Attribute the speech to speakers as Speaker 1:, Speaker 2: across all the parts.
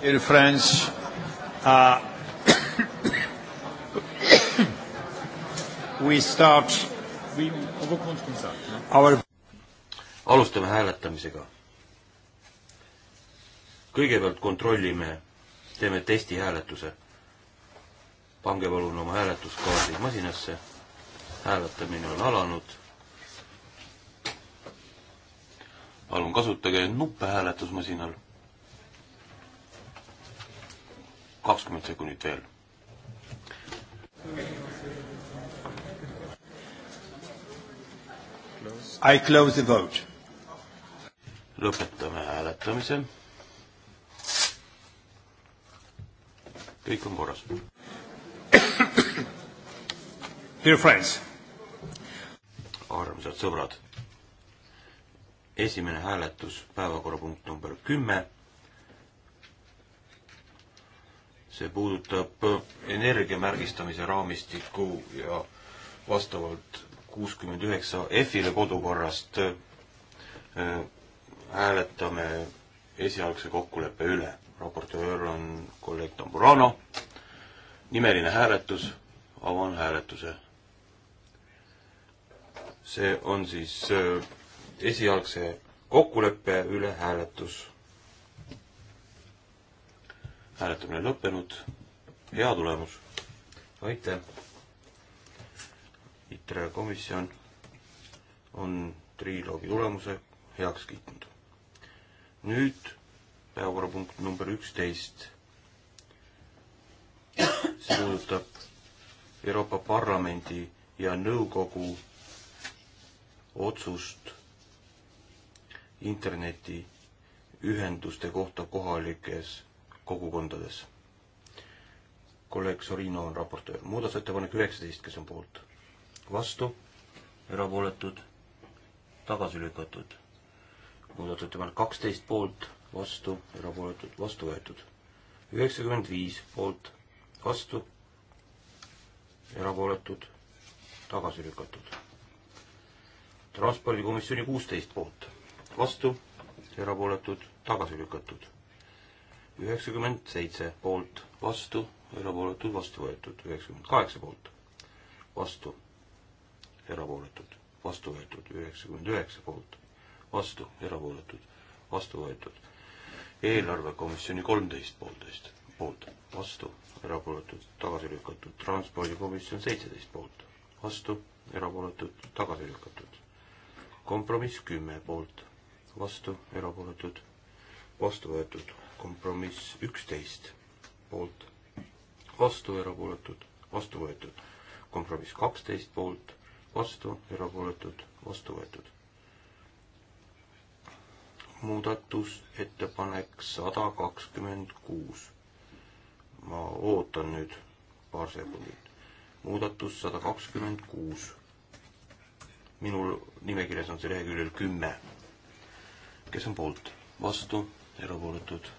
Speaker 1: Dear friends, uh,
Speaker 2: we start our...
Speaker 3: alustame hääletamisega. kõigepealt kontrollime, teeme testihääletuse. pange palun oma hääletuskaardi masinasse. hääletamine on alanud. palun kasutage nuppe hääletusmasinal kakskümmend sekundit veel. I close the vote. lõpetame hääletamise. kõik on korras. Dear friends. armsad sõbrad. esimene hääletus, päevakorrapunkt number kümme see puudutab energia märgistamise raamistikku ja vastavalt kuuskümmend üheksa F-ile kodukorrast äh, hääletame esialgse kokkuleppe üle. raportöör on kolleeg Tamburano. nimeline hääletus, avan hääletuse. see on siis äh, esialgse kokkuleppe üle hääletus hääletamine lõppenud, hea tulemus. aitäh. ITRE komisjon on triloogi tulemuse heaks kiitnud. nüüd päevakorrapunkt number üksteist. see puudutab Euroopa Parlamendi ja nõukogu otsust internetiühenduste kohta kohalikes kogukondades. kolleeg Sorino on raportöör. muudatusettepanek üheksateist, kes on poolt? vastu, erapooletud, tagasi lükatud. muudatusettepanek kaksteist poolt, vastu, erapooletud, vastu võetud. üheksakümmend viis poolt, vastu, erapooletud, tagasi lükatud. transpordikomisjoni kuusteist poolt, vastu, erapooletud, tagasi lükatud üheksakümmend seitse poolt, vastu, erapooletud, vastu võetud, üheksakümmend kaheksa poolt, vastu, erapooletud, vastu võetud, üheksakümmend üheksa poolt, vastu, erapooletud, vastu võetud. eelarvekomisjoni kolmteist poolteist poolt, vastu, erapooletud, tagasi lükatud, transpordikomisjon seitseteist poolt, vastu, erapooletud, tagasi lükatud. kompromiss kümme poolt, vastu, erapooletud, vastu võetud kompromiss üksteist poolt, vastu erapooletud, vastu võetud. kompromiss kaksteist poolt, vastu erapooletud, vastu võetud. muudatusettepanek sada kakskümmend kuus. ma ootan nüüd paar sekundit. muudatus sada kakskümmend kuus. minul nimekirjas on see leheküljel kümme. kes on poolt, vastu, erapooletud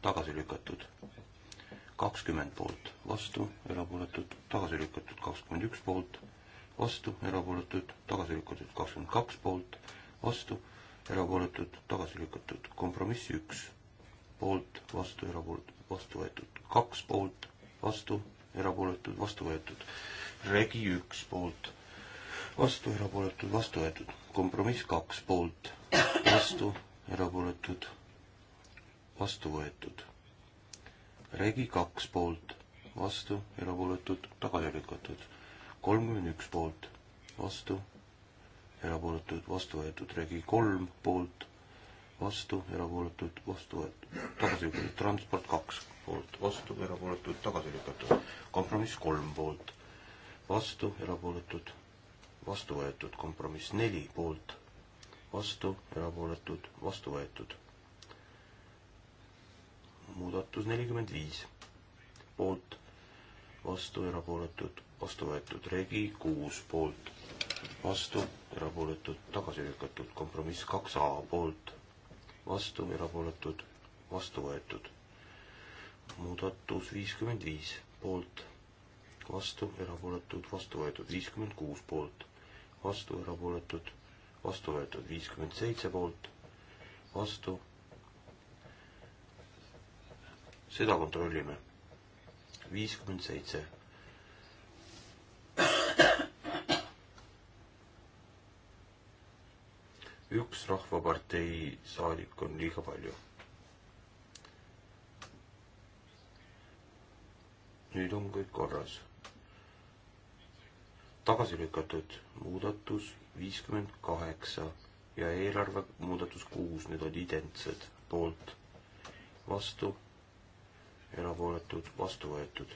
Speaker 3: tagasi lükatud. kakskümmend poolt, vastu, erapooletud, tagasi lükatud, kakskümmend üks poolt, vastu, erapooletud, tagasi lükatud, kakskümmend kaks poolt, vastu, erapooletud, tagasi lükatud, kompromissi üks, poolt, vastu, erapooletud, vastu võetud, kaks poolt, vastu, erapooletud, vastu võetud, regi üks poolt, vastu, erapooletud, vastu võetud, kompromiss kaks poolt, vastu, erapooletud vastu võetud. Regi kaks poolt, vastu, erapooletud, tagasi lükatud. kolmkümmend üks poolt, vastu, erapooletud, vastu võetud. Regi kolm poolt, vastu, erapooletud, vastu võetud. tagasi lükatud. transport kaks poolt, vastu, erapooletud, tagasi lükatud. kompromiss kolm poolt, vastu, erapooletud, vastu võetud. kompromiss neli poolt, vastu, erapooletud, vastu võetud muudatus nelikümmend viis, poolt, vastu, erapooletud, vastu võetud, regi kuus, poolt, vastu, erapooletud, tagasi lükatud, kompromiss kaks A, poolt, vastu, erapooletud, vastu võetud. muudatus viiskümmend viis, poolt, vastu, erapooletud, vastu võetud, viiskümmend kuus poolt, vastu, erapooletud, vastu võetud, viiskümmend seitse poolt, vastu seda kontrollime. viiskümmend seitse. üks Rahvapartei saadik on liiga palju. nüüd on kõik korras. tagasi lükatud muudatus viiskümmend kaheksa ja eelarve muudatus kuus, need olid identsed, poolt, vastu erapooletud, vastu võetud.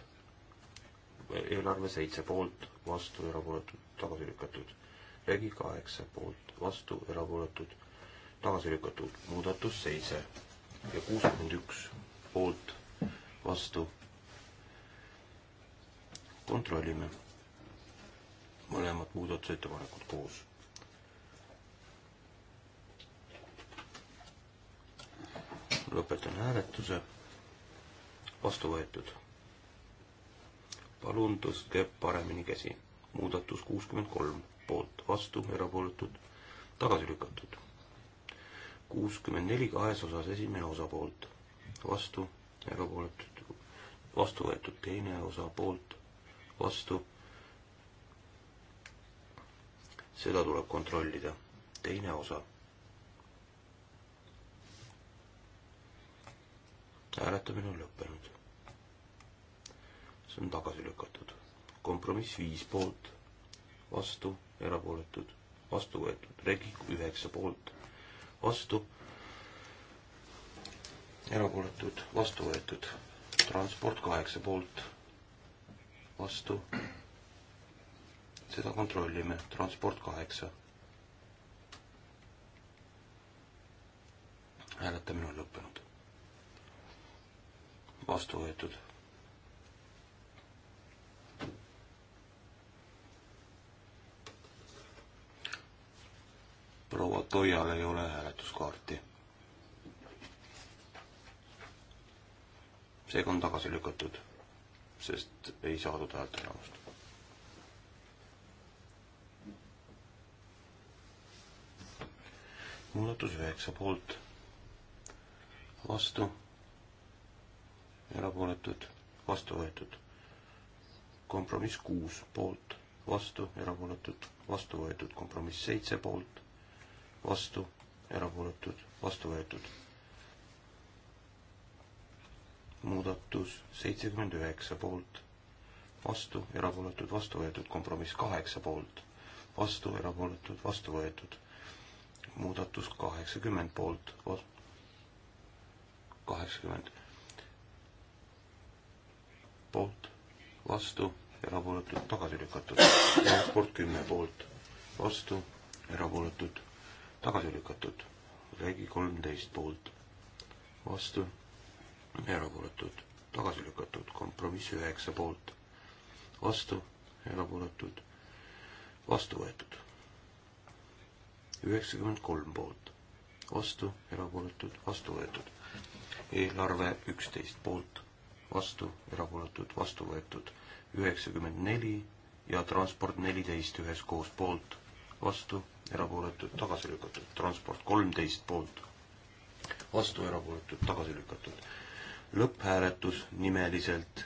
Speaker 3: eelarve seitse poolt, vastu, erapooletud, tagasi lükatud. regi kaheksa poolt, vastu, erapooletud, tagasi lükatud. muudatus seitse ja kuuskümmend üks poolt, vastu. kontrollime mõlemad muudatusettepanekud koos lõpetan hääletuse vastu võetud. palun tõstke paremini käsi. muudatus kuuskümmend kolm poolt, vastu, erapooletud, tagasi lükatud. kuuskümmend neli kahes osas esimene osa poolt, vastu, erapooletud, vastu võetud teine osa poolt, vastu. seda tuleb kontrollida. teine osa hääletamine on lõppenud see on tagasi lükatud. kompromiss viis poolt, vastu, erapooletud, vastu võetud, regi üheksa poolt, vastu, erapooletud, vastu võetud, transport kaheksa poolt, vastu, seda kontrollime, transport kaheksa. hääletamine on lõppenud. vastu võetud proua Toial ei ole hääletuskaarti. seega on tagasi lükatud, sest ei saadud häälteenamust. muudatus üheksa poolt, vastu, erapooletud, vastu võetud. kompromiss kuus poolt, vastu, erapooletud, vastu võetud, kompromiss seitse poolt vastu, erapooletud, vastu võetud. muudatus seitsekümmend üheksa poolt, vastu, erapooletud, vastu võetud, kompromiss kaheksa poolt, vastu, erapooletud, vastu võetud. muudatus kaheksakümmend poolt, kaheksakümmend poolt, vastu, erapooletud, tagasi lükatud. transport kümme poolt, vastu, erapooletud tagasi lükatud. Regi kolmteist poolt, vastu, erapooletud, tagasi lükatud. kompromiss üheksa poolt, vastu, erapooletud, vastu võetud. üheksakümmend kolm poolt, vastu, erapooletud, vastu võetud. eelarve üksteist poolt, vastu, erapooletud, vastu võetud. üheksakümmend neli ja transport neliteist üheskoos poolt vastu, erapooletud, tagasi lükatud. transport kolmteist poolt, vastu, erapooletud, tagasi lükatud. lõpphääletus nimeliselt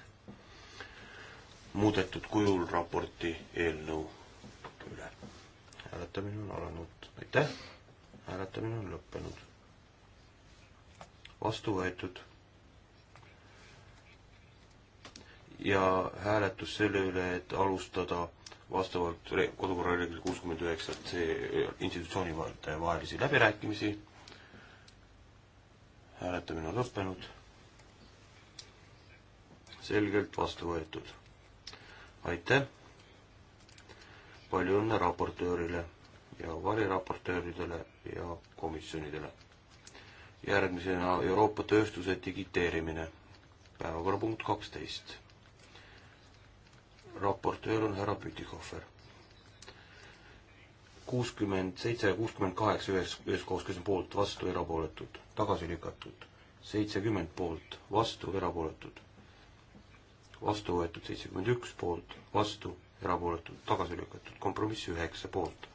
Speaker 3: muudetud kujul raporti eelnõu üle. hääletamine on alanud. aitäh! hääletamine on lõppenud. vastu võetud. ja hääletus selle üle, et alustada vastavalt kodukorra reeglile kuuskümmend üheksa C institutsiooni vahelisi läbirääkimisi. hääletamine on lõppenud. selgelt vastu võetud. aitäh. palju õnne raportöörile ja variraportööridele ja komisjonidele. järgmisena Euroopa tööstuse digiteerimine, päevakorrapunkt kaksteist raportöör on härra Pütihofer. kuuskümmend seitse ja kuuskümmend kaheksa ühes, üheskoos, kes on poolt, vastu, erapooletud, tagasi lükatud. seitsekümmend poolt, vastu, erapooletud. vastu võetud seitsekümmend üks poolt, vastu, erapooletud, tagasi lükatud. kompromiss üheksa poolt,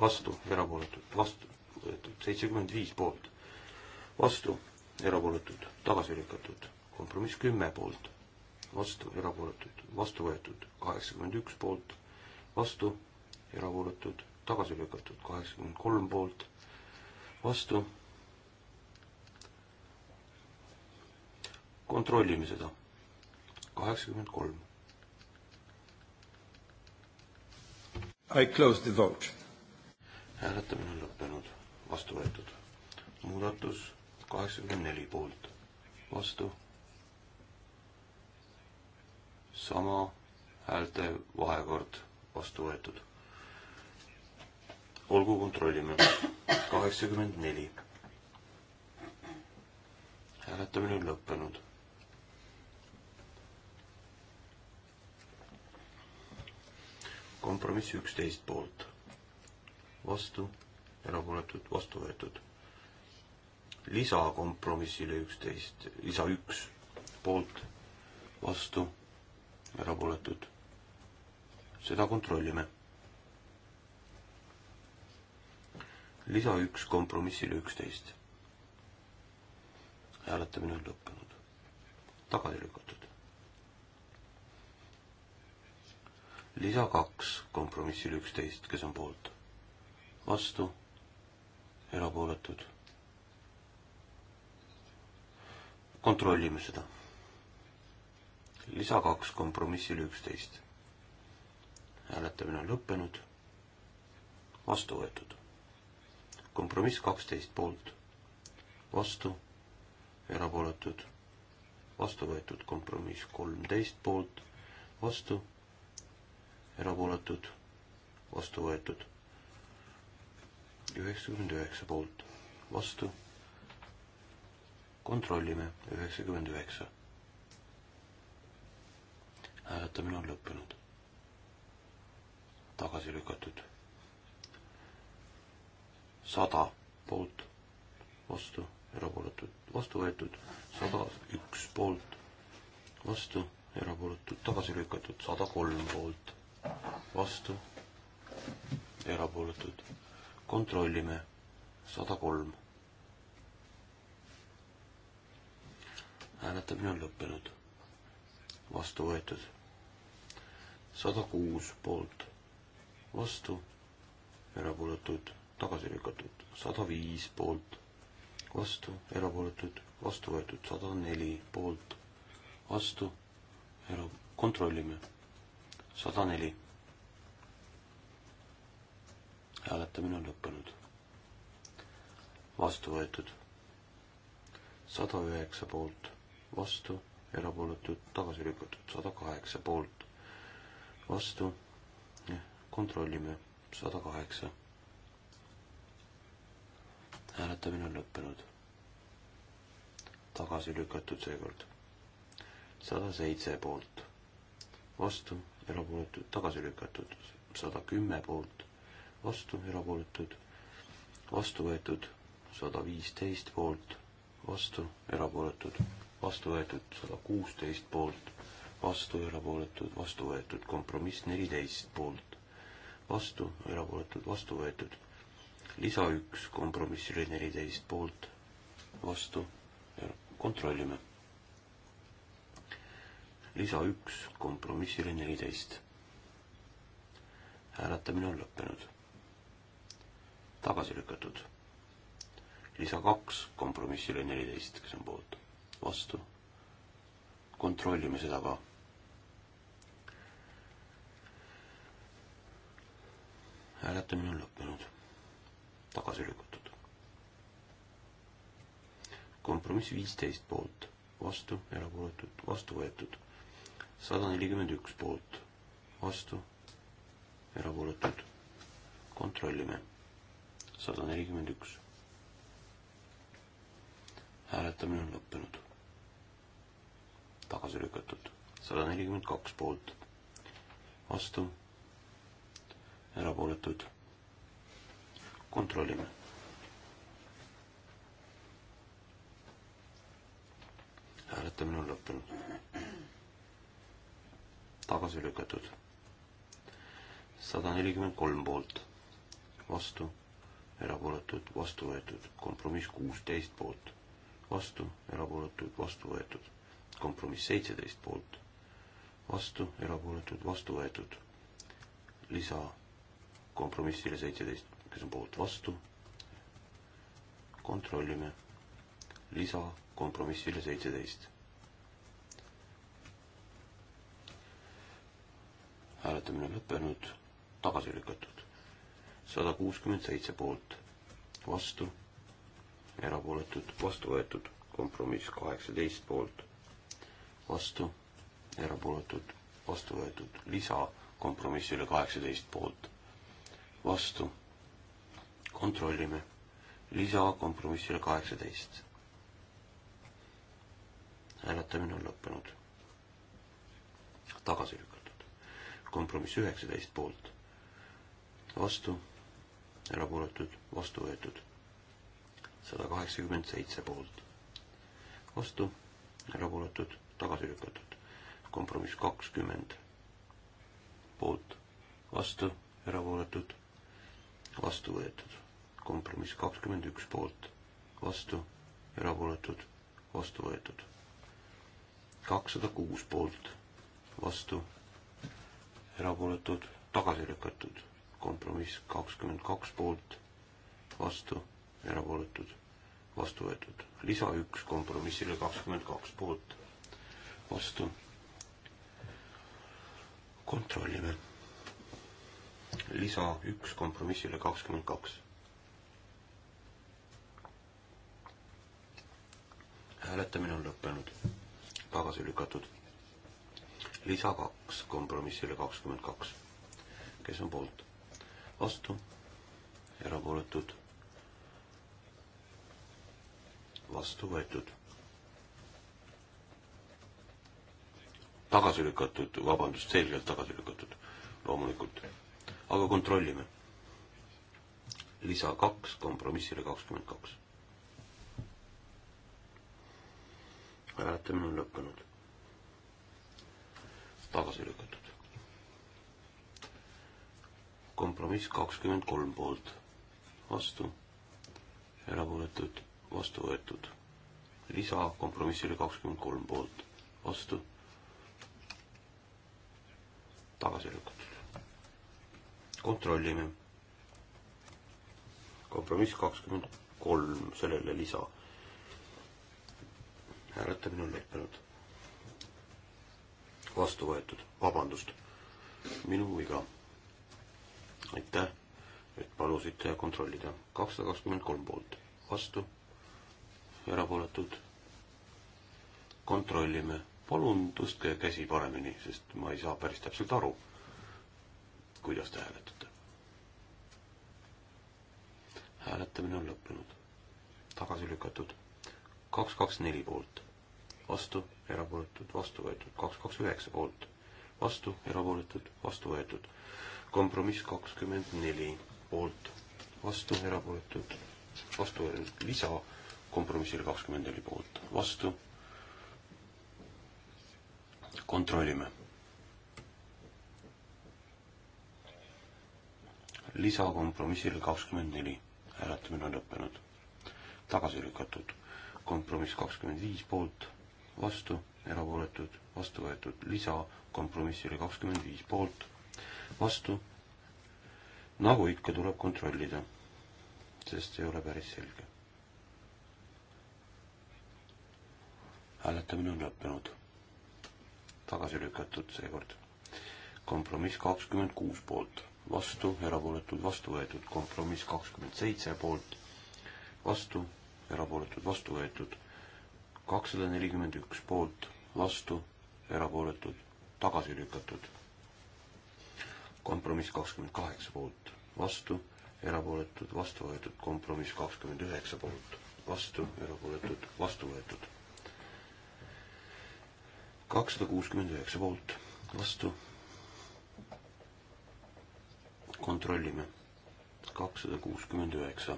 Speaker 3: vastu, erapooletud, vastu võetud seitsekümmend viis poolt, vastu, erapooletud, tagasi lükatud. kompromiss kümme poolt vastu, erapooletud, vastu võetud kaheksakümmend üks poolt, vastu, erapooletud, tagasi lükatud kaheksakümmend kolm poolt, vastu. kontrollime seda. kaheksakümmend kolm. I close the vote. hääletamine on lõppenud, vastu võetud. muudatus kaheksakümmend neli poolt, vastu sama häälte vahekord vastu võetud. olgu, kontrollime. kaheksakümmend neli. hääletamine on lõppenud. kompromiss üksteist poolt, vastu, erapooletud, vastu võetud. lisa kompromissile üksteist, lisa üks poolt, vastu erapooletud. seda kontrollime. lisa üks kompromissile üksteist. hääletamine on lõppenud. tagasi lükatud. lisa kaks kompromissile üksteist, kes on poolt? vastu, erapooletud. kontrollime seda lisa kaks kompromissile üksteist. hääletamine on lõppenud. vastu võetud. kompromiss kaksteist poolt, vastu, erapooletud, vastu võetud kompromiss kolmteist poolt, vastu, erapooletud, vastu võetud üheksakümmend üheksa poolt, vastu. kontrollime üheksakümmend üheksa hääletamine on lõppenud. tagasi lükatud. sada poolt, vastu, erapooletud, vastu võetud, sada üks poolt, vastu, erapooletud, tagasi lükatud, sada kolm poolt, vastu, erapooletud. kontrollime, sada kolm hääletamine on lõppenud vastu võetud. sada kuus poolt, vastu, erapooletud, tagasi lükatud. sada viis poolt, vastu, erapooletud, vastu võetud. sada neli poolt, vastu, era-, kontrollime. sada neli. hääletamine on lõppenud. vastu võetud. sada üheksa poolt, vastu erapooletud, tagasi lükatud, sada kaheksa poolt, vastu, kontrollime, sada kaheksa. hääletamine on lõppenud. tagasi lükatud seekord, sada seitse poolt, vastu, erapooletud, tagasi lükatud, sada kümme poolt, vastu, erapooletud, vastu võetud, sada viisteist poolt, vastu, erapooletud vastu võetud sada kuusteist poolt, vastu erapooletud, vastu võetud kompromiss neliteist poolt, vastu erapooletud, vastu võetud lisa üks kompromissile neliteist poolt, vastu er-, kontrollime. lisa üks kompromissile neliteist. hääletamine on lõppenud. tagasi lükatud lisa kaks kompromissile neliteist, kes on poolt vastu. kontrollime seda ka. hääletamine on lõppenud. tagasi lükatud. kompromiss viisteist poolt, vastu, erapooletud, vastu võetud. sada nelikümmend üks poolt, vastu, erapooletud. kontrollime. sada nelikümmend üks hääletamine on lõppenud tagasi lükatud. sada nelikümmend kaks poolt, vastu, erapooletud. kontrollime. hääletamine on lõppenud. tagasi lükatud. sada nelikümmend kolm poolt, vastu, erapooletud, vastu võetud. kompromiss kuusteist poolt, vastu, erapooletud, vastu võetud kompromiss seitseteist poolt, vastu, erapooletud, vastu võetud. lisa kompromissile seitseteist, kes on poolt, vastu. kontrollime. lisa kompromissile seitseteist. hääletamine lõppenud, tagasi lükatud. sada kuuskümmend seitse poolt, vastu, erapooletud, vastu võetud, kompromiss kaheksateist poolt vastu, erapooletud, vastu võetud, lisa kompromissile kaheksateist poolt, vastu, kontrollime, lisa kompromissile kaheksateist. hääletamine on lõppenud. tagasi lükatud. kompromiss üheksateist poolt, vastu, erapooletud, vastu võetud, sada kaheksakümmend seitse poolt, vastu, erapooletud tagasi lükatud. kompromiss kakskümmend poolt, vastu, erapooletud, vastu võetud. kompromiss kakskümmend üks poolt, vastu, erapooletud, vastu võetud. kakssada kuus poolt, vastu, erapooletud, tagasi lükatud. kompromiss kakskümmend kaks poolt, vastu, erapooletud, vastu võetud. lisa üks kompromissile kakskümmend kaks poolt vastu. kontrollime. lisa üks kompromissile kakskümmend kaks. hääletamine on lõppenud, tagasi lükatud. lisa kaks kompromissile kakskümmend kaks. kes on poolt? vastu, erapooletud, vastu võetud tagasi lükatud, vabandust, selgelt tagasi lükatud, loomulikult. aga kontrollime. lisa kaks kompromissile kakskümmend kaks. hääletamine on lõppenud. tagasi lükatud. kompromiss kakskümmend kolm poolt, vastu, erapooletud, vastu võetud. lisa kompromissile kakskümmend kolm poolt, vastu tagasi lükatud. kontrollime. kompromiss kakskümmend kolm, sellele lisa. hääletamine on lõppenud. vastu võetud, vabandust, minu viga. aitäh, et palusite kontrollida. kakssada kakskümmend kolm poolt, vastu, erapooletud. kontrollime palun tõstke käsi paremini, sest ma ei saa päris täpselt aru, kuidas te hääletate. hääletamine on lõppenud. tagasi lükatud. kaks, kaks, neli poolt. vastu, erapooletud, vastu võetud. kaks, kaks, üheksa poolt. vastu, erapooletud, vastu võetud. kompromiss kakskümmend neli poolt. vastu, erapooletud, vastu võetud. lisa kompromissile kakskümmend neli poolt. vastu kontrollime. lisakompromissile kakskümmend neli, hääletamine on lõppenud. tagasi lükatud, kompromiss kakskümmend viis poolt, vastu, erapooletud, vastu võetud, lisakompromissile kakskümmend viis poolt, vastu, nagu ikka, tuleb kontrollida, sest ei ole päris selge hääletamine on lõppenud tagasi lükatud seekord. kompromiss kakskümmend kuus poolt, vastu, erapooletud, vastu võetud, kompromiss kakskümmend seitse poolt, vastu, erapooletud, vastu võetud, kakssada nelikümmend üks poolt, vastu, erapooletud, tagasi lükatud. kompromiss kakskümmend kaheksa poolt, vastu, erapooletud, vastu võetud, kompromiss kakskümmend üheksa poolt, vastu, erapooletud, vastu võetud kakssada kuuskümmend üheksa poolt, vastu. kontrollime. kakssada kuuskümmend üheksa.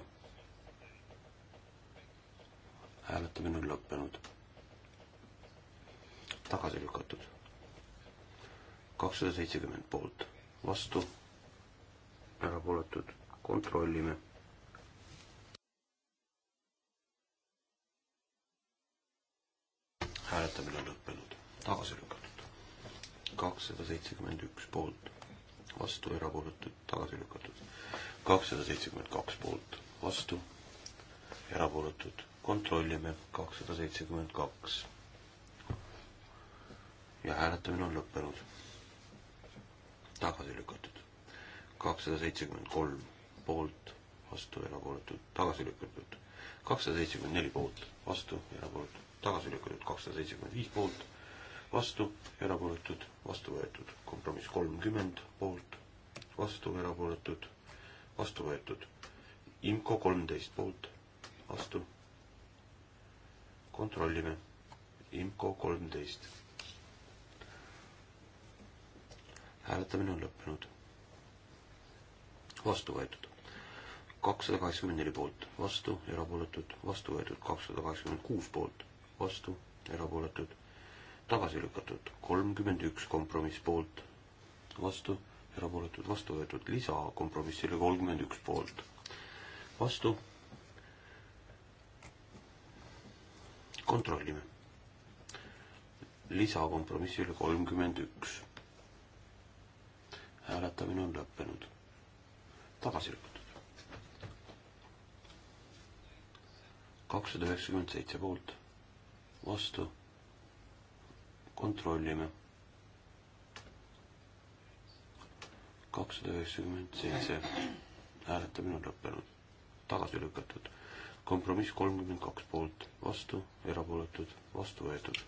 Speaker 3: hääletamine on lõppenud. tagasi lükatud. kakssada seitsekümmend poolt, vastu. erapooletud, kontrollime tagasi lükatud. kakssada seitsekümmend üks poolt, vastu, erapooletud, tagasi lükatud. kakssada seitsekümmend kaks poolt, vastu, erapooletud, kontrollime, kakssada seitsekümmend kaks. ja hääletamine on lõppenud. tagasi lükatud. kakssada seitsekümmend kolm poolt, vastu, erapooletud, tagasi lükatud. kakssada seitsekümmend neli poolt, vastu, erapooletud, tagasi lükatud, kakssada seitsekümmend viis poolt vastu, erapooletud, vastu võetud. kompromiss kolmkümmend poolt, vastu, erapooletud, vastu võetud. IMCO kolmteist poolt, vastu. kontrollime. IMCO kolmteist. hääletamine on lõppenud. vastu võetud kakssada kaheksakümmend neli poolt, vastu, erapooletud, vastu võetud kakssada kaheksakümmend kuus poolt, vastu, erapooletud tagasi lükatud, kolmkümmend üks kompromiss poolt, vastu, erapooletud, vastu võetud, lisa kompromissile kolmkümmend üks poolt, vastu. kontrollime. lisa kompromissile kolmkümmend üks. hääletamine on lõppenud. tagasi lükatud. kakssada üheksakümmend seitse poolt, vastu kontrollime. kakssada üheksakümmend seitse hääletamine on lõppenud, tagasi lükatud. kompromiss kolmkümmend kaks poolt, vastu, erapooletud, vastu võetud.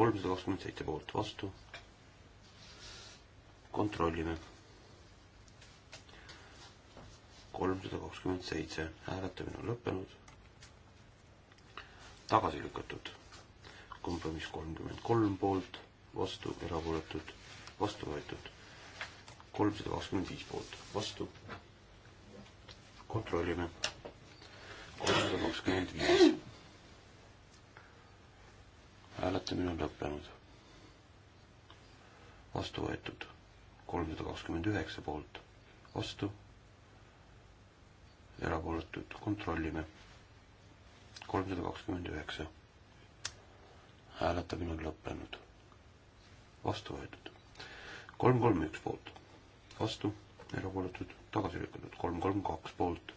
Speaker 3: kolmsada kakskümmend seitse poolt, vastu. kontrollime. kolmsada kakskümmend seitse hääletamine on lõppenud tagasi lükatud. kompromiss kolmkümmend kolm poolt, vastu, erapooletud, vastu võetud. kolmsada kakskümmend viis poolt, vastu. kontrollime. kolmsada kakskümmend viis. hääletamine on lõppenud. vastu võetud. kolmsada kakskümmend üheksa poolt, vastu erapooletud kontrollime kolmsada kakskümmend üheksa. hääletamine on lõppenud. vastu võetud. kolm, kolm, üks poolt. vastu, erapooletud, tagasi lükatud. kolm, kolm, kaks poolt.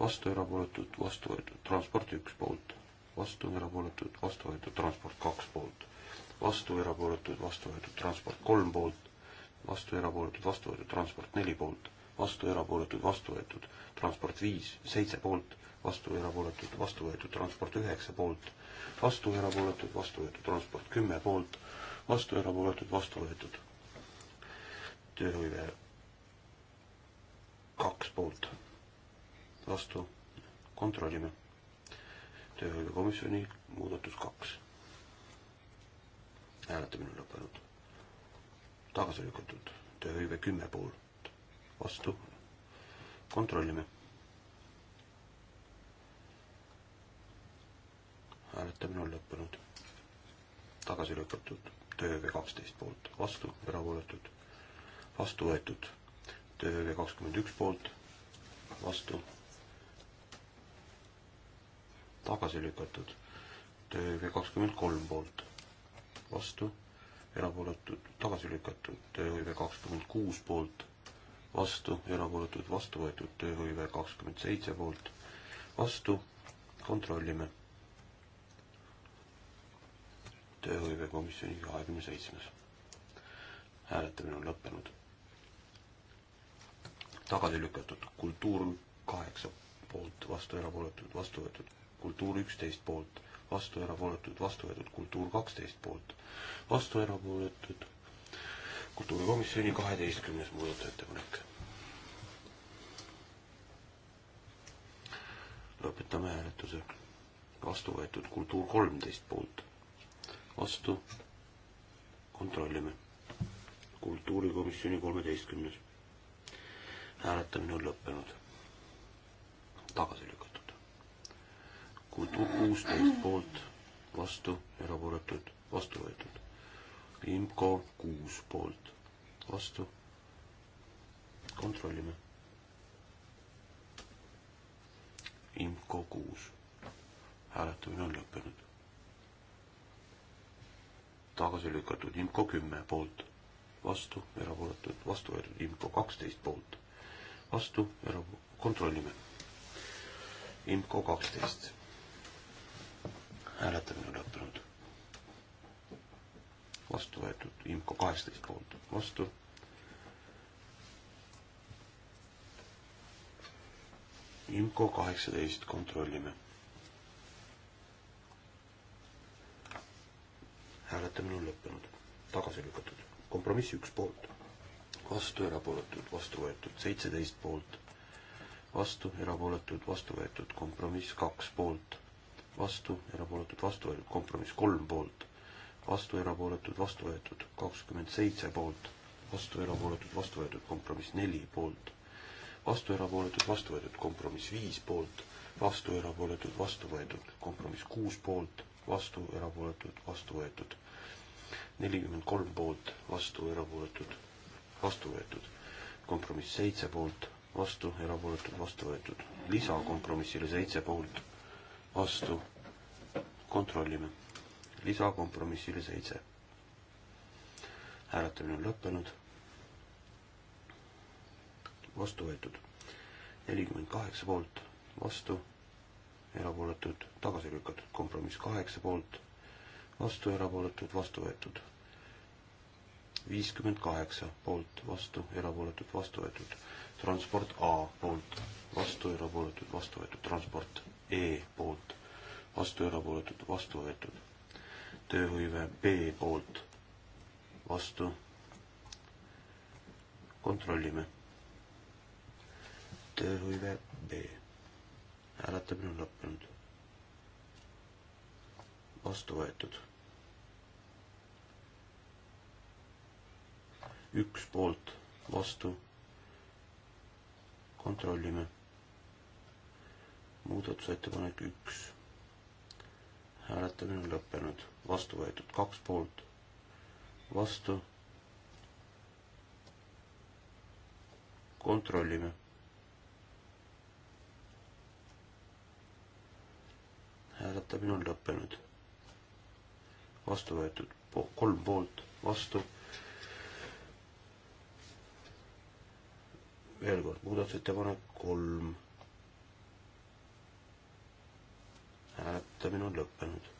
Speaker 3: vastu, erapooletud, vastu võetud. transport üks poolt. vastu, erapooletud, vastu võetud. transport kaks poolt. vastu, erapooletud, vastu võetud. transport kolm poolt. vastu, erapooletud, vastu võetud. transport neli poolt vastu, erapooletud, vastu võetud. transport viis, seitse poolt, vastu erapooletud, vastu võetud transport üheksa poolt, vastu erapooletud, vastu võetud transport kümme poolt, vastu erapooletud, vastu võetud tööhõive kaks poolt, vastu kontrollime. tööhõive komisjoni muudatus kaks. hääletamine lõppenud. tagasi lükatud tööhõive kümme poolt, vastu kontrollime hääletamine on lõppenud. tagasi lükatud tööhõive kaksteist poolt, vastu, erapooletud, vastu võetud tööhõive kakskümmend üks poolt, vastu, tagasi lükatud tööhõive kakskümmend kolm poolt, vastu, erapooletud, tagasi lükatud tööhõive kakskümmend kuus poolt, vastu, erapooletud, vastu võetud tööhõive kakskümmend seitse poolt, vastu, kontrollime tööhõivekomisjoni kahekümne seitsmes. hääletamine on lõppenud. tagasi lükatud kultuur kaheksa poolt, vastu erapooletud, vastu võetud kultuur üksteist poolt, vastu erapooletud, vastu võetud kultuur kaksteist poolt, vastu erapooletud kultuurikomisjoni kaheteistkümnes muudatusettepanek. lõpetame hääletuse. vastu võetud kultuur kolmteist poolt vastu, kontrollime. kultuurikomisjoni kolmeteistkümnes. hääletamine on lõppenud. tagasi lükatud. kultuur kuusteist poolt, vastu, erapooletud, vastu võetud. IMCO kuus poolt, vastu. kontrollime. IMCO kuus. hääletamine on lõppenud tagasi lükatud, IMCO kümme poolt, vastu, erapooletud, vastu võetud, IMCO kaksteist poolt, vastu, era-, kontrollime. IMCO kaksteist. hääletamine on lõppenud. vastu võetud, IMCO kaheksateist poolt, vastu. IMCO kaheksateist, kontrollime hääletamine on lõppenud, tagasi lükatud. kompromiss üks poolt, vastu erapooletud, vastu võetud seitseteist poolt, vastu erapooletud, vastu võetud kompromiss kaks poolt, vastu erapooletud, vastu võetud kompromiss kolm poolt, vastu erapooletud, vastu võetud kakskümmend seitse poolt, vastu erapooletud, vastu võetud kompromiss neli poolt vastu erapooletud, vastu võetud kompromiss viis poolt, vastu erapooletud, vastu võetud kompromiss kuus poolt, vastu, erapooletud, vastu võetud. nelikümmend kolm poolt, vastu, erapooletud, vastu võetud. kompromiss seitse poolt, vastu, erapooletud, vastu võetud. lisa kompromissile seitse poolt, vastu, kontrollime. lisa kompromissile seitse. hääletamine on lõppenud. vastu võetud. nelikümmend kaheksa poolt, vastu erapooletud, tagasi lükatud, kompromiss kaheksa poolt, vastu erapooletud, vastu võetud. viiskümmend kaheksa poolt, vastu erapooletud, vastu võetud. transport A poolt, vastu erapooletud, vastu võetud. transport E poolt, vastu erapooletud, vastu võetud. tööhõive B poolt, vastu. kontrollime. tööhõive B hääletamine on lõppenud. vastu võetud. üks poolt, vastu. kontrollime. muudatusettepanek üks. hääletamine on lõppenud, vastu võetud kaks poolt, vastu. kontrollime hääletamine on lõppenud. vastu võetud po kolm poolt, vastu. veel kord muudatusettepanek kolm. hääletamine on lõppenud.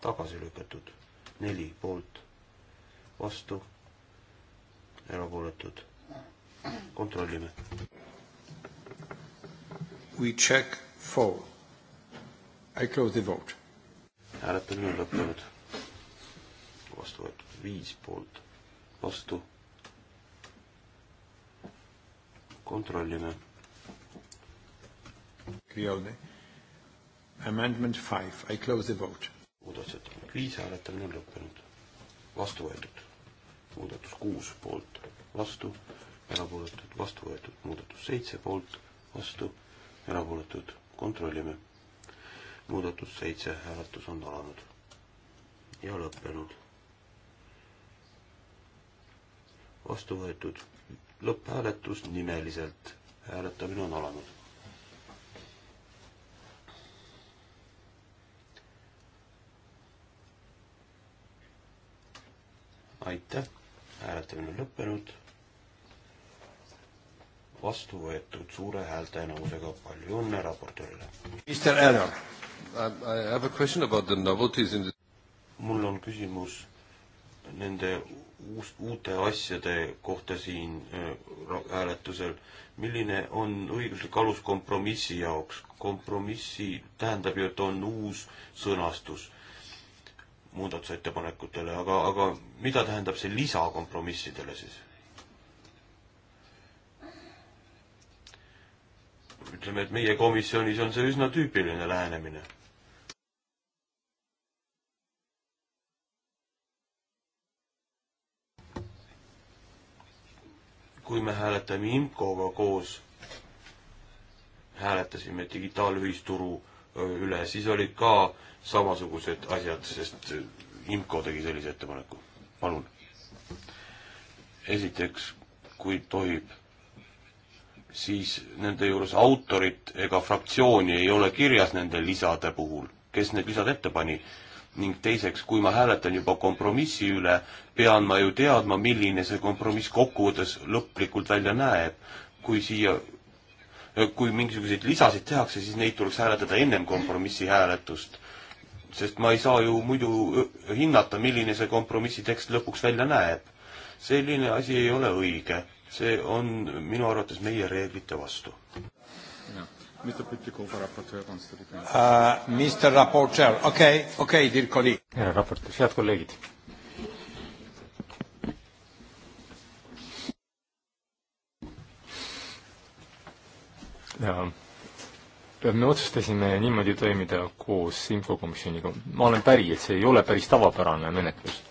Speaker 3: tagasi lükatud neli poolt, vastu, erapooletud. kontrollime. We check four I close the vote. hääletamine on lõppenud. vastu võetud viis poolt, vastu. kontrollime. Amendment five, I close the vote. muudatusettepanek viis, hääletamine on lõppenud. vastu võetud. muudatus kuus poolt, vastu, erapooletud, vastu võetud. muudatus seitse poolt, vastu, erapooletud. kontrollime muudatus seitse, hääletus on alanud ja lõppenud. vastu võetud lõpphääletus nimeliselt, hääletamine on alanud. aitäh, hääletamine on lõppenud vastu võetud suure häälteenamusega. palju õnne raportöörile.
Speaker 1: Mr Eller, I have a question about the novelties
Speaker 3: in the mul on küsimus nende uus, uute asjade kohta siin äh, hääletusel. milline on õiguslik alus kompromissi jaoks? kompromissi tähendab ju, et on uus sõnastus muudatusettepanekutele, aga, aga mida tähendab see lisa kompromissidele siis? ütleme, et meie komisjonis on see üsna tüüpiline lähenemine. kui me hääletame IMCO-ga koos, hääletasime digitaalühisturu üle, siis olid ka samasugused asjad, sest IMCO tegi sellise ettepaneku. palun. esiteks, kui tohib siis nende juures autorit ega fraktsiooni ei ole kirjas nende lisade puhul, kes need lisad ette pani. ning teiseks, kui ma hääletan juba kompromissi üle, pean ma ju teadma, milline see kompromiss kokkuvõttes lõplikult välja näeb. kui siia, kui mingisuguseid lisasid tehakse, siis neid tuleks hääletada ennem kompromissi hääletust. sest ma ei saa ju muidu hinnata, milline see kompromissi tekst lõpuks välja näeb. selline asi ei ole õige see on minu arvates meie reeglite vastu.
Speaker 2: Mr. Pütikofer, raportöör, konstateerib
Speaker 3: uh,. Mr. raportöör, okei okay,, okei okay,,
Speaker 2: dear colleague. härra raportöör, head kolleegid. ja me otsustasime niimoodi toimida koos infokomisjoniga. ma olen päri, et see ei ole päris tavapärane menetlus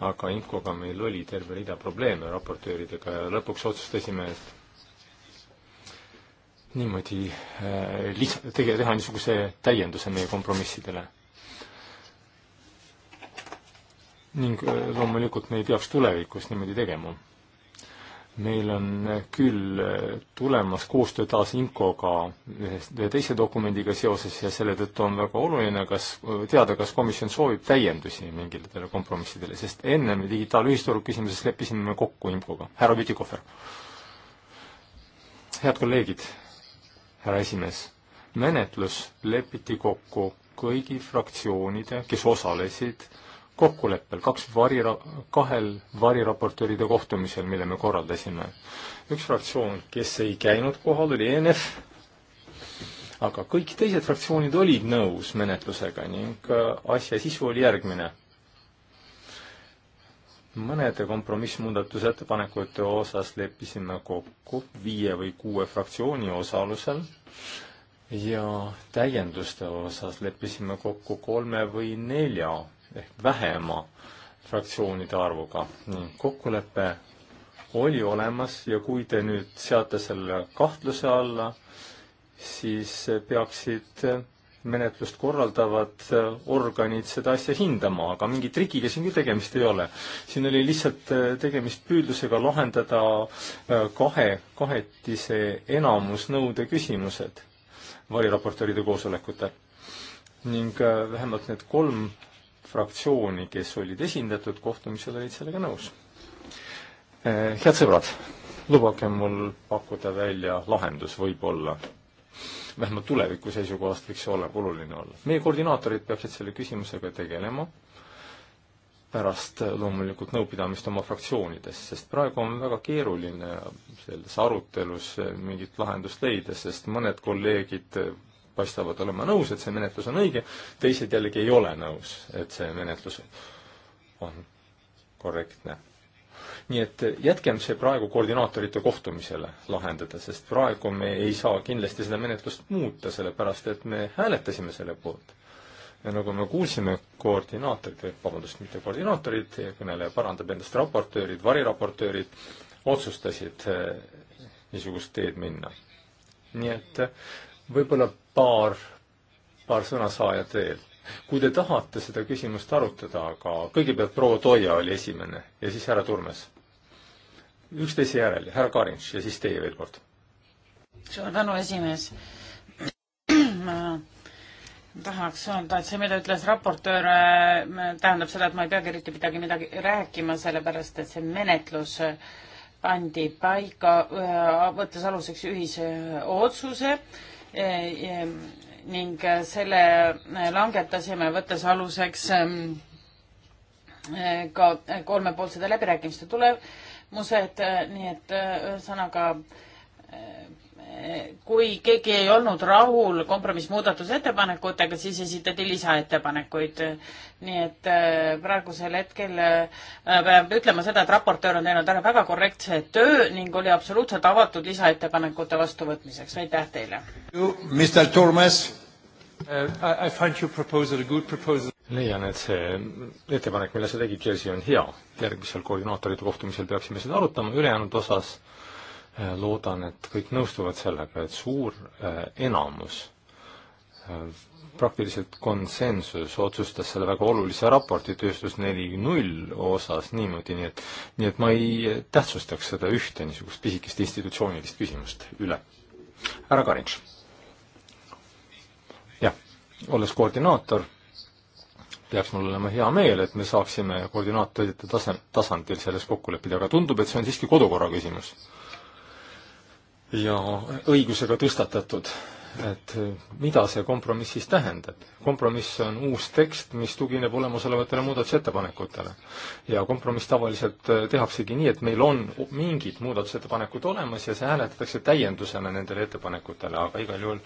Speaker 2: aga IMCO-ga meil oli terve rida probleeme raportööridega ja lõpuks otsustasime, et niimoodi äh, lisa-, tege-, teha niisuguse täienduse meie kompromissidele. ning äh, loomulikult me ei peaks tulevikus niimoodi tegema meil on küll eh, tulemas koostöö taas IMCO-ga ühe teise dokumendiga seoses ja selle tõttu on väga oluline kas, eh, teada, kas komisjon soovib täiendusi mingitele kompromissidele, sest enne me digitaalühisturu küsimuses leppisime me kokku IMCO-ga. härra Bütikofer. head kolleegid, härra esimees, menetlus lepiti kokku kõigi fraktsioonide, kes osalesid äh, kokkuleppel kaks vari, kahel variraportööride kohtumisel, mille me korraldasime. üks fraktsioon, kes ei käinud kohal, oli ENF, aga kõik teised fraktsioonid olid nõus menetlusega ning äh, asja sisu oli järgmine. mõnede kompromissmuudatusettepanekute osas leppisime kokku viie või kuue fraktsiooni osalusel ja täienduste osas leppisime kokku kolme või nelja ehk vähema fraktsioonide arvuga. kokkulepe oli olemas ja kui te nüüd seate selle kahtluse alla, siis peaksid menetlust korraldavad organid seda asja hindama, aga mingi trikiga siin küll tegemist ei ole. siin oli lihtsalt äh, tegemist püüdlusega lahendada äh, kahe, kahetise enamusnõude küsimused variraportööride koosolekutel. ning äh, vähemalt need kolm fraktsiooni, kes olid esindatud kohtumisel, olid sellega nõus. Eh, head sõbrad, lubage mul pakkuda välja lahendus võib-olla, vähemalt tuleviku seisukohast võiks see olla oluline olla. meie koordinaatorid peaksid selle küsimusega tegelema pärast loomulikult nõupidamist oma fraktsioonides, sest praegu on väga keeruline selles arutelus mingit lahendust leida, sest mõned kolleegid paistavad olema nõus, et see menetlus on õige, teised jällegi ei ole nõus, et see menetlus on korrektne. nii et jätkem see praegu koordinaatorite kohtumisele lahendada, sest praegu me ei saa kindlasti seda menetlust muuta, sellepärast et me hääletasime selle poolt. ja nagu me kuulsime, koordinaatorid, vabandust, mitte koordinaatorid, kõneleja parandab endast raportöörid, variraportöörid, otsustasid eh, niisugust teed minna. nii et võib-olla paar, paar sõna saajad veel. kui te tahate seda küsimust arutada, aga kõigepealt proua Toia oli esimene ja siis härra Turmes. üksteise järel, härra Karinš ja siis teie veel kord.
Speaker 1: suur tänu, esimees. ma tahaks öelda, et see, mida ütles raportöör, äh, tähendab seda, et ma ei peagi eriti midagi, midagi rääkima, sellepärast et see menetlus äh, pandi paika, äh, võttes aluseks ühise otsuse E, e, ning selle langetasime, võttes aluseks ähm, e, ka kolmepoolsete läbirääkimiste tulemused, nii et äh, ühesõnaga kui keegi ei olnud rahul kompromissmuudatusettepanekutega, siis esitati lisaettepanekuid. nii et äh, praegusel hetkel äh, peab ütlema seda, et raportöör on teinud ära väga korrektse töö ning oli absoluutselt avatud lisaettepanekute vastuvõtmiseks. aitäh teile! Uh,
Speaker 2: leian, et see ettepanek, mille sa tegid, Jerzy, on hea. järgmisel koordinaatorite kohtumisel peaksime seda arutama, ülejäänud osas Äh, loodan, et kõik nõustuvad sellega, et suur äh, enamus, äh, praktiliselt konsensus otsustas selle väga olulise raporti Tööstus neli null osas niimoodi, nii et, nii et ma ei tähtsustaks seda ühte niisugust pisikest institutsioonilist küsimust üle. härra Karinš. jah, olles koordinaator peaks mul olema hea meel, et me saaksime koordinaatorite tase, tasandil selles kokku leppida, aga tundub, et see on siiski kodukorra küsimus ja õigusega tõstatatud, et mida see kompromiss siis tähendab. kompromiss on uus tekst, mis tugineb olemasolevatele muudatusettepanekutele. ja kompromiss tavaliselt äh, tehaksegi nii, et meil on mingid muudatusettepanekud olemas ja see hääletatakse täiendusena nendele ettepanekutele, aga igal juhul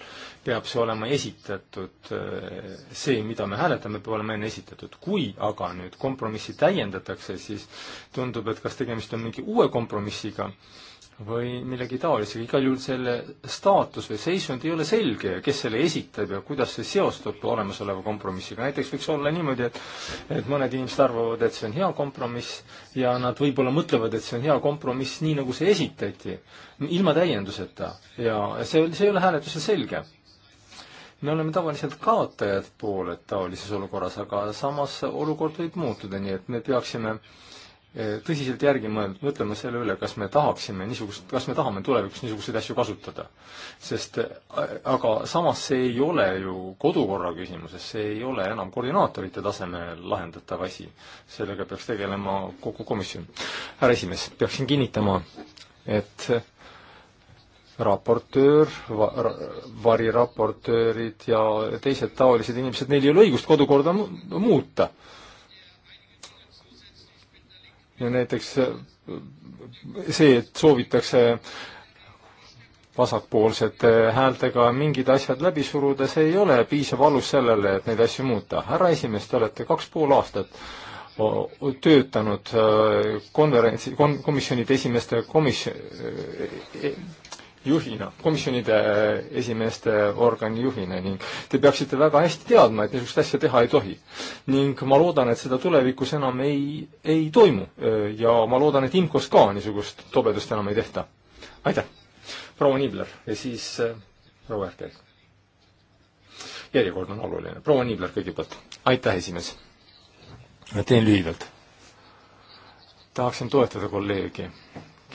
Speaker 2: peab see olema esitatud, äh, see, mida me hääletame, peab olema enne esitatud. kui aga nüüd kompromissi täiendatakse, siis tundub, et kas tegemist on mingi uue kompromissiga, või millegi taolisega, igal juhul selle staatus või seisund ei ole selge ja kes selle esitab ja kuidas see seostub olemasoleva kompromissiga, näiteks võiks olla niimoodi, et et mõned inimesed arvavad, et see on hea kompromiss ja nad võib-olla mõtlevad, et see on hea kompromiss, nii nagu see esitati, ilma täienduseta ja see, see ei ole hääletusel selge me oleme tavaliselt kaotajad pooled taolises olukorras, aga samas olukord võib muutuda, nii et me peaksime äh, Eh, tõsiselt järgi mõelda, mõtlema selle üle, kas me tahaksime niisugust, kas me tahame tulevikus niisuguseid asju kasutada. sest eh, aga samas see ei ole ju kodukorra küsimuses, see ei ole enam koordinaatorite tasemel lahendatav asi. sellega peaks tegelema kogu komisjon. härra esimees, peaksin kinnitama, et raportöör va,, variraportöörid ja teised taolised inimesed, neil ei ole õigust kodukorda muuta ja näiteks äh, see, et soovitakse vasakpoolsete häältega mingid asjad läbi suruda, see ei ole piisav alus sellele, et neid asju muuta. härra esimees, te olete kaks pool aastat töötanud äh, konverentsi, kon-, komisjonide esimeeste komisjon, e-, e-, juhina, komisjonide esimeeste organi juhina ning te peaksite väga hästi teadma, et niisugust asja teha ei tohi. ning ma loodan, et seda tulevikus enam ei, ei toimu ja ma loodan, et IMCO-s ka niisugust tobedust enam ei tehta. aitäh, proua Niibler ja siis proua Erkel. järjekord on oluline, proua Niibler kõigepealt. aitäh, esimees. teen lühidalt tahaksin toetada kolleegi,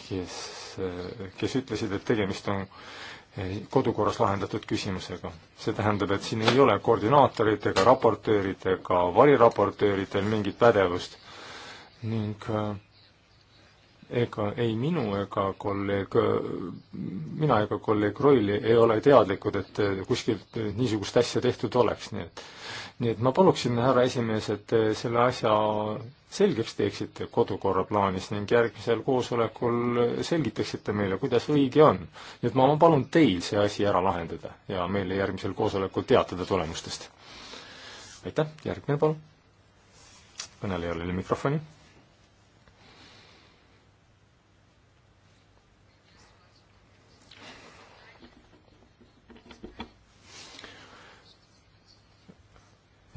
Speaker 2: kes Eh, kes ütlesid, et tegemist on eh, kodukorras lahendatud küsimusega. see tähendab, et siin ei ole koordinaatoritega, raportööridega, variraportööridel mingit pädevust ning eh, ega ei minu ega kolleeg, mina ega kolleeg Roili ei ole teadlikud, et kuskilt niisugust asja tehtud oleks, nii et nii et ma paluksin, härra esimees, et te selle asja selgeks teeksite kodukorra plaanis ning järgmisel koosolekul selgitaksite meile, kuidas õige on. nii et ma, ma palun teil see asi ära lahendada ja meile järgmisel koosolekul teatada tulemustest. aitäh, järgmine palun. kõnelejal oli mikrofoni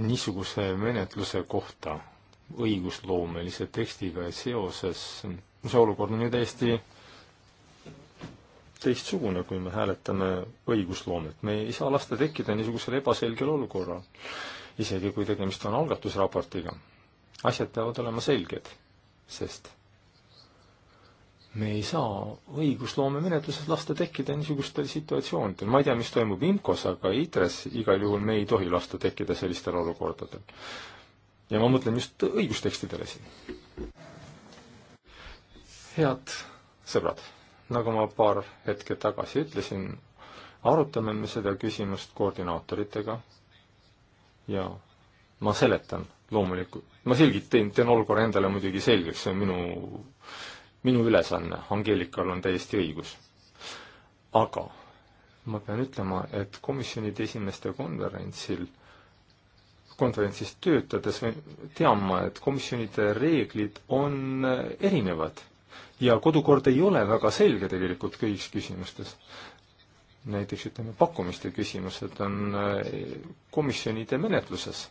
Speaker 2: niisuguse menetluse kohta õigusloomelise tekstiga seoses, see olukord on ju täiesti teistsugune, kui me hääletame õigusloomet. me ei saa lasta tekkida niisugusel ebaselgel olukorral, isegi kui tegemist on algatusraportiga. asjad peavad olema selged, sest me ei saa õigusloome menetluses lasta tekkida niisugustel situatsioonidel. ma ei tea, mis toimub IMCO-s, aga ITRES igal juhul me ei tohi lasta tekkida sellistel olukordadel. ja ma mõtlen just õigustekstidele siin. head sõbrad, nagu ma paar hetke tagasi ütlesin, arutame me seda küsimust koordinaatoritega ja ma seletan loomulikult, ma selgitan, teen olukorra endale muidugi selgeks, see on minu minu ülesanne, Angeelikal on täiesti õigus. aga ma pean ütlema, et komisjonide esimeeste konverentsil, konverentsis töötades tean ma, et komisjonide reeglid on erinevad ja kodukord ei ole väga selge tegelikult kõigis küsimustes näiteks ütleme, pakkumiste küsimused on eh, komisjonide menetluses.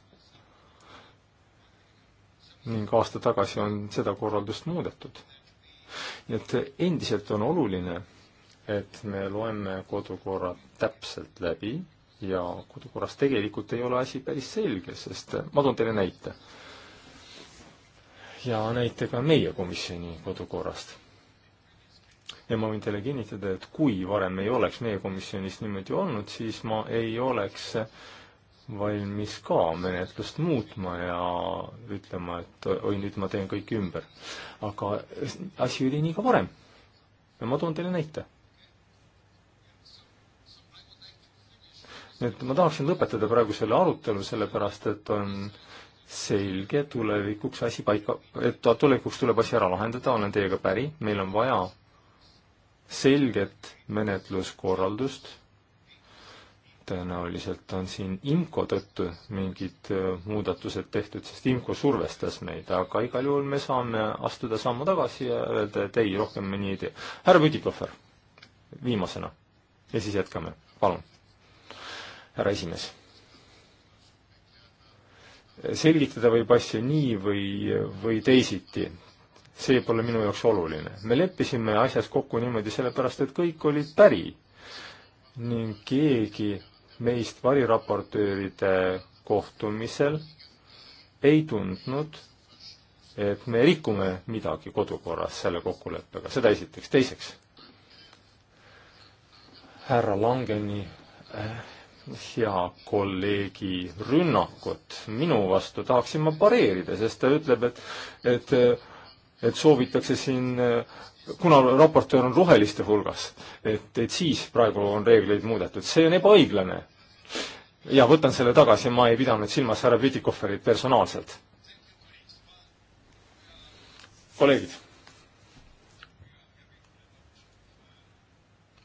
Speaker 2: ning aasta tagasi on seda korraldust muudetud nii et endiselt on oluline, et me loeme kodukorra täpselt läbi ja kodukorras tegelikult ei ole asi päris selge, sest ma toon teile näite. ja näite ka meie komisjoni kodukorrast ja ma võin teile kinnitada, et kui varem ei oleks meie komisjonis niimoodi olnud, siis ma ei oleks valmis ka menetlust muutma ja ütlema, et oi, nüüd ma teen kõik ümber. aga asi oli nii ka varem. ja ma toon teile näite. nii et ma tahaksin lõpetada praegu selle arutelu, sellepärast et on selge, tulevikuks asi paika, et tulevikuks tuleb asi ära lahendada, olen teiega päri, meil on vaja selget menetluskorraldust tõenäoliselt on siin IMCO tõttu mingid äh, muudatused tehtud, sest IMCO survestas meid, aga igal juhul me saame astuda sammu tagasi ja öelda, et ei, rohkem me nii ei tee. härra Pütikohver, viimasena ja siis jätkame, palun. härra esimees. selgitada võib asju nii või, või teisiti see pole minu jaoks oluline. me leppisime asjas kokku niimoodi sellepärast, et kõik olid päri ning keegi meist variraportööride kohtumisel ei tundnud, et me rikume midagi kodukorras selle kokkuleppega, seda esiteks. teiseks, härra Langeni äh, hea kolleegi rünnakut minu vastu tahaksin ma pareerida, sest ta ütleb, et, et, et soovitakse siin, kuna raportöör on roheliste hulgas, et, et siis praegu on reegleid muudetud, see on ebaõiglane jaa, võtan selle tagasi, ma ei pidanud silmas härra Pütikoferit personaalselt. kolleegid.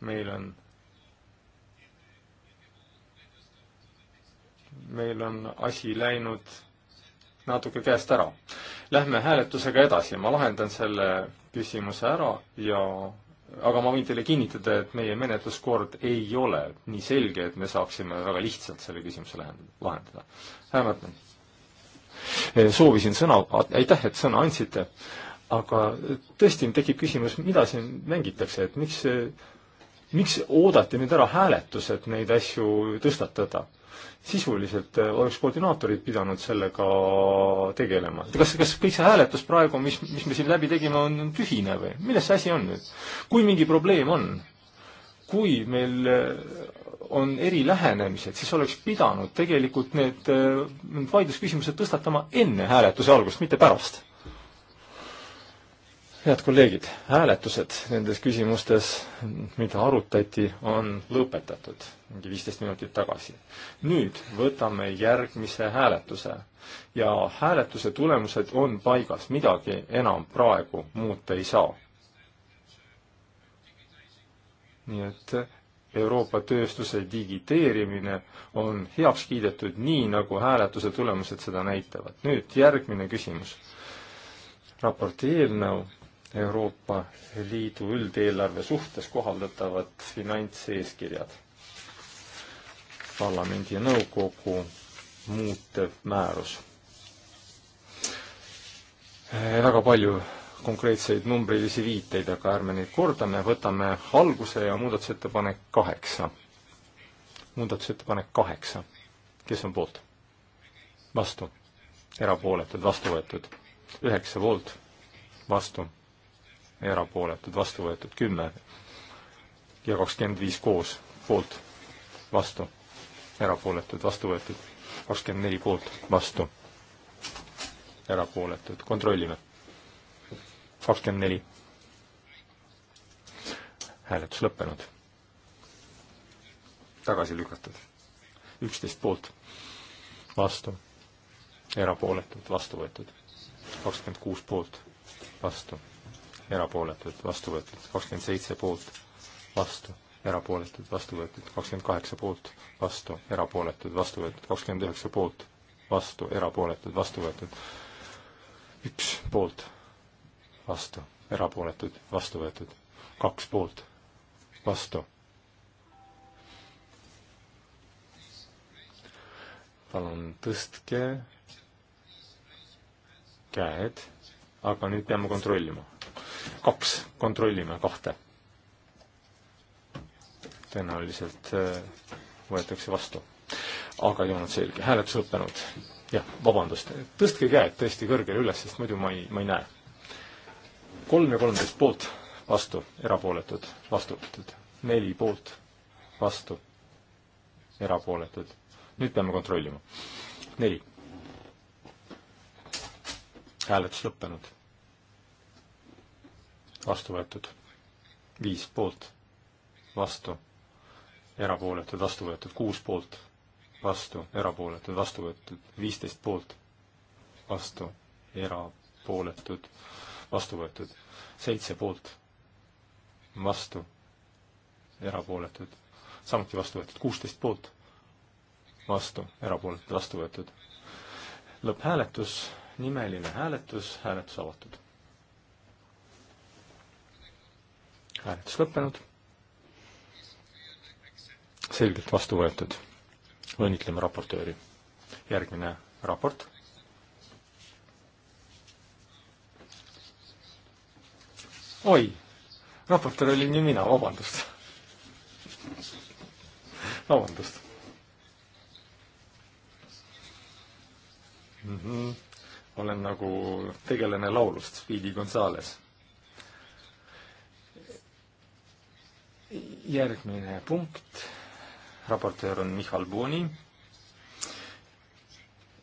Speaker 2: meil on, meil on asi läinud natuke käest ära. Lähme hääletusega edasi, ma lahendan selle küsimuse ära ja aga ma võin teile kinnitada, et meie menetluskord ei ole nii selge, et me saaksime väga lihtsalt selle küsimuse lahendada. vähemalt soovisin sõna, aitäh, et sõna andsite, aga tõesti tekib küsimus, mida siin mängitakse, et miks see miks oodati nüüd ära hääletus, et neid asju tõstatada? sisuliselt eh, oleks koordinaatorid pidanud sellega tegelema. kas, kas kõik see hääletus praegu, mis, mis me siin läbi tegime, on tühine või? milles see asi on nüüd? kui mingi probleem on, kui meil eh, on eri lähenemised, siis oleks pidanud tegelikult need, eh, need vaidlusküsimused tõstatama enne hääletuse algust, mitte pärast head kolleegid, hääletused nendes küsimustes, mida arutati, on lõpetatud mingi viisteist minutit tagasi. nüüd võtame järgmise hääletuse ja hääletuse tulemused on paigas, midagi enam praegu muuta ei saa. nii et Euroopa tööstuse digiteerimine on heaks kiidetud nii, nagu hääletuse tulemused seda näitavad. nüüd järgmine küsimus. raporti eelnõu Euroopa Liidu üldeelarve suhtes kohaldatavad finantseeskirjad. parlamendi ja nõukogu muutev määrus. Eh, väga palju konkreetseid numbrilisi viiteid, aga ärme neid kordame, võtame alguse ja muudatusettepanek kaheksa. muudatusettepanek kaheksa, kes on poolt? vastu, erapooletud, vastu võetud, üheksa poolt, vastu erapooletud, vastu võetud kümme ja kakskümmend viis koos, poolt, vastu, erapooletud, vastu võetud, kakskümmend neli poolt, vastu, erapooletud, kontrollime. kakskümmend neli. hääletus lõppenud. tagasi lükatud. üksteist poolt, vastu, erapooletud, vastu võetud, kakskümmend kuus poolt, vastu erapooletud, vastu võetud, kakskümmend seitse poolt, vastu, erapooletud, vastu võetud, kakskümmend kaheksa poolt, vastu, erapooletud, vastu võetud, kakskümmend üheksa poolt, vastu, erapooletud, vastu võetud, üks poolt, vastu, erapooletud, vastu võetud, kaks poolt, vastu. palun tõstke käed, aga nüüd peame kontrollima kaks, kontrollime kahte. tõenäoliselt äh, võetakse vastu. aga ei olnud selge, hääletus lõppenud. jah, vabandust, tõstke käed tõesti kõrgele üles, sest muidu ma ei, ma ei näe. kolm ja kolmteist poolt, vastu, erapooletud, vastu võetud. neli poolt, vastu, erapooletud. nüüd peame kontrollima. neli hääletus lõppenud vastu võetud. viis poolt, vastu, erapooletud, vastu võetud, kuus poolt, vastu, erapooletud, vastu võetud, viisteist poolt, vastu, erapooletud, vastu võetud, seitse poolt, vastu, erapooletud, samuti vastu võetud, kuusteist poolt, vastu, erapooletud, vastu võetud. lõpphääletus, nimeline hääletus, hääletus avatud hääletus lõppenud. selgelt vastu võetud. õnnitleme raportööri. järgmine raport. oi, raportöör olin ju mina, vabandust. vabandust mm. -hmm. olen nagu tegelane laulust, Speedy Gonzales järgmine punkt, raportöör on Michal Boni,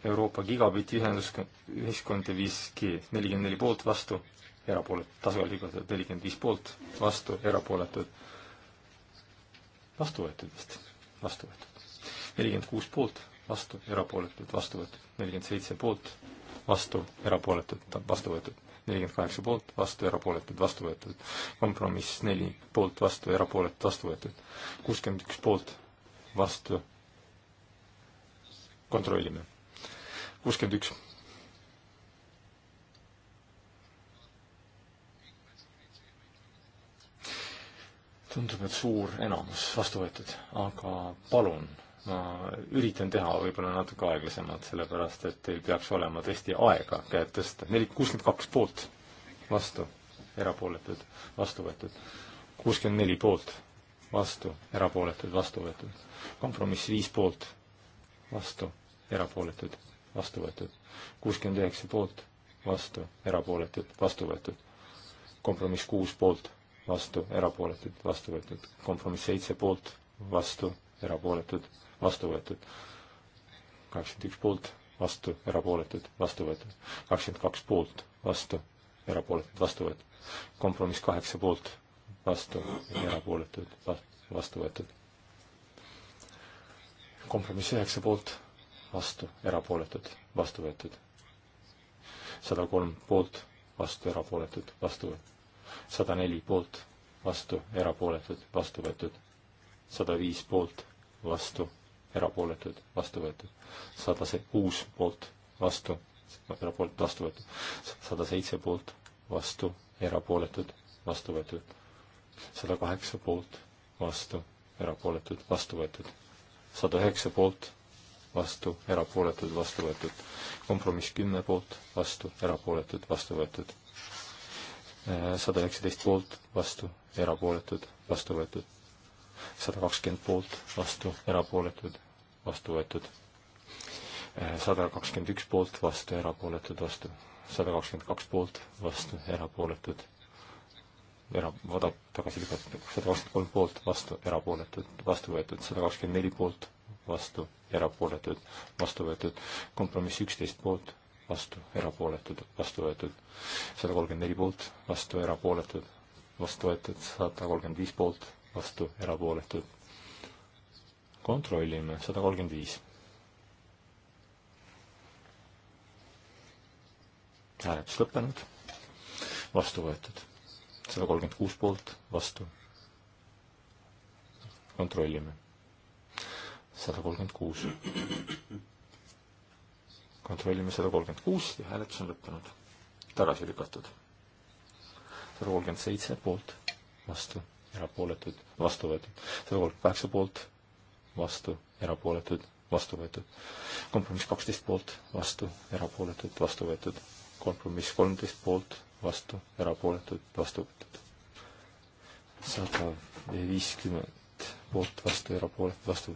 Speaker 2: Euroopa gigabitti ühendus, ühiskond ja 5G, nelikümmend neli poolt, vastu, erapooletud, tasakaalulikult nelikümmend viis poolt, vastu, erapooletud, vastu võetud vist, vastu võetud. nelikümmend kuus poolt, vastu, erapooletud, vastu võetud, nelikümmend seitse poolt, vastu, erapooletud, vastu võetud nelikümmend kaheksa poolt, vastu, erapooletud, vastu võetud. kompromiss neli poolt, vastu, erapooletud, vastu võetud. kuuskümmend üks poolt, vastu, kontrollime. kuuskümmend üks. tundub, et suur enamus vastu võetud, aga palun ma üritan teha võib-olla natuke aeglasemalt, sellepärast et teil peaks olema tõesti aega käed tõsta. neli, kuuskümmend kaks poolt vastu, erapooletud, vastu võetud. kuuskümmend neli poolt vastu, erapooletud, vastu võetud. kompromiss viis poolt vastu, erapooletud, vastu võetud. kuuskümmend üheksa poolt vastu, erapooletud, vastu võetud. kompromiss kuus poolt vastu, erapooletud, vastu võetud. kompromiss seitse poolt vastu, erapooletud, vastu võetud. kakskümmend üks poolt, vastu, erapooletud, vastu võetud. kakskümmend kaks poolt, vastu, erapooletud, vastu võetud. kompromiss kaheksa poolt, vastu, erapooletud, vastu võetud. kompromiss üheksa poolt, vastu, erapooletud, vastu võetud. sada kolm poolt, vastu, erapooletud, vastu võetud. sada neli poolt, vastu, erapooletud, vastu võetud. sada viis poolt, vastu, erapooletud, vastu võetud. sada se-, kuus poolt, vastu, erapooletud, vastu võetud. sada seitse poolt, vastu, erapooletud, vastu võetud. sada kaheksa poolt, vastu, erapooletud, vastu võetud. sada üheksa poolt, vastu, erapooletud, vastu võetud. kompromiss kümme poolt, vastu, erapooletud, vastu võetud. Äh, sada üheksateist poolt, vastu, erapooletud, vastu võetud sada kakskümmend poolt, vastu, erapooletud, vastu võetud. Eh, sada kakskümmend üks poolt, vastu, erapooletud, vastu. sada kakskümmend kaks poolt, vastu, erapooletud. Era-, vaadab tagasi lükatud, sada kakskümmend kolm poolt, vastu, erapooletud, vastu võetud, sada kakskümmend neli poolt, vastu, erapooletud, vastu võetud, kompromiss üksteist poolt, vastu, erapooletud, vastu võetud, sada kolmkümmend neli poolt, vastu, erapooletud, vastu võetud, sada kolmkümmend viis poolt, vastu erapooletud. kontrollime, sada kolmkümmend viis. hääletus lõppenud, vastu võetud, sada kolmkümmend kuus poolt, vastu. kontrollime, sada kolmkümmend kuus. kontrollime sada kolmkümmend kuus ja hääletus on lõppenud, tagasi lükatud. sada kolmkümmend seitse poolt, vastu erapooletud, vastu võetud. sada kolmkümmend kaheksa poolt, vastu, erapooletud, vastu võetud. kompromiss kaksteist poolt, vastu, erapooletud, vastu võetud. kompromiss kolmteist poolt, vastu, erapooletud, vastu võetud. sada viiskümmend poolt, vastu, erapooletud, vastu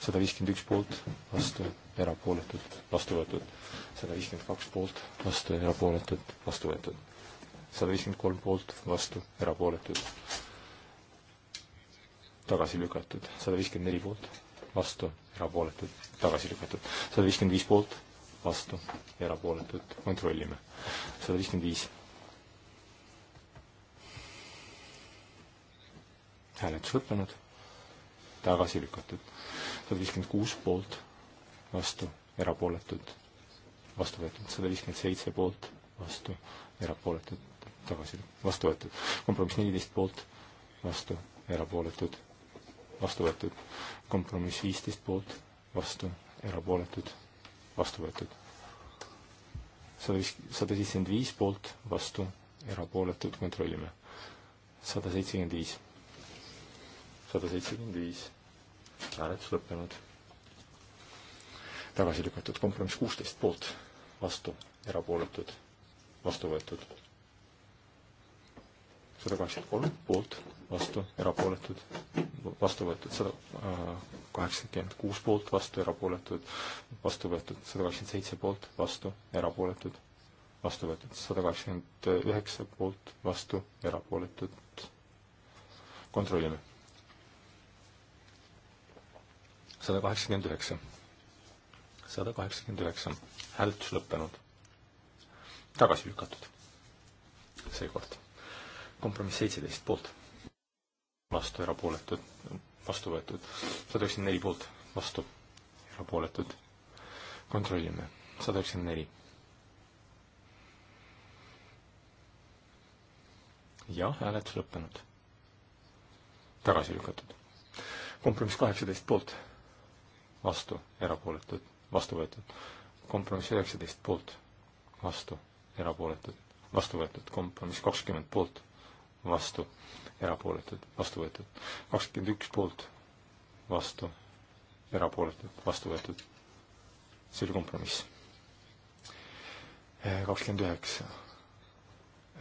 Speaker 2: sada viiskümmend üks poolt, vastu, erapooletud, vastu võetud. sada viiskümmend kaks poolt, vastu, erapooletud, vastu võetud. sada viiskümmend kolm poolt, vastu, erapooletud tagasi lükatud, sada viiskümmend neli poolt, vastu, erapooletud, tagasi lükatud, sada viiskümmend viis poolt, vastu, erapooletud, kontrollime, sada viiskümmend viis. hääletus lõppenud, tagasi lükatud, sada viiskümmend kuus poolt, vastu, erapooletud, vastu võetud, sada viiskümmend seitse poolt, vastu, erapooletud, tagasi, vastu võetud, kompromiss neliteist poolt, vastu, erapooletud vastu võetud. kompromiss viisteist poolt, vastu, erapooletud, vastu võetud. sada viis, sada seitsekümmend viis poolt, vastu, erapooletud, kontrollime. sada seitsekümmend viis. sada seitsekümmend viis. hääletus lõppenud. tagasi lükatud kompromiss kuusteist poolt, vastu, erapooletud, vastu võetud sada kaheksakümmend kolm poolt, vastu, erapooletud, vastu võetud sada äh, kaheksakümmend kuus poolt, vastu erapooletud, vastu võetud sada kakskümmend seitse poolt, vastu erapooletud, vastu võetud sada kaheksakümmend üheksa poolt, vastu erapooletud. kontrollime. sada kaheksakümmend üheksa, sada kaheksakümmend üheksa, hääletus lõppenud, tagasi lükatud seekord kompromiss seitseteist poolt vastu, erapooletud, vastu võetud. sada üheksakümmend neli poolt, vastu, erapooletud. kontrollime, sada üheksakümmend neli. jah, hääletus lõppenud. tagasi lükatud. kompromiss kaheksateist poolt, vastu, erapooletud, vastu võetud. kompromiss üheksateist poolt, vastu, erapooletud, vastu võetud. kompromiss kakskümmend poolt, vastu erapooletud, vastu võetud. kakskümmend üks poolt, vastu, erapooletud, vastu võetud. see oli kompromiss. Eh, kakskümmend üheksa.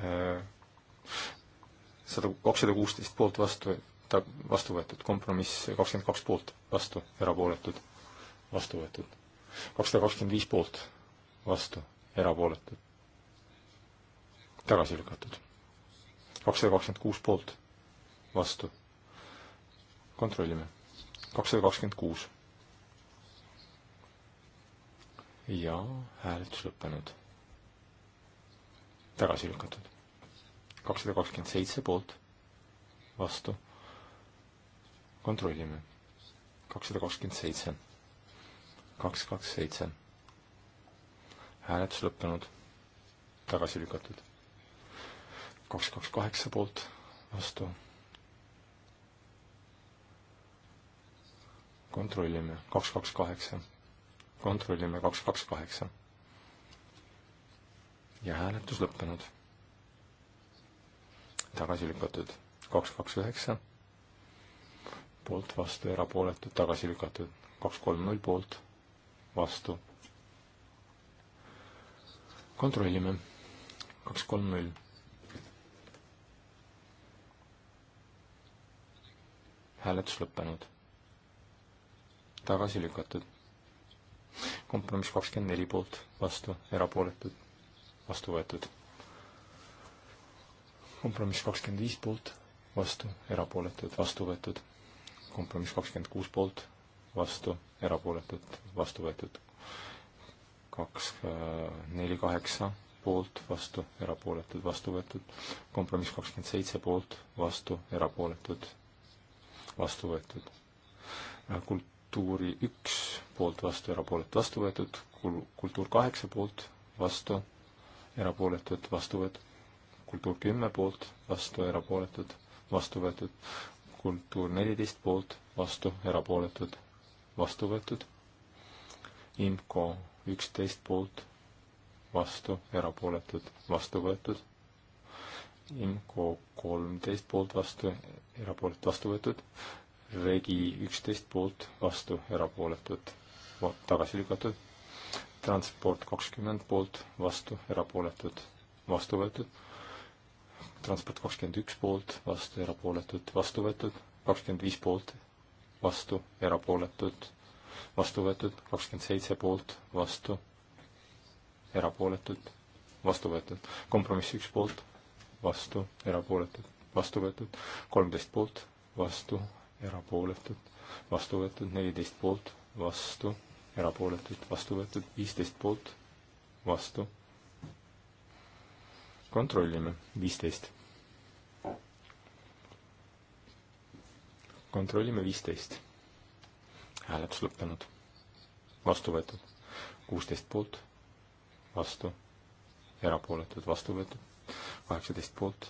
Speaker 2: Eh, sada, kakssada kuusteist poolt vastu, ta vastu võetud, kompromiss kakskümmend kaks poolt, vastu, erapooletud, vastu võetud. kakssada kakskümmend viis poolt, vastu, erapooletud, tagasi lükatud. kakssada kakskümmend kuus poolt vastu. kontrollime. kakssada kakskümmend kuus. ja hääletus lõppenud. tagasi lükatud. kakssada kakskümmend seitse poolt, vastu. kontrollime. kakssada kakskümmend seitse. kaks, kaks, seitse. hääletus lõppenud. tagasi lükatud. kaks, kaks, kaheksa poolt, vastu kontrollime, kaks, kaks, kaheksa. kontrollime, kaks, kaks, kaheksa. ja hääletus lõppenud. tagasi lükatud, kaks, kaks, üheksa. poolt, vastu, erapooletud, tagasi lükatud, kaks, kolm, null poolt, vastu. kontrollime, kaks, kolm, null. hääletus lõppenud tagasi lükatud. kompromiss kakskümmend neli poolt, vastu, erapooletud, vastu võetud. kompromiss kakskümmend viis poolt, vastu, erapooletud, vastu võetud. kompromiss kakskümmend kuus poolt, vastu, erapooletud, vastu võetud. kaks, äh, neli, kaheksa poolt, vastu, erapooletud, vastu võetud. kompromiss kakskümmend seitse poolt, vastu, erapooletud, vastu võetud. Äh, kuld kultuuri üks poolt vastu, erapooletu vastu võetud, kul-, kultuur kaheksa poolt vastu, erapooletud vastu võetud, kultuur kümme poolt vastu, erapooletud vastu võetud, kultuur neliteist poolt vastu, erapooletud vastu võetud, IMCO üksteist poolt vastu, erapooletud vastu võetud IMCO kolmteist poolt vastu, erapoolt vastu võetud, regi üksteist poolt, vastu, erapooletud, tagasi lükatud. transport kakskümmend poolt, vastu, erapooletud, vastu võetud. transport kakskümmend üks poolt, vastu, erapooletud, vastu võetud. kakskümmend viis poolt, vastu, erapooletud, vastu võetud. kakskümmend seitse poolt, vastu, erapooletud, vastu võetud. kompromiss üks poolt, vastu, erapooletud, vastu võetud. kolmteist poolt, vastu, erapooletud, vastu võetud, neliteist poolt, vastu, erapooletud, vastu võetud, viisteist poolt, vastu. kontrollime, viisteist. kontrollime viisteist. hääletus lõppenud. vastu võetud, kuusteist poolt, vastu, erapooletud, vastu võetud, kaheksateist poolt,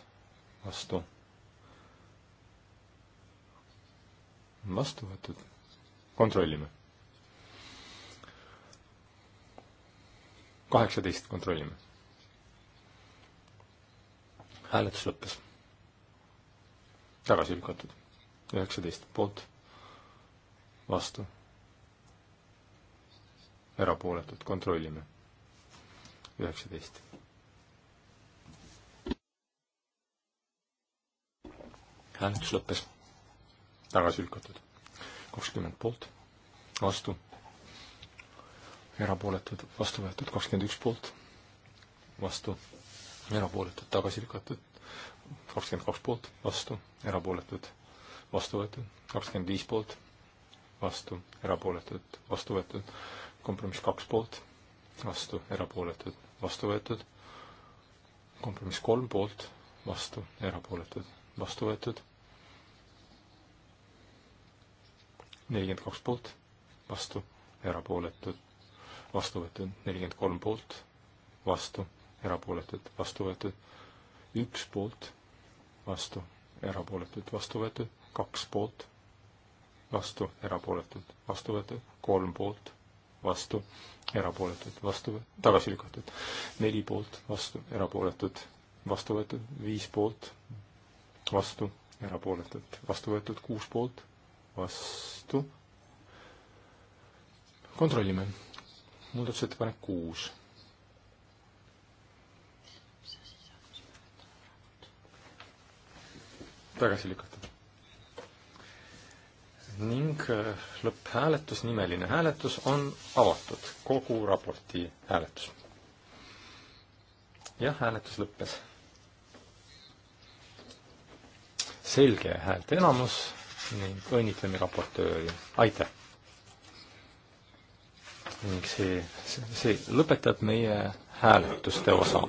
Speaker 2: vastu vastu võetud, kontrollime. kaheksateist kontrollime. hääletus lõppes. tagasi lükatud, üheksateist poolt, vastu, erapooletud, kontrollime, üheksateist. hääletus lõppes tagasi lükatud. kakskümmend poolt, vastu, erapooletud, vastu võetud, kakskümmend üks poolt, vastu, erapooletud, tagasi lükatud, kakskümmend kaks poolt, vastu, erapooletud, vastu võetud, kakskümmend viis poolt, vastu, erapooletud, vastu võetud, kompromiss kaks poolt, vastu, erapooletud, vastu võetud, kompromiss kolm poolt, vastu, erapooletud, vastu võetud nelikümmend kaks poolt, vastu, erapooletud, vastu võetud, nelikümmend kolm poolt, vastu, erapooletud, vastu võetud, üks poolt, vastu, erapooletud, vastu võetud, kaks poolt, vastu, erapooletud, vastu võetud, kolm poolt, vastu, erapooletud, vastu, tagasi lükatud. neli poolt, vastu, erapooletud, vastu võetud, viis poolt, vastu, erapooletud, vastu võetud, kuus poolt, vastu. kontrollime. muudatusettepanek kuus. tagasi lükatud. ning äh, lõpphääletus, nimeline hääletus on avatud, kogu raporti hääletus. jah, hääletus lõppes. selge häälteenamus ning õnnitleme raportööri, aitäh! ning see, see lõpetab meie hääletuste osa.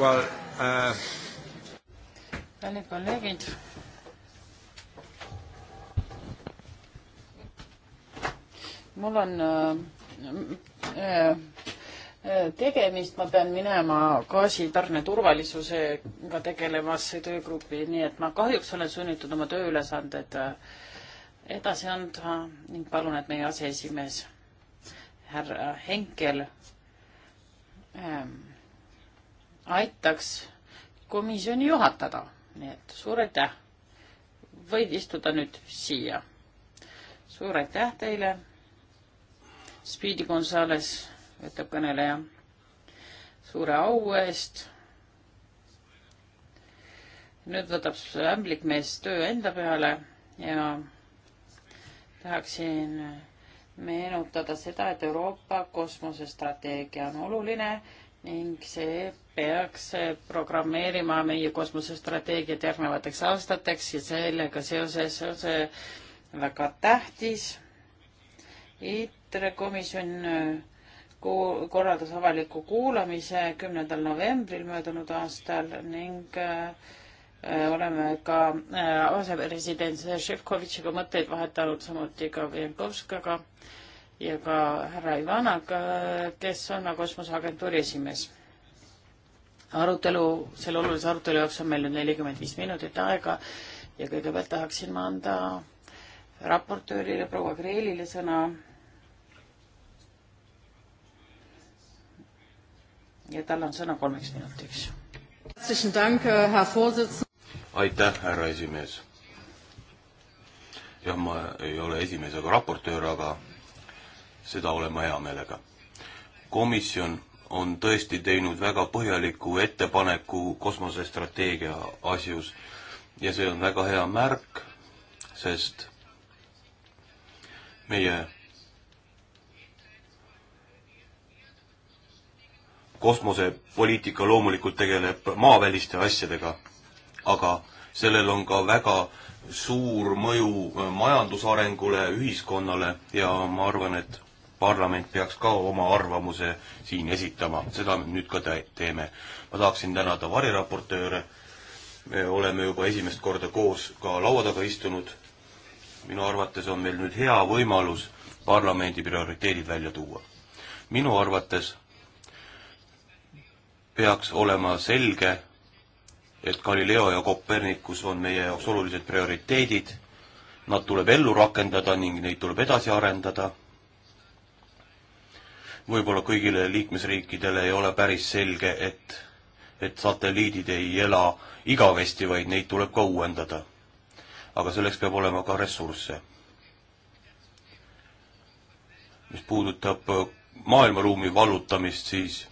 Speaker 3: Well, uh...
Speaker 1: kallid kolleegid. mul on äh, äh, äh, tegemist, ma pean minema gaasitarne turvalisusega tegelevasse töögruppi, nii et ma kahjuks olen sunnitud oma tööülesanded äh, edasi andma ning palun, et meie aseesimees härra Henkel aitaks komisjoni juhatada. nii et suur aitäh. võid istuda nüüd siia. suur aitäh teile. Speedy Gonzales, ütleb kõneleja, suure au eest. nüüd võtab ämblik mees töö enda peale ja tahaksin meenutada seda, et Euroopa kosmosestrateegia on oluline ning see peaks programmeerima meie kosmosestrateegiat järgnevateks aastateks ja sellega seoses on see väga tähtis. ITRE komisjon korraldas avaliku kuulamise kümnendal novembril möödunud aastal ning äh, oleme ka äh, asepresident Šefkovitšiga mõtteid vahetanud, samuti ka Vienkovskaga ja ka härra Ivanaga, kes on kosmoseagentuuri esimees arutelu, selle olulise arutelu jaoks on meil nüüd nelikümmend viis minutit aega ja kõigepealt tahaksin ma anda raportöörile proua Kreelile sõna. ja tal on sõna kolmeks minutiks. Äh,
Speaker 3: aitäh, härra esimees. jah, ma ei ole esimees ega raportöör, aga seda olen ma hea meelega. komisjon on tõesti teinud väga põhjaliku ettepaneku kosmosestrateegia asjus ja see on väga hea märk, sest meie kosmosepoliitika loomulikult tegeleb maaväliste asjadega, aga sellel on ka väga suur mõju majandusarengule, ühiskonnale ja ma arvan, et parlament peaks ka oma arvamuse siin esitama, seda me nüüd ka teeme. ma tahaksin tänada variraportööre, me oleme juba esimest korda koos ka laua taga istunud, minu arvates on meil nüüd hea võimalus parlamendi prioriteedid välja tuua. minu arvates peaks olema selge, et Galileo ja Copernicus on meie jaoks olulised prioriteedid, nad tuleb ellu rakendada ning neid tuleb edasi arendada võib-olla kõigile liikmesriikidele ei ole päris selge, et, et satelliidid ei ela igavesti, vaid neid tuleb ka uuendada. aga selleks peab olema ka ressursse. mis puudutab äh, maailmaruumi vallutamist, siis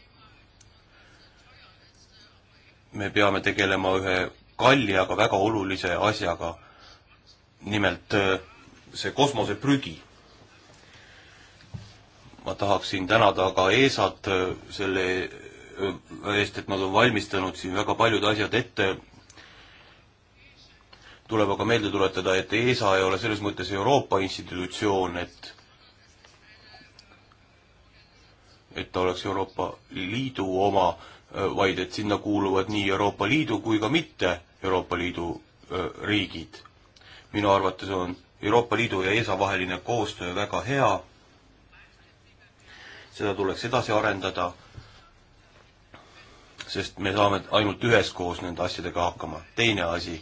Speaker 3: me peame tegelema ühe kalli, aga väga olulise asjaga. nimelt äh, see kosmoseprügi ma tahaksin tänada ka ESA-t äh, selle äh, eest, et nad on valmistanud siin väga paljud asjad ette. tuleb aga meelde tuletada, et ESA ei ole selles mõttes Euroopa institutsioon, et et ta oleks Euroopa Liidu oma, äh, vaid et sinna kuuluvad nii Euroopa Liidu kui ka mitte Euroopa Liidu riigid. minu arvates on Euroopa Liidu ja ESA vaheline koostöö väga hea seda tuleks edasi arendada, sest me saame ainult üheskoos nende asjadega hakkama. teine asi,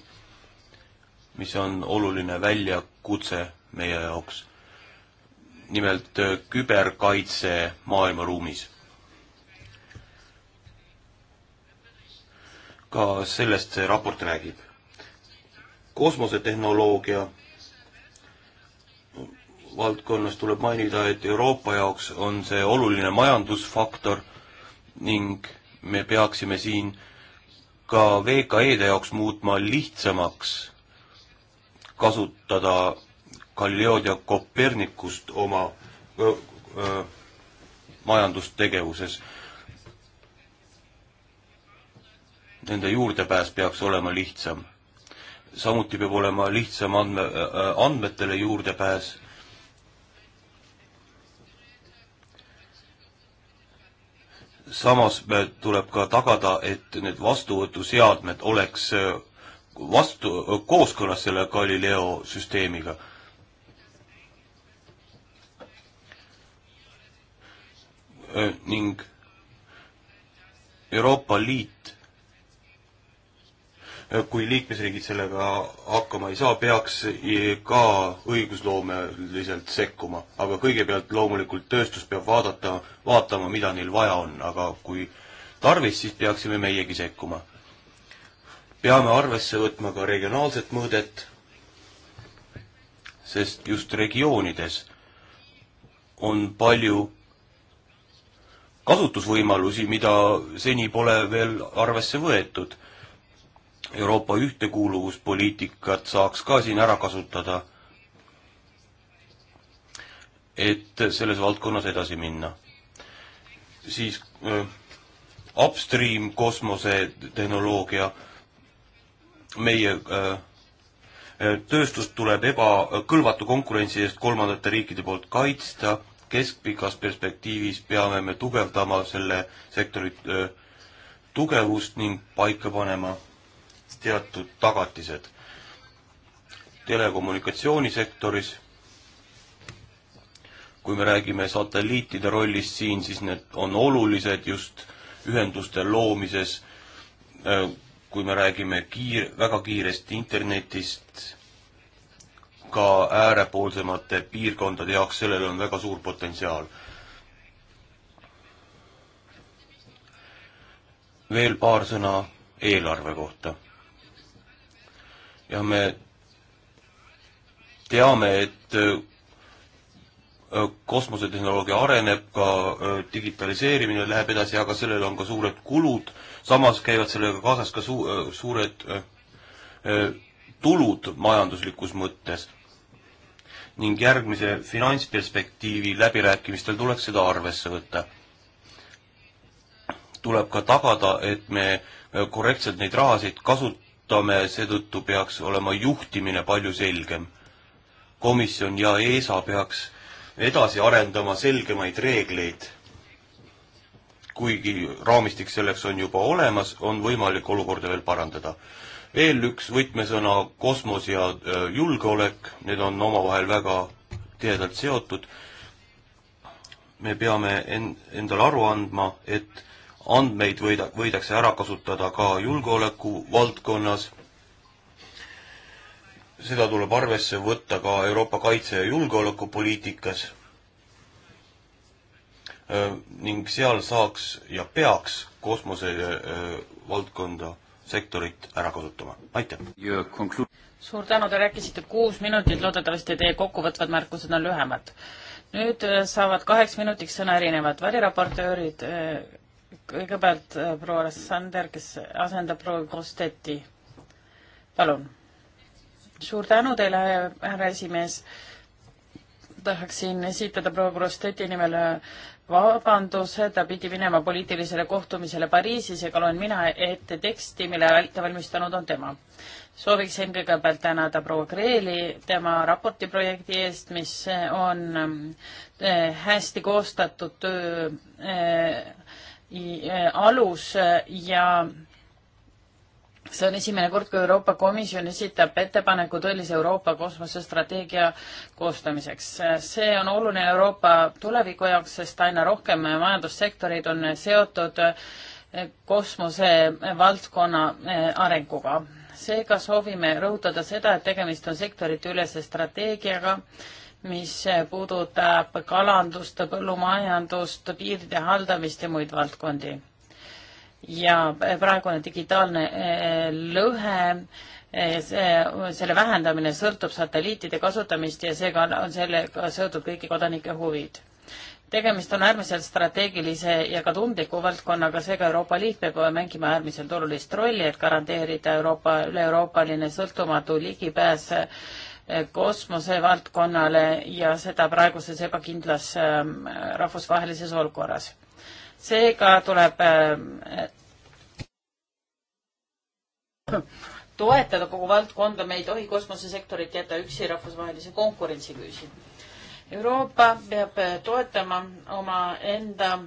Speaker 3: mis on oluline väljakutse meie jaoks, nimelt äh, küberkaitse maailmaruumis. ka sellest see raport räägib. kosmosetehnoloogia valdkonnas tuleb mainida, et Euroopa jaoks on see oluline majandusfaktor ning me peaksime siin ka VKE-de jaoks muutma lihtsamaks kasutada Galileod ja Kopernikust oma öö, öö, majandustegevuses. Nende juurdepääs peaks olema lihtsam. samuti peab olema lihtsam andme, andmetele juurdepääs samas äh, tuleb ka tagada, et need vastuvõtuseadmed oleks äh, vastu, äh, kooskõlas selle Galileo süsteemiga. ning Euroopa Liit kui liikmesriigid sellega hakkama ei saa, peaks ka õigusloomeliselt sekkuma. aga kõigepealt loomulikult tööstus peab vaadata, vaatama, mida neil vaja on, aga kui tarvis, siis peaksime meiegi sekkuma. peame arvesse võtma ka regionaalset mõõdet, sest just regioonides on palju kasutusvõimalusi, mida seni pole veel arvesse võetud Euroopa ühtekuuluvuspoliitikat saaks ka siin ära kasutada, et selles valdkonnas edasi minna. siis äh, upstream kosmosetehnoloogia, meie äh, tööstust tuleb ebakõlvatu konkurentsi eest kolmandate riikide poolt kaitsta, keskpikas perspektiivis peame me tugevdama selle sektori äh, tugevust ning paika panema teatud tagatised. telekommunikatsioonisektoris, kui me räägime satelliitide rollist siin, siis need on olulised just ühenduste loomises, kui me räägime kiir-, väga kiirest internetist, ka äärepoolsemate piirkondade jaoks, sellel on väga suur potentsiaal veel paar sõna eelarve kohta ja me teame, et äh, äh, kosmosetehnoloogia areneb, ka äh, digitaliseerimine läheb edasi, aga sellel on ka suured kulud, samas käivad sellega kaasas ka su-, suured tulud majanduslikus mõttes. ning järgmise finantsperspektiivi läbirääkimistel tuleks seda arvesse võtta. tuleb ka tagada, et me korrektselt neid rahasid kasut-, arutame, seetõttu peaks olema juhtimine palju selgem. komisjon ja ESA peaks edasi arendama selgemaid reegleid. kuigi raamistik selleks on juba olemas, on võimalik olukorda veel parandada. veel üks võtmesõna, kosmos ja äh, julgeolek, need on omavahel väga tihedalt seotud. me peame en-, endale aru andma, et andmeid võida, võidakse ära kasutada ka julgeoleku valdkonnas. seda tuleb arvesse võtta ka Euroopa kaitse- ja julgeolekupoliitikas. ning seal saaks ja peaks kosmose valdkonda, sektorit ära kasutama. aitäh!
Speaker 1: suur tänu, te rääkisite kuus minutit, loodetavasti teie kokkuvõtvad märkused on lühemad. nüüd saavad kaheks minutiks sõna erinevad variraportöörid kõigepealt äh, proua Alessander, kes asendab proua Kosteti. palun. suur tänu teile, härra esimees. tahaksin esitada proua Kosteti nimel vabanduse, ta pidi minema poliitilisele kohtumisele Pariisis ja loen mina ette teksti, mille ette valmistanud on tema. sooviksin kõigepealt tänada proua Kreeli tema raporti projekti eest, mis on äh, hästi koostatud töö äh, Äh, alus äh, ja see on esimene kord, kui Euroopa Komisjon esitab ettepaneku tõelise Euroopa kosmosestrateegia koostamiseks. see on oluline Euroopa tuleviku jaoks, sest aina rohkem majandussektoreid on seotud äh, kosmosevaldkonna arenguga. seega soovime rõhutada seda, et tegemist on sektoriteülese strateegiaga mis puudutab kalandust, põllumajandust, piiride haldamist ja muid valdkondi. ja praegune digitaalne eh, lõhe, eh, see, selle vähendamine sõltub satelliitide kasutamist ja seega on sellega seotud kõigi kodanike huvid tegemist on äärmiselt strateegilise ja ka tundliku valdkonnaga, seega Euroopa Liit peab mängima äärmiselt olulist rolli, et garanteerida Euroopa, üle-euroopaline sõltumatu ligipääs äh, kosmosevaldkonnale ja seda praeguses ebakindlas ähm, rahvusvahelises olukorras. seega tuleb ähm, toetada kogu valdkonda, me ei tohi kosmosesektorit jätta üksi rahvusvahelise konkurentsi küüsi. Euroopa peab äh, toetama omaenda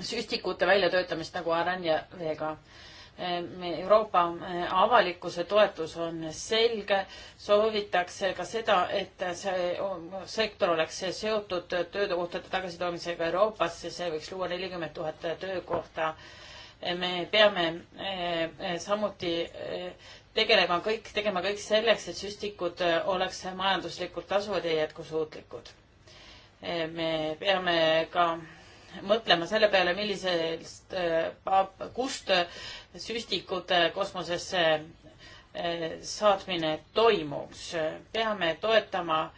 Speaker 1: süstikute väljatöötamist nagu Aran ja Vega Ehm, Euroopa ehm, avalikkuse toetus on selge, soovitakse ka seda, et see sektor oleks seotud töökohtade tagasitoomisega Euroopasse, see võiks luua nelikümmend tuhat töökohta. Ehm, me peame samuti tegelema kõik, tegema kõik selleks, et süstikud oleks majanduslikult tasuvad ja jätkusuutlikud. me peame ka mõtlema selle peale, millisest, kust süstikute äh, kosmosesse äh, saatmine toimuks. peame toetama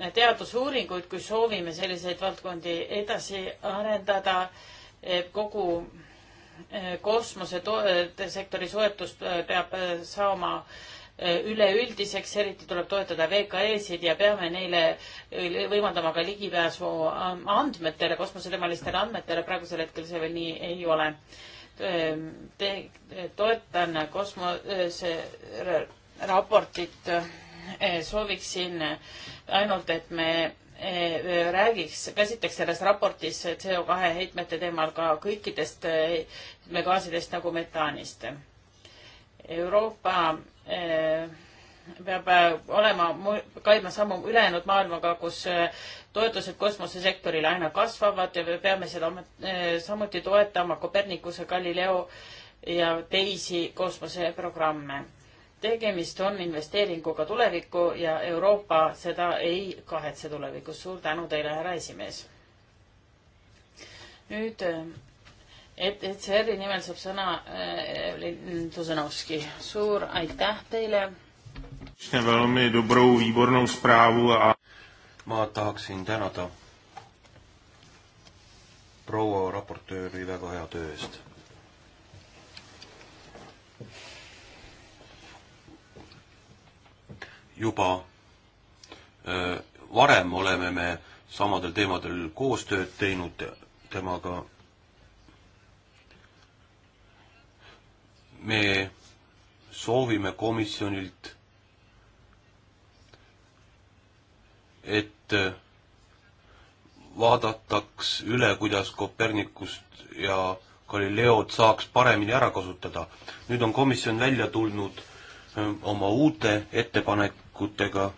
Speaker 1: äh, teadusuuringuid, kui soovime selliseid valdkondi edasi arendada. kogu kosmosesektori soetus peab saama üleüldiseks, eriti tuleb toetada VKE-sid ja peame neile võimaldama ka ligipääsu ähm, andmetele, kosmosetemalistele andmetele, praegusel hetkel see veel nii ei ole. Ehm, te-, eh, toetan kosmose eh, raportit, eh, sooviksin ainult, et me räägiks, käsitleks selles raportis CO2 heitmete teemal ka kõikidest heitmegaasidest nagu metaanist. Euroopa peab olema, käima sammu ülejäänud maailmaga, kus toetused kosmosesektorile aina kasvavad ja me peame seda eh, samuti toetama Kopernikuse, Galileo ja teisi kosmoseprogramme. tegemist on investeeringuga tulevikku ja Euroopa seda ei kahetse tulevikus. suur tänu teile, härra esimees. nüüd eh, et, et ECR-i nimel saab sõna Evelyn eh, Tusenovski. suur aitäh teile.
Speaker 3: velmi dobrou výbornou zprávu a ma tahaksin tänada proua raportööri väga hea töö eest. juba öö, varem oleme me samadel teemadel koostööd teinud temaga. me soovime komisjonilt et äh, vaadataks üle, kuidas Kopernikust ja Galileod saaks paremini ära kasutada. nüüd on komisjon välja tulnud äh, oma uute ettepanekutega,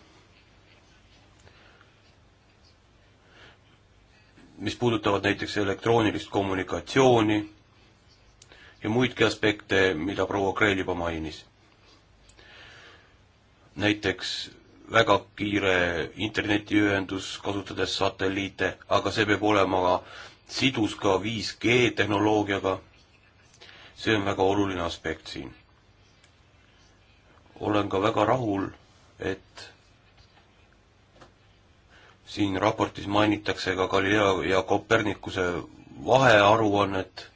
Speaker 3: mis puudutavad näiteks elektroonilist kommunikatsiooni ja muidki aspekte, mida proua Kreel juba mainis. näiteks väga kiire internetiühendus, kasutades satelliite, aga see peab olema sidus ka 5G tehnoloogiaga. see on väga oluline aspekt siin. olen ka väga rahul, et siin raportis mainitakse ka Galileo ja Kopernikuse vahearuannet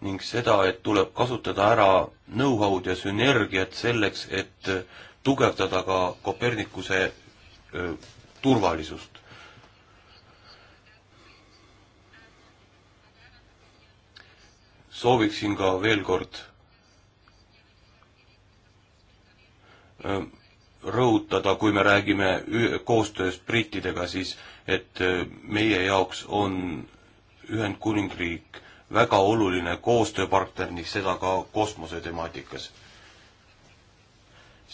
Speaker 3: ning seda, et tuleb kasutada ära know-how'd ja sünergiat selleks, et tugevdada ka Kopernikuse öö, turvalisust. sooviksin ka veel kord öö, rõhutada, kui me räägime koostööst brittidega, siis et meie jaoks on Ühendkuningriik väga oluline koostööpartner ning seda ka kosmosetemaatikas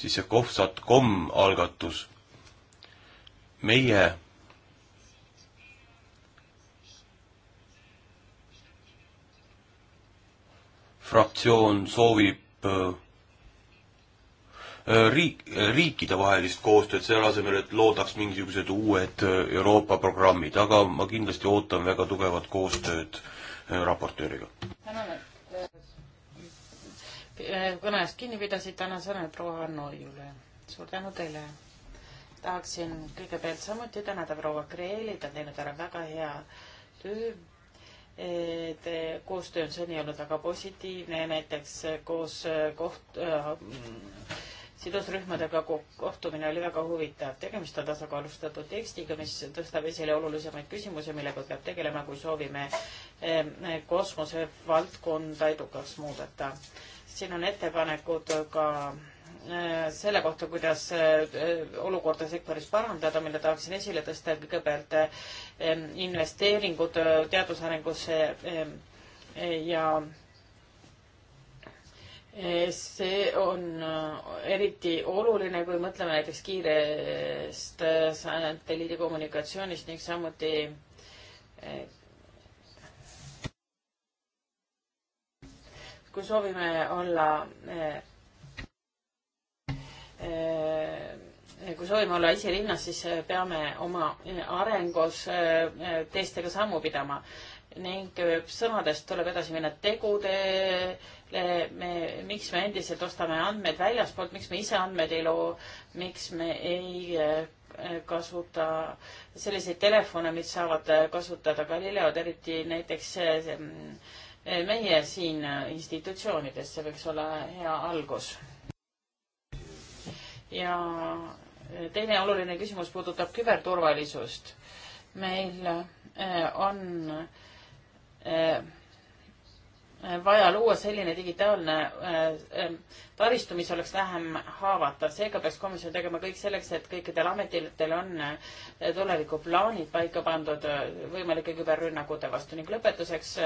Speaker 3: siis see kohvsat.com algatus. meie fraktsioon soovib äh, äh, riik, äh, riikidevahelist koostööd selle asemel, et loodaks mingisugused uued Euroopa programmid, aga ma kindlasti ootan väga tugevat koostööd raportööriga. tänan, et
Speaker 1: kõnest kinni pidasid, tänan sõna proua Annoiule. suur tänu teile. tahaksin kõigepealt samuti tänada proua Kreeli, ta on teinud ära väga hea töö. E, te, koostöö on seni olnud väga positiivne, näiteks koos koht- äh,, sidusrühmadega kohtumine oli väga huvitav. tegemist on tasakaalustatud tekstiga, mis tõstab esile olulisemaid küsimusi, millega peab tegelema, kui soovime e, kosmosevaldkonda edukaks muudeta siin on ettepanekud ka äh, selle kohta, kuidas äh, olukorda sektoris parandada, mille tahaksin esile tõsta kõigepealt äh, investeeringud teadusarengusse eh, ja eh, see on eriti oluline, kui mõtleme näiteks kiirest satelliidikommunikatsioonist ning samuti eh, kui soovime olla eh, eh, kui soovime olla esirinnas, siis eh, peame oma arengus teistega sammu pidama ning sõnadest tuleb edasi minna tegudele, me, miks me endiselt ostame andmeid väljaspoolt, miks me ise andmeid ei loo, miks me ei kasuta selliseid telefone, mis saavad kasutada Galileod, eriti näiteks mm, meie siin äh, institutsioonides, see võiks olla hea algus. ja äh, teine oluline küsimus puudutab küberturvalisust. meil äh, on vaja luua selline digitaalne taristu, mis oleks vähem haavatav, seega peaks komisjon tegema kõik selleks, et kõikidel ametitel on tulevikuplaanid paika pandud võimalike küberrünnakute vastu ning lõpetuseks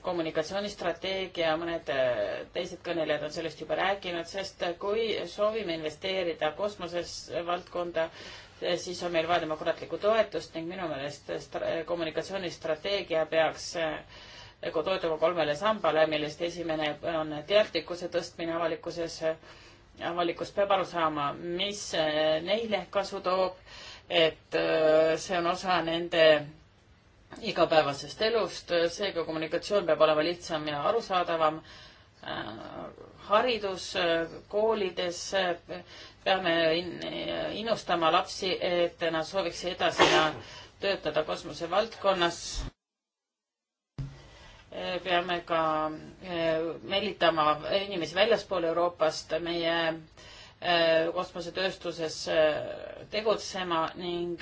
Speaker 1: kommunikatsioonistrateegia, mõned äh, teised kõnelejad on sellest juba rääkinud, sest kui soovime investeerida kosmosesse valdkonda, siis on meil vaja demokraatlikku toetust ning minu meelest kommunikatsioonistrateegia peaks äh, toetuma kolmele sambale, millest esimene on teadlikkuse tõstmine avalikkuses. avalikkus peab aru saama, mis äh, neile kasu toob, et see on osa nende igapäevasest elust, seega kommunikatsioon peab olema lihtsam ja arusaadavam. haridus koolides peame innustama lapsi, et nad sooviks edasi töötada kosmosevaldkonnas. peame ka eh, meelitama inimesi väljaspool Euroopast meie eh, kosmosetööstuses eh, tegutsema ning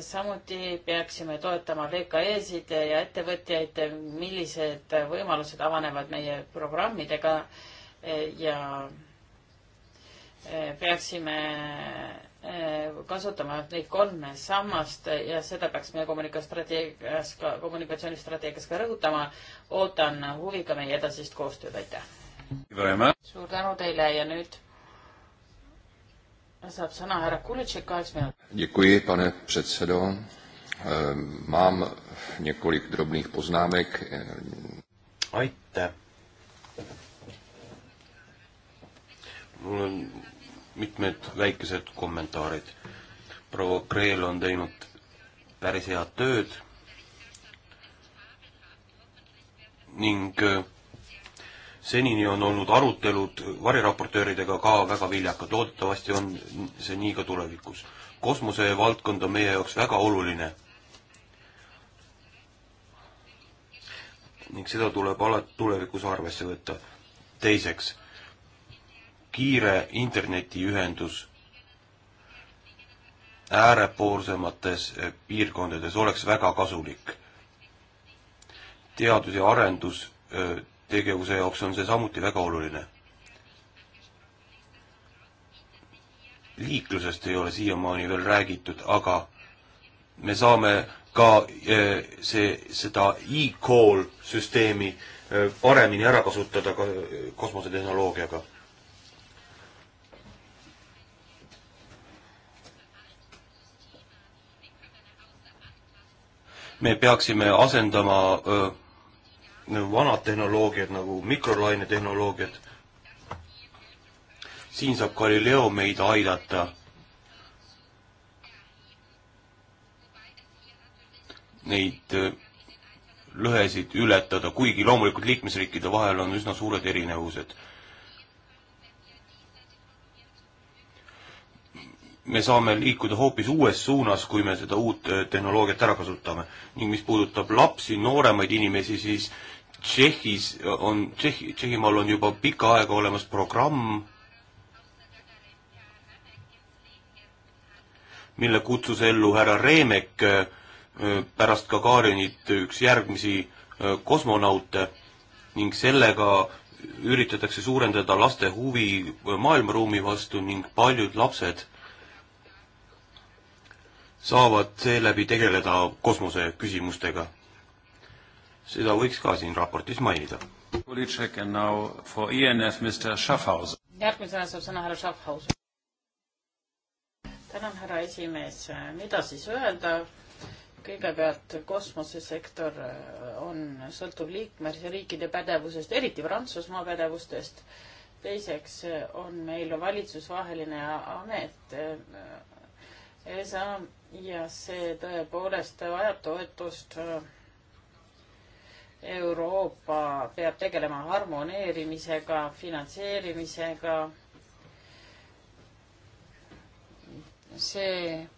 Speaker 1: samuti peaksime toetama VKE-sid ja ettevõtjaid, millised võimalused avanevad meie programmidega ja eh, peaksime eh, kasutama neid kolme sammast ja seda peaks meie kommunikatsioonistrateegias ka, kommunikatsioonistrateegias ka rõhutama. ootan huviga meie edasist koostööd, aitäh! suur tänu teile ja nüüd saab sõna härra Kulitšek kaheks minutiks.
Speaker 3: Děkuji, pane předsedo. Ehm, mám několik drobných poznámek. Aitäh! mul on mitmed väikesed kommentaarid. proua Kreel on teinud päris head tööd ning eh, senini on olnud arutelud variraportööridega ka väga viljakad, loodetavasti on see nii ka tulevikus kosmosevaldkond on meie jaoks väga oluline. ning seda tuleb alati tulevikus arvesse võtta. teiseks, kiire internetiühendus äärepoolsemates eh, piirkondades oleks väga kasulik. teadus- ja arendustegevuse eh, jaoks on see samuti väga oluline liiklusest ei ole siiamaani veel räägitud, aga me saame ka eh, see, seda e-call süsteemi eh, paremini ära kasutada ka eh, kosmosetehnoloogiaga. me peaksime asendama öö, vanad tehnoloogiad nagu mikrolainetehnoloogiad siin saab Galileo meid aidata. Neid äh, lõhesid ületada, kuigi loomulikult liikmesriikide vahel on üsna suured erinevused. me saame liikuda hoopis uues suunas, kui me seda uut äh, tehnoloogiat ära kasutame. ning mis puudutab lapsi, nooremaid inimesi, siis Tšehhis on, Tšehhi, Tšehhimaal on juba pikka aega olemas programm, mille kutsus ellu härra Reemek äh, pärast Gagarinit üks järgmisi äh, kosmonaute ning sellega üritatakse suurendada laste huvi äh, maailmaruumi vastu ning paljud lapsed saavad seeläbi tegeleda kosmose küsimustega. seda võiks ka siin raportis mainida. E
Speaker 1: järgmisena saab sõna härra Schaffhauser tänan, härra esimees, mida siis öelda? kõigepealt kosmosesektor äh, on, sõltub liikmesriikide pädevusest, eriti Prantsusmaa pädevustest. teiseks äh, on meil valitsusvaheline amet äh, ESA ja see tõepoolest vajab toetust. Euroopa peab tegelema harmoneerimisega, finantseerimisega see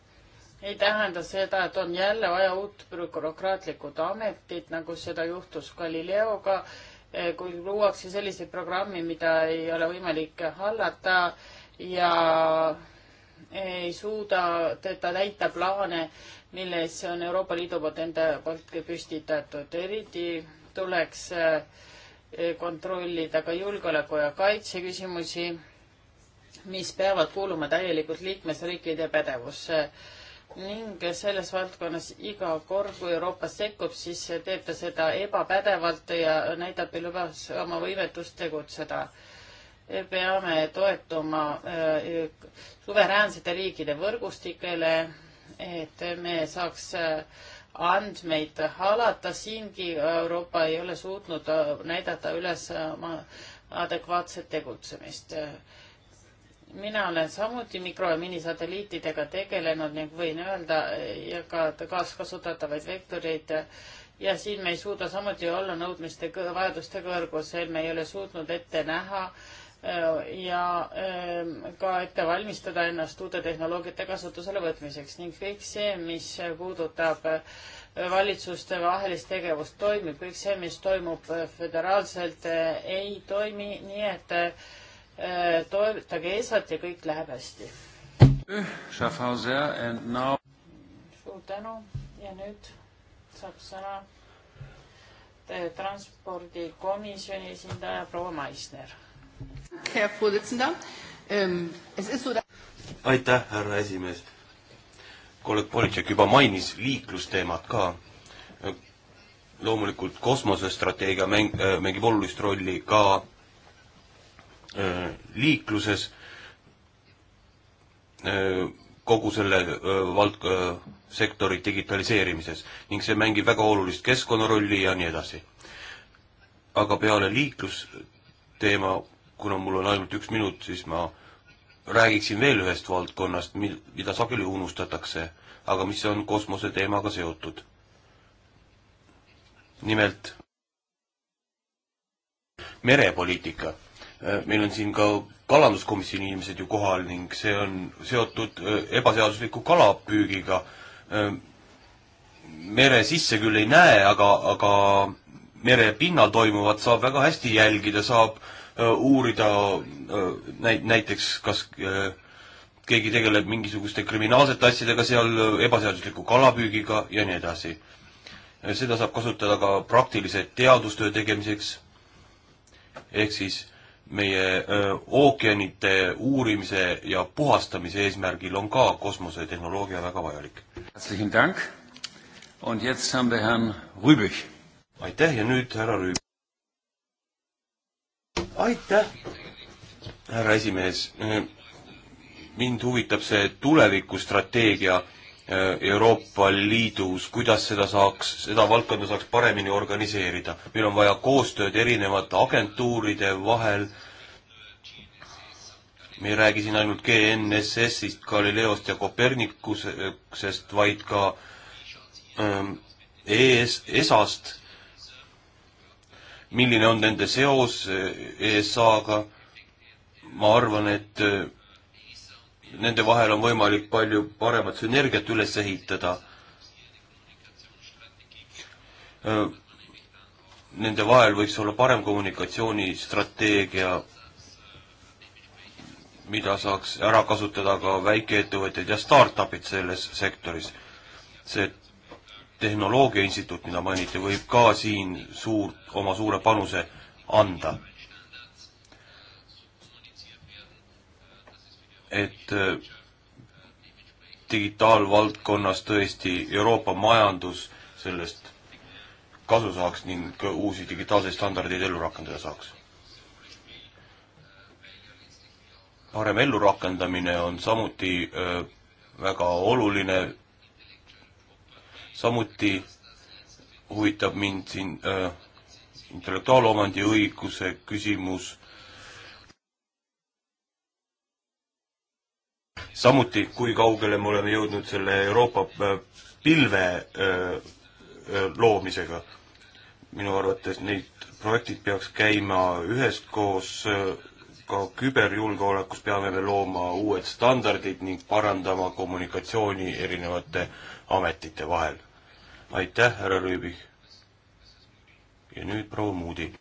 Speaker 1: ei tähenda seda, et on jälle vaja uut bürokraatlikud ametit, nagu seda juhtus Galileoga, eh, kui luuakse selliseid programmi, mida ei ole võimalik hallata ja ei suuda teda täita plaane, milles on Euroopa Liidu poolt enda poolt püstitatud. eriti tuleks eh, kontrollida ka julgeoleku ja kaitse küsimusi mis peavad kuuluma täielikult liikmesriikide pädevusse ning selles valdkonnas iga kord, kui Euroopas sekkub, siis teeb ta seda ebapädevalt ja näitab juba oma võimetust tegutseda. peame toetuma äh, suveräänsete riikide võrgustikele, et me saaks äh, andmeid halata, siingi Euroopa ei ole suutnud äh, näidata üles oma adekvaatset tegutsemist mina olen samuti mikro- ja minisatelliitidega tegelenud ning võin öelda eh, ja ka kaaskasutatavaid vektoreid ja siin me ei suuda samuti olla nõudmiste, vajaduste kõrgusel, me ei ole suutnud ette näha eh, ja eh, ka ette valmistada ennast uute tehnoloogiate kasutusele võtmiseks ning kõik see, mis puudutab valitsuste vahelist tegevust toimib, kõik see, mis toimub föderaalselt, ei toimi, nii et Äh, toetage ESA-t ja kõik läheb hästi.
Speaker 2: Äh, now...
Speaker 1: suur tänu ja nüüd saab sõna transpordikomisjoni esindaja proua Maisner. Ähm,
Speaker 3: aitäh, härra esimees. kolleeg Politšek juba mainis liiklusteemat ka. loomulikult kosmosestrateegia mäng, äh, mängib olulist rolli ka liikluses, kogu selle vald-, sektori digitaliseerimises ning see mängib väga olulist keskkonnarolli ja nii edasi. aga peale liiklusteema, kuna mul on ainult üks minut, siis ma räägiksin veel ühest valdkonnast, mil-, mida sageli unustatakse, aga mis on kosmose teemaga seotud. nimelt merepoliitika Äh, meil on siin ka kalanduskomisjoni inimesed ju kohal ning see on seotud äh, ebaseadusliku kalapüügiga. Äh, mere sisse küll ei näe, aga, aga merepinnal toimuvat saab väga hästi jälgida, saab uurida näit-, näiteks kas keegi tegeleb mingisuguste kriminaalsete asjadega seal, ebaseadusliku kalapüügiga ja nii edasi. seda saab kasutada ka praktilise teadustöö tegemiseks, ehk siis meie ookeanite uurimise ja puhastamise eesmärgil on ka kosmosetehnoloogia väga vajalik. aitäh ja nüüd härra Rüüb. aitäh, härra esimees. mind huvitab see tulevikustrateegia Euroopa Liidus, kuidas seda saaks, seda valdkonda saaks paremini organiseerida. meil on vaja koostööd erinevate agentuuride vahel, me ei räägi siin ainult GNSS-ist, Galileost ja Kopernikusest, vaid ka ähm, ES, ESA-st, milline on nende seos äh, ESA-ga, ma arvan, et äh, nende vahel on võimalik palju paremat sünergiat üles ehitada. Äh, nende vahel võiks olla parem kommunikatsioonistrateegia mida saaks ära kasutada ka väikeettevõtjad ja startupid selles sektoris. see tehnoloogia instituut, mida mainiti, võib ka siin suurt, oma suure panuse anda. et digitaalvaldkonnas tõesti Euroopa majandus sellest kasu saaks ning uusi digitaalseid standardeid ellu rakendada saaks parem ellurakendamine on samuti öö, väga oluline. samuti huvitab mind siin öö, intellektuaalomandi õiguse küsimus. samuti, kui kaugele me oleme jõudnud selle Euroopa pilve öö, loomisega. minu arvates neid projektid peaks käima üheskoos ka küberjulgeolekus peame me looma uued standardid ning parandama kommunikatsiooni erinevate ametite vahel. aitäh, härra Rüübik. ja nüüd proua Moody.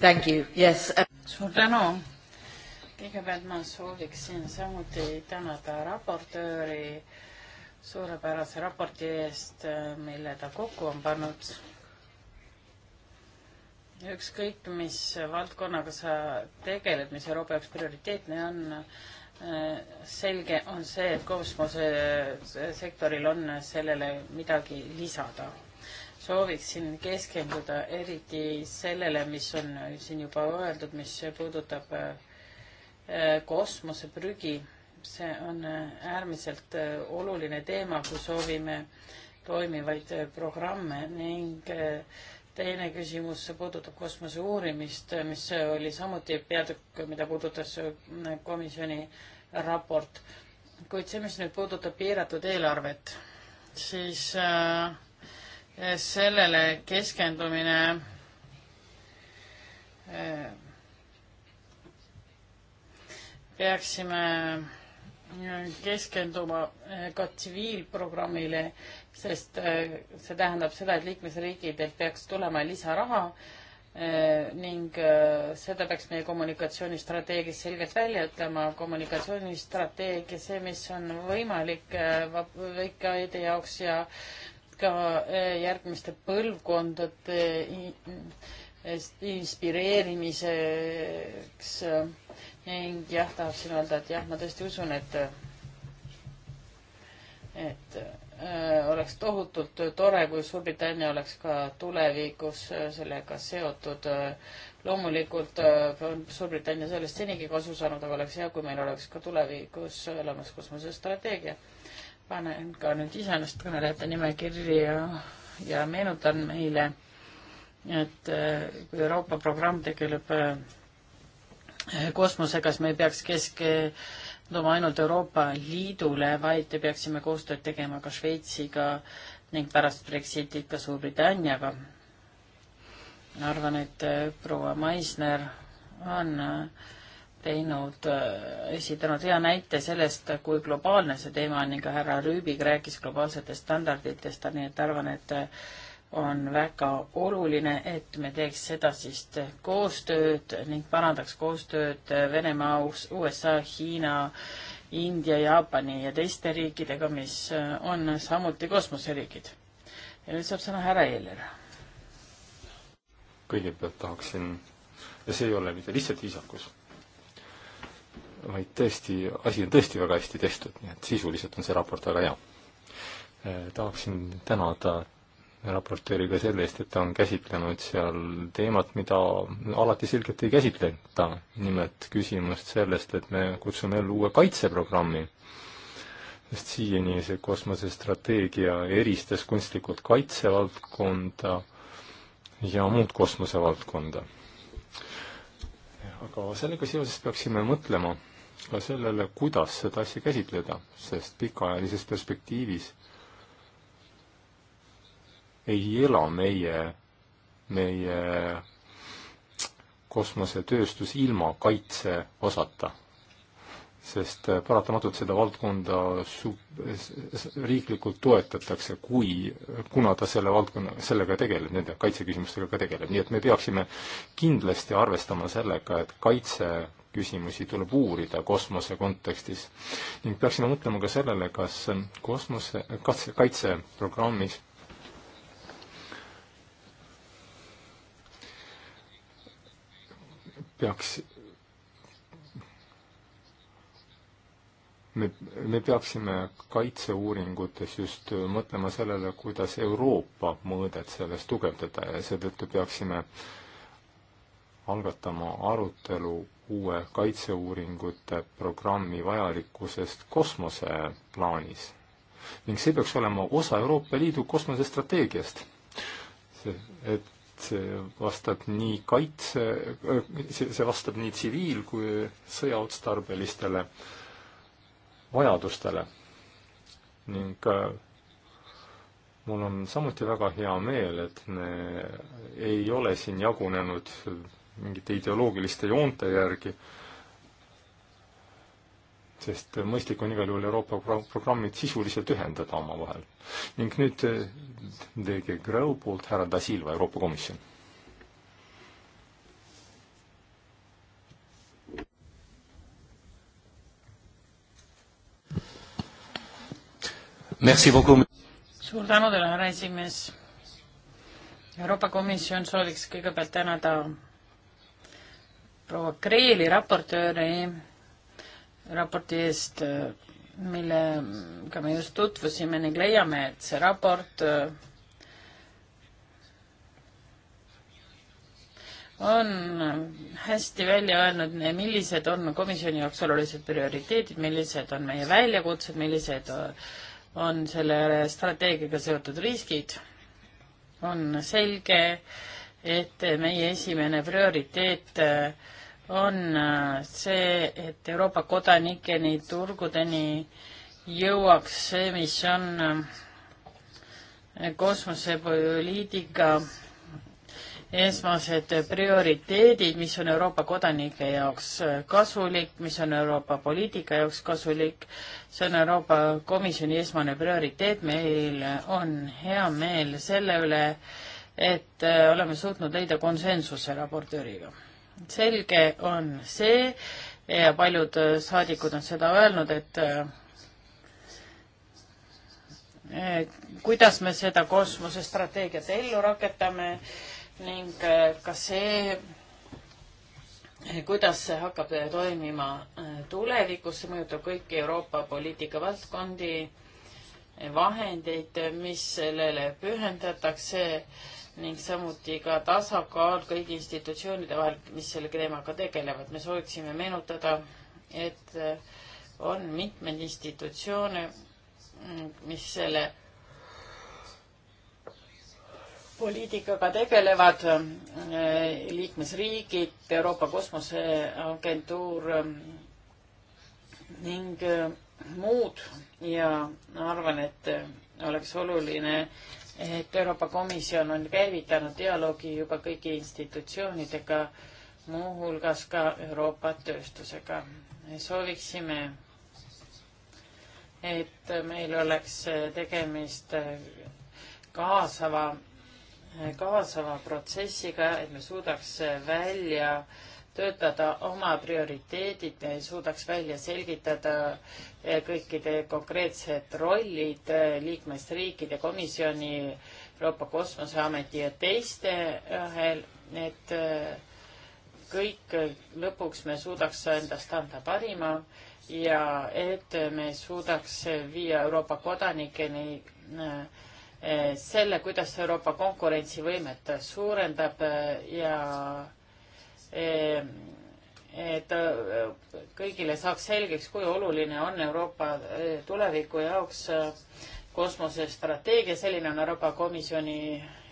Speaker 1: Thank you, yes. Uh, suur tänu. kõigepealt ma sooviksin samuti tänada raportööri suurepärase raporti eest, mille ta kokku on pannud ükskõik, mis valdkonnaga sa tegeled, mis Euroopa jaoks prioriteetne on, äh, selge on see, et kosmosesektoril äh, on sellele midagi lisada. sooviksin keskenduda eriti sellele, mis on siin juba öeldud, mis puudutab äh, kosmoseprügi. see on äärmiselt oluline teema, kui soovime toimivaid programme ning äh, teine küsimus, see puudutab kosmose uurimist, mis oli samuti peatükk, mida puudutas komisjoni raport. kuid see, mis nüüd puudutab piiratud eelarvet, siis äh, sellele keskendumine äh, peaksime äh, keskenduma eh, ka tsiviilprogrammile, sest eh, see tähendab seda, et liikmesriikidelt peaks tulema lisaraha eh, ning seda peaks meie kommunikatsioonistrateegias selgelt välja ütlema. kommunikatsioonistrateegia, see, mis on võimalik väikeaedade jaoks ja ka järgmiste põlvkondade inspireerimiseks ning jah, tahaksin öelda, et jah, ma tõesti usun, et et äh, oleks tohutult tore, kui Suurbritannia oleks ka tulevikus äh, sellega seotud äh,. loomulikult äh, on Suurbritannia sellest senigi kasu saanud, aga oleks hea, kui meil oleks ka tulevikus olemas kosmosestrateegia. panen ka nüüd iseenesest kõnelejate nimekirja ja meenutan meile, et äh, kui Euroopa programm tegeleb äh, kosmosega, siis me ei peaks keskenduma ainult Euroopa Liidule, vaid peaksime koostööd tegema ka Šveitsiga ning pärast Brexitit ka Suurbritanniaga. arvan, et äh, proua Maisner on äh, teinud, äh, esitanud hea näite sellest, kui globaalne see teema on, ning härra Rüübik rääkis globaalsetest standarditest, nii et arvan, et on väga oluline, et me teeks edasist koostööd ning parandaks koostööd Venemaa, USA, Hiina, India, Jaapani ja teiste riikidega, mis on samuti kosmoseriigid. ja nüüd saab sõna härra Eeler.
Speaker 2: kõigepealt tahaksin, ja see ei ole mitte lihtsalt viisakus, vaid tõesti, asi on tõesti väga hästi tehtud, nii et sisuliselt on see raport väga hea tahaksin tänada raportööriga selle eest, et ta on käsitlenud seal teemat, mida alati selgelt ei käsitleta. nimelt küsimust sellest, et me kutsume ellu uue kaitseprogrammi. sest siiani see kosmosestrateegia eristas kunstlikult kaitsevaldkonda ja muud kosmosevaldkonda. aga sellega seoses peaksime mõtlema ka sellele, kuidas seda asja käsitleda, sest pikaajalises perspektiivis ei ela meie, meie kosmosetööstus ilma kaitse osata. sest paratamatult seda valdkonda su-, riiklikult toetatakse, kui, kuna ta selle valdkonna, sellega tegeleb, nende kaitseküsimustega ka tegeleb, nii et me peaksime kindlasti arvestama sellega, et kaitse küsimusi tuleb uurida kosmose kontekstis ning peaksime mõtlema ka sellele, kas kosmose, kaitse, kaitseprogrammis peaks, me, me peaksime kaitseuuringutes just mõtlema sellele, kuidas Euroopa mõõdet selles tugevdada ja seetõttu peaksime algatama arutelu uue kaitseuuringute programmi vajalikkusest kosmoseplaanis ning see peaks olema osa Euroopa Liidu kosmosestrateegiast. see, et see vastab nii kaitse, see vastab nii tsiviil- kui sõjaotstarbelistele vajadustele. ning äh, mul on samuti väga hea meel, et me ei ole siin jagunenud mingite ideoloogiliste joonte järgi, sest mõistlik on igal juhul Euroopa programmid sisuliselt ühendada omavahel. ning nüüd eh, DG Grow poolt härra Da Silva, Euroopa Komisjon.
Speaker 1: suur tänu teile, härra esimees. Euroopa Komisjon sooviks kõigepealt tänada proua Kreeli raportööri raporti eest, äh, millega me just tutvusime ning leiame, et see raport äh, on hästi välja öelnud, millised on komisjoni jaoks olulised prioriteedid, millised on meie väljakutsed, millised äh, on selle strateegiaga seotud riskid. on selge, et meie esimene prioriteet äh, on äh, see, et Euroopa kodanikeni, turgudeni jõuaks see, mis on äh, kosmosepoliitika esmased prioriteedid, mis on Euroopa kodanike jaoks äh, kasulik, mis on Euroopa poliitika jaoks kasulik, see on Euroopa Komisjoni esmane prioriteet, meil on hea meel selle üle, et oleme suutnud leida konsensuse raportööriga selge on see ja paljud äh, saadikud on seda öelnud, et äh, kuidas me seda kosmosestrateegiat ellu rakendame ning äh, ka see, kuidas see hakkab toimima tulevikus, see mõjutab kõiki Euroopa poliitika valdkondi, vahendeid, mis sellele pühendatakse ning samuti ka tasakaal kõigi institutsioonide vahel, mis selle teemaga tegelevad. me sooviksime meenutada, et äh, on mitmeid institutsioone, mm, mis selle poliitikaga tegelevad äh, liikmesriigid, Euroopa Kosmoseagentuur äh, ning muud ja arvan, et oleks oluline et Euroopa Komisjon on käivitanud dialoogi juba kõigi institutsioonidega, muuhulgas ka Euroopa tööstusega. sooviksime, et meil oleks tegemist kaasava, kaasava protsessiga, et me suudaks välja äh, töötada oma prioriteedid, suudaks välja selgitada eh, kõikide konkreetsed rollid eh, liikmesriikide komisjoni, Euroopa Kosmoseameti ja teiste eh, vahel, et kõik lõpuks me suudaks endast anda parima ja et me suudaks viia Euroopa kodanikeni selle, kuidas Euroopa konkurentsivõimet suurendab ja Ehm, et äh, kõigile saaks selgeks, kui oluline on Euroopa äh, tuleviku jaoks äh, kosmosestrateegia, selline on Euroopa Komisjoni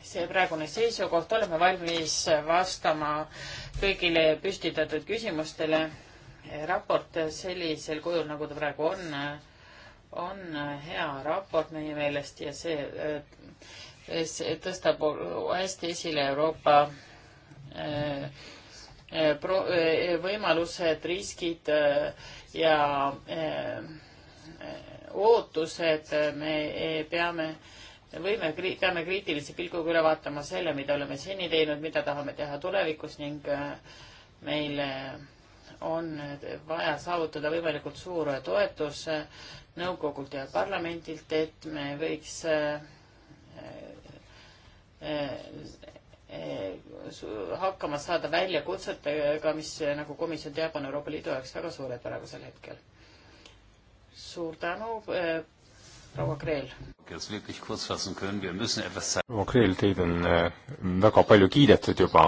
Speaker 1: see praegune seisukoht, oleme valmis vastama kõigile püstitatud küsimustele. raport sellisel kujul, nagu ta praegu on, on hea raport meie meelest ja see, see tõstab hästi esile Euroopa Eh, pro-, eh, võimalused, riskid eh, ja ootused, me peame, võime, peame kriitilise pilguga üle vaatama selle, mida oleme seni teinud, mida tahame teha tulevikus ning meil on vaja saavutada võimalikult suur toetus nõukogult ja parlamendilt, et me võiks Eh, hakkama saada väljakutsetega, mis nagu komisjon teab, on Euroopa Liidu jaoks väga suured praegusel hetkel. suur tänu, eh, proua Kreel.
Speaker 2: proua Kreel, teid on eh, väga palju kiidetud juba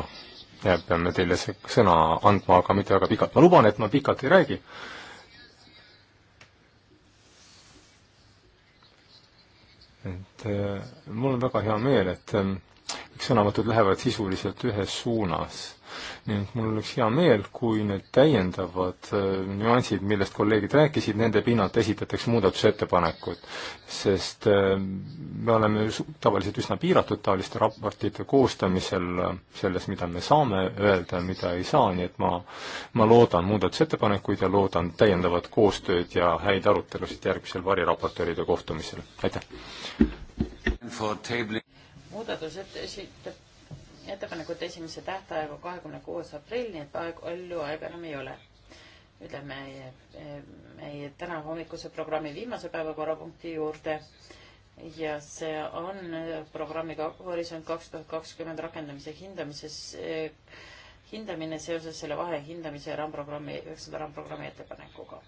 Speaker 2: ja peame teile sõna andma, aga mitte väga pikalt. ma luban, et ma pikalt ei räägi et mul on väga hea meel, et kõik sõnavõtud lähevad sisuliselt ühes suunas. nii et mul oleks hea meel, kui need täiendavad äh, nüansid, millest kolleegid rääkisid, nende pinnalt esitataks muudatusettepanekud. sest äh, me oleme tavaliselt üsna piiratud taoliste raportite koostamisel äh, selles, mida me saame öelda, mida ei saa, nii et ma, ma loodan muudatusettepanekuid ja loodan täiendavat koostööd ja häid arutelusid järgmisel variraportööride kohtumisel, aitäh!
Speaker 1: muudatused esitab, ettepanekute esimese tähtaeg on kahekümne kuues aprill, nii et palju aega enam ei ole. ütleme meie, meie täna hommikuse programmi viimase päevakorrapunkti juurde ja see on programmi Horisont kaks tuhat kakskümmend rakendamise hindamises hindamine seoses selle vahehindamise RAM-programmi, üheksanda RAM-programmi ettepanekuga.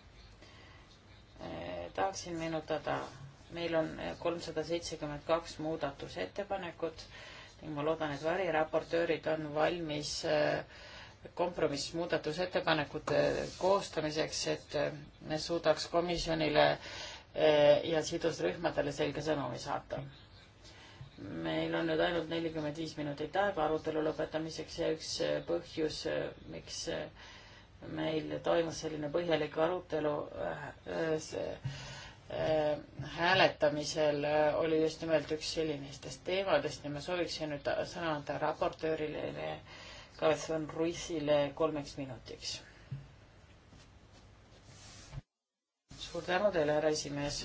Speaker 1: tahaksin meenutada meil on eh, kolmsada seitsekümmend kaks muudatusettepanekut ning ma loodan, et variraportöörid on valmis eh, kompromissmuudatusettepanekute koostamiseks, et eh, me suudaks komisjonile ja sidusrühmadele selge sõnumi saata. meil on nüüd ainult nelikümmend viis minutit aega arutelu lõpetamiseks ja üks põhjus, miks meil toimus selline põhjalik arutelu, see Äh, hääletamisel äh, oli just nimelt üks sellistest teemadest ja ma sooviksin nüüd sõna anda raportöörile Kalsson Ruissile kolmeks minutiks. suur tänu teile, härra esimees.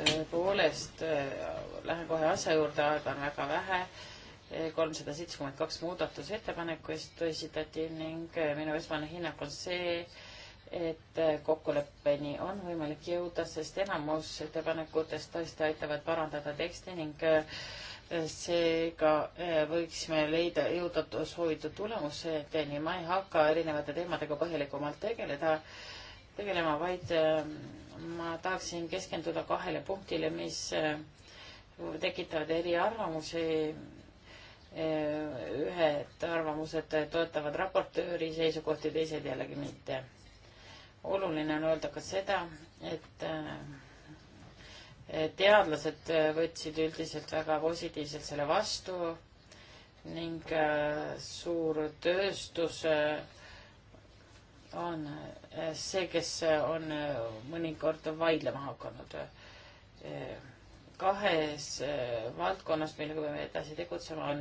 Speaker 1: tõepoolest äh, lähen kohe asja juurde, aega on väga vähe. kolmsada seitsekümmend kaks muudatusettepaneku esitati ning minu esmane hinnang on see, et et kokkuleppeni on võimalik jõuda, sest enamus ettepanekutest tõesti aitavad parandada teksti ning äh, seega äh, võiksime leida, jõuda soovitud tulemuseni. ma ei hakka erinevate teemadega põhjalikumalt tegeleda, tegelema, vaid äh, ma tahaksin keskenduda kahele punktile, mis tekitavad eriarvamusi. ühed arvamused toetavad raportööri seisukohti, teised jällegi mitte oluline on öelda ka seda, et äh, teadlased võtsid üldiselt väga positiivselt selle vastu ning äh, suur tööstus äh, on see, kes on mõnikord vaidlema hakanud. kahes valdkonnas, millega peame edasi tegutsema, on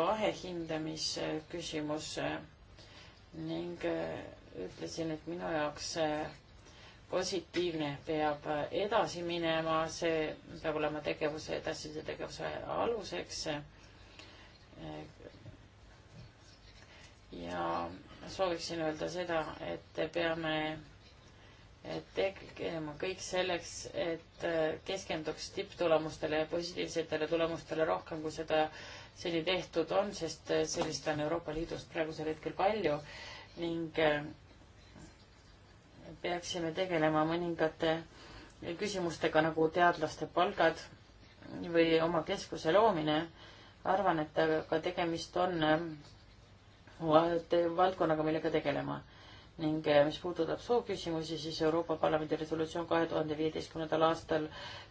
Speaker 1: vahehindamise küsimus ning ütlesin, et minu jaoks positiivne peab edasi minema, see peab olema tegevuse, edasise tegevuse aluseks. ja sooviksin öelda seda, et peame tegema kõik selleks, et keskenduks tipptulemustele ja positiivsetele tulemustele rohkem, kui seda seni tehtud on, sest sellist on Euroopa Liidus praegusel hetkel palju ning peaksime tegelema mõningate küsimustega nagu teadlaste palgad või oma keskuse loomine. arvan, et aga tegemist on äh, valdkonnaga, millega tegelema ning äh, mis puudutab sooküsimusi, siis Euroopa Parlamendi resolutsioon kahe tuhande viieteistkümnendal aastal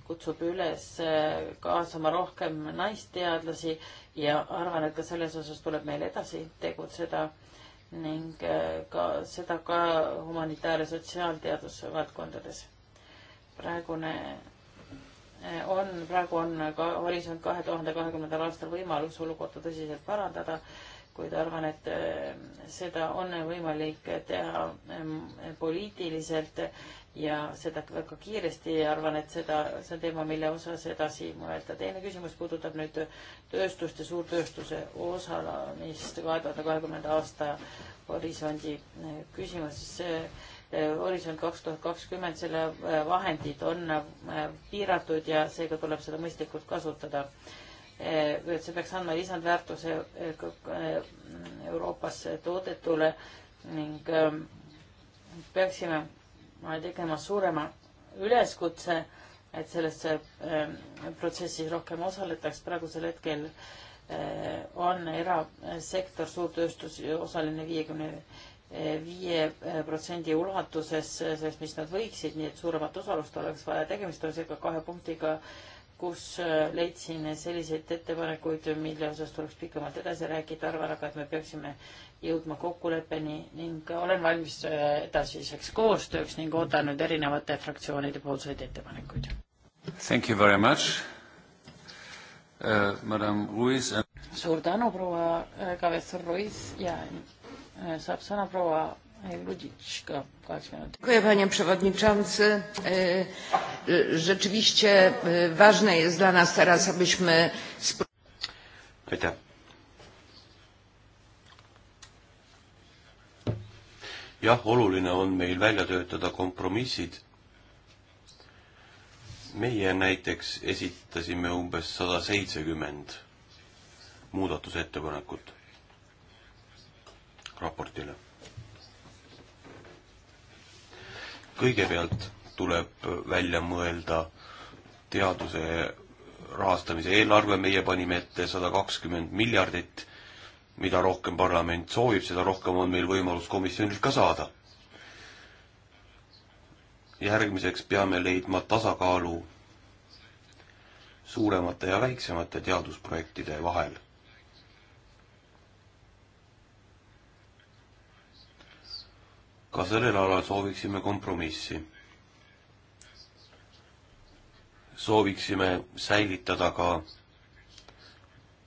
Speaker 1: kutsub üles äh, kaasama rohkem naisteadlasi ja arvan, et ka selles osas tuleb meil edasi tegutseda ning äh, ka seda ka humanitaar- ja sotsiaalteaduse valdkondades. praegune äh, on, praegu on ka Horisont kahe tuhande kahekümnendal aastal võimalus olukorda tõsiselt parandada, kuid arvan, et äh, seda on võimalik teha ähm, poliitiliselt ja seda väga kiiresti ja arvan, et seda, see on teema, mille osas edasi mõelda. teine küsimus puudutab nüüd tööstust ja suurtööstuse osalemist kahe tuhande kahekümnenda aasta horisondi küsimus. Eh, horisont kaks tuhat kakskümmend, selle eh, vahendid on eh, piiratud ja seega tuleb seda mõistlikult kasutada et see peaks andma lisandväärtuse Euroopas toodetule ning peaksime tegema suurema üleskutse, et selles ähm, protsessis rohkem osaletaks. praegusel hetkel äh, on erasektor, suurtööstus osaline viiekümne viie protsendi ulatuses sellest, mis nad võiksid, nii et suuremat osalust oleks vaja. tegemist on seega kahe punktiga, kus äh, leidsin selliseid ettepanekuid, mille osas tuleks pikemalt edasi rääkida. arvan aga, et me peaksime jõudma kokkuleppeni ning olen valmis äh, edasiseks koostööks ning ootan nüüd erinevate fraktsioonide poolseid ettepanekuid.
Speaker 2: Thank you very much uh,, madam Ruiz and....
Speaker 1: suur tänu, proua äh, Kavestor Ruiz ja äh, saab sõna proua Ludzicka, kaheksa minutit. Dziękuję panie przewodniczący. Rzeczywiście ważne jest dla nas teraz, abyśmy.
Speaker 3: aitäh jah, oluline on meil välja töötada kompromissid. meie näiteks esitasime umbes sada seitsekümmend muudatusettepanekut raportile. kõigepealt tuleb välja mõelda teaduse rahastamise eelarve, meie panime ette sada kakskümmend miljardit mida rohkem parlament soovib, seda rohkem on meil võimalus komisjonilt ka saada. järgmiseks peame leidma tasakaalu suuremate ja väiksemate teadusprojektide vahel. ka sellel alal sooviksime kompromissi. sooviksime säilitada ka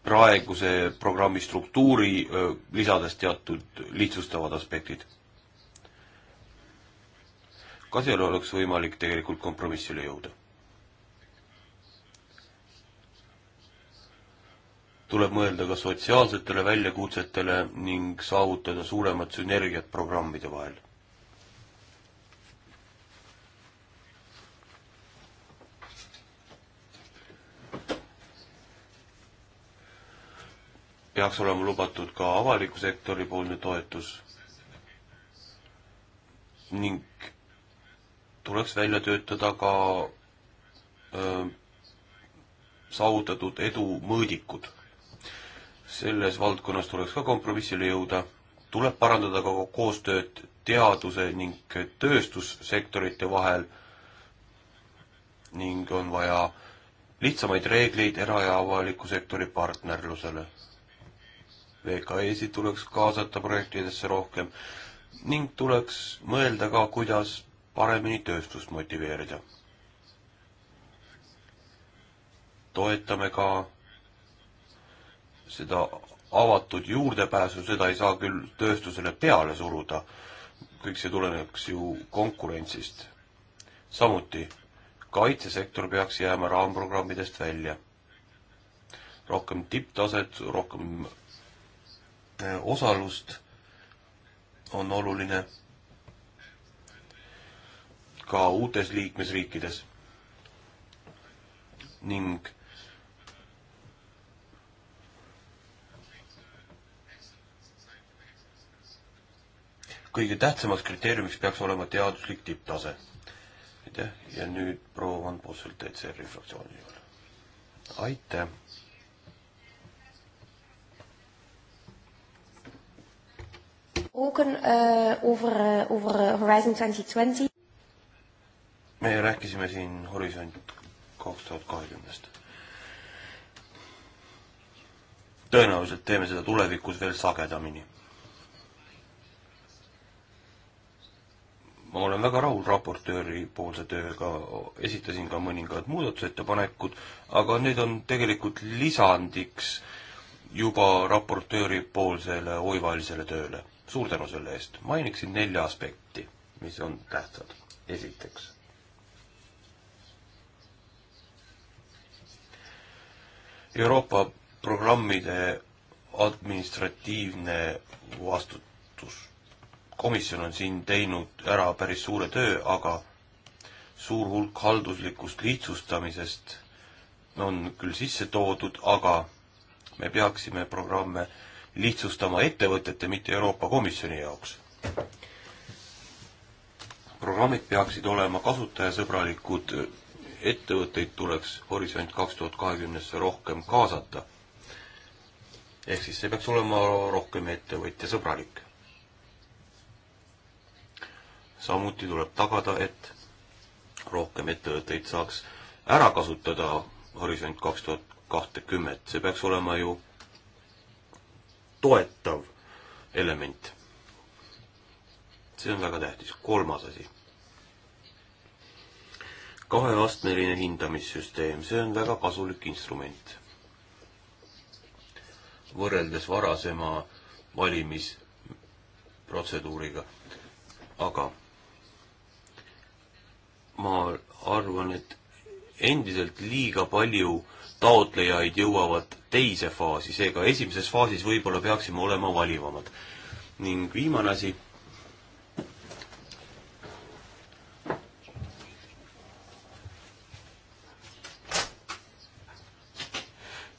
Speaker 3: praeguse programmi struktuuri, lisades teatud lihtsustavad aspektid. ka seal oleks võimalik tegelikult kompromissile jõuda. tuleb mõelda ka sotsiaalsetele väljakutsetele ning saavutada suuremat sünergiat programmide vahel. peaks olema lubatud ka avaliku sektori poolne toetus ning tuleks välja töötada ka öö, saavutatud edu mõõdikud. selles valdkonnas tuleks ka kompromissile jõuda, tuleb parandada ka koostööd teaduse ning tööstussektorite vahel ning on vaja lihtsamaid reegleid era- ja avaliku sektori partnerlusele VKE-sid tuleks kaasata projektidesse rohkem ning tuleks mõelda ka, kuidas paremini tööstust motiveerida. toetame ka seda avatud juurdepääsu, seda ei saa küll tööstusele peale suruda, kõik see tuleneks ju konkurentsist. samuti, kaitsesektor peaks jääma raamprogrammidest välja. rohkem tipptaset, rohkem Äh, osalust on oluline ka uutes liikmesriikides ning kõige tähtsamaks kriteeriumiks peaks olema teaduslik tipptase. aitäh ja nüüd proua Van Posselt ECR-i fraktsiooni juurde. aitäh! Ook een, uh, over, uh, over eh, Horizon 2020. me rääkisime siin Horisont kaks tuhat kahekümnest. tõenäoliselt teeme seda tulevikus veel sagedamini. ma olen väga rahul raportööri poolse tööga, esitasin ka mõningad muudatusettepanekud, aga need on tegelikult lisandiks juba raportööri poolsele oivalisele tööle suur tänu selle eest. mainiksin nelja aspekti, mis on tähtsad. esiteks. Euroopa programmide administratiivne vastutus. komisjon on siin teinud ära päris suure töö, aga suur hulk halduslikust lihtsustamisest on küll sisse toodud, aga me peaksime programme äh, lihtsustama ettevõtete, mitte Euroopa Komisjoni jaoks. programmid peaksid olema kasutajasõbralikud, ettevõtteid tuleks Horisont kaks tuhat kahekümnesse rohkem kaasata. ehk siis see peaks olema rohkem ettevõtjasõbralik. samuti tuleb tagada, et rohkem ettevõtteid saaks ära kasutada Horisont kaks tuhat kahtekümmet, see peaks olema ju toetav element. see on väga tähtis. kolmas asi. kaheastmeline hindamissüsteem, see on väga kasulik instrument. võrreldes varasema valimisprotseduuriga. aga ma arvan, et endiselt liiga palju äh, taotlejaid jõuavad teise faasi, seega esimeses faasis võib-olla peaksime olema valivamad. ning viimane asi.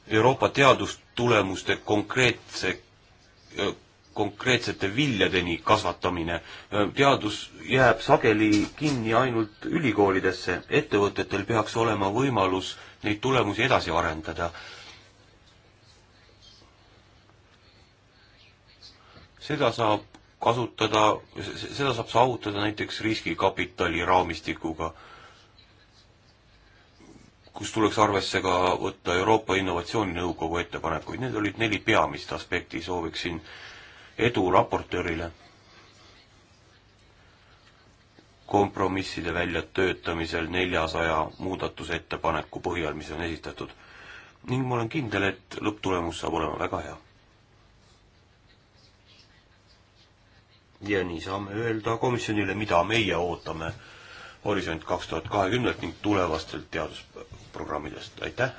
Speaker 3: Euroopa teadustulemuste konkreetse, konkreetsete viljadeni kasvatamine. teadus jääb sageli kinni ainult ülikoolidesse, ettevõtetel peaks olema võimalus äh, neid tulemusi edasi arendada. seda saab kasutada, seda saab saavutada näiteks riskikapitali raamistikuga, kus tuleks arvesse ka võtta Euroopa Innovatsiooninõukogu ettepanekuid, need olid neli peamist aspekti, sooviksin edu raportöörile kompromisside väljatöötamisel neljasaja muudatusettepaneku põhjal, mis on esitatud. ning ma olen kindel, et lõpptulemus saab olema väga hea. ja nii saame öelda komisjonile, mida meie ootame Horisont kaks tuhat kahekümnelt ning tulevastelt teadusprogrammidest, aitäh!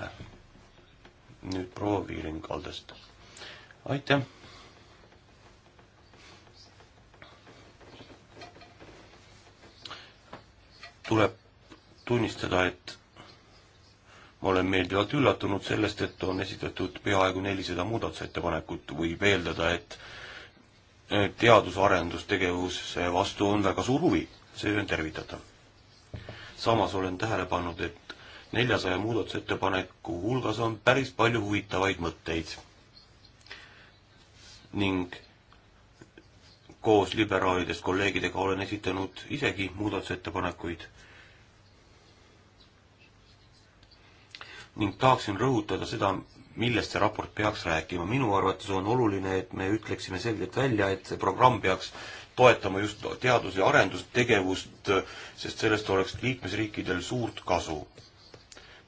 Speaker 3: nüüd proua Viiring Aldest. aitäh! tuleb tunnistada, et ma olen meeldivalt üllatunud sellest, et on esitatud peaaegu nelisada muudatusettepanekut, võib eeldada, et teadus-arendustegevuse vastu on väga suur huvi, see on tervitatav. samas olen tähele pannud, et neljasaja muudatusettepaneku hulgas on päris palju huvitavaid mõtteid ning koos liberaalidest kolleegidega olen esitanud isegi muudatusettepanekuid ning tahaksin rõhutada seda, millest see raport peaks rääkima. minu arvates on oluline, et me ütleksime selgelt välja, et see programm peaks toetama just teadus- ja arendustegevust, sest sellest oleks liikmesriikidel suurt kasu.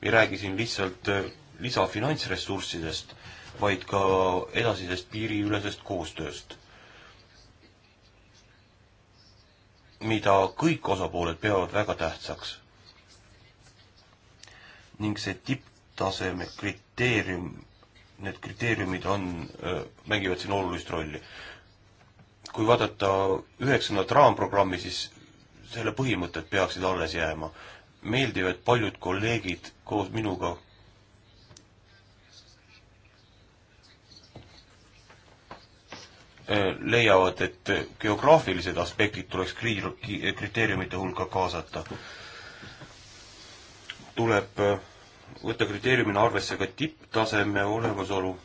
Speaker 3: me ei räägi siin lihtsalt eh, lisafinantsressurssidest, vaid ka edasisest piiriülesest koostööst, mida kõik osapooled peavad väga tähtsaks. ning see tipp taseme kriteerium, need kriteeriumid on, mängivad siin olulist rolli. kui vaadata üheksandat raamprogrammi, siis selle põhimõtted peaksid alles jääma. meeldivad paljud kolleegid koos minuga leiavad, et geograafilised aspektid tuleks kriir-, kriteeriumite hulka kaasata. tuleb võtta kriteeriumina arvesse ka tipptaseme olemasolu.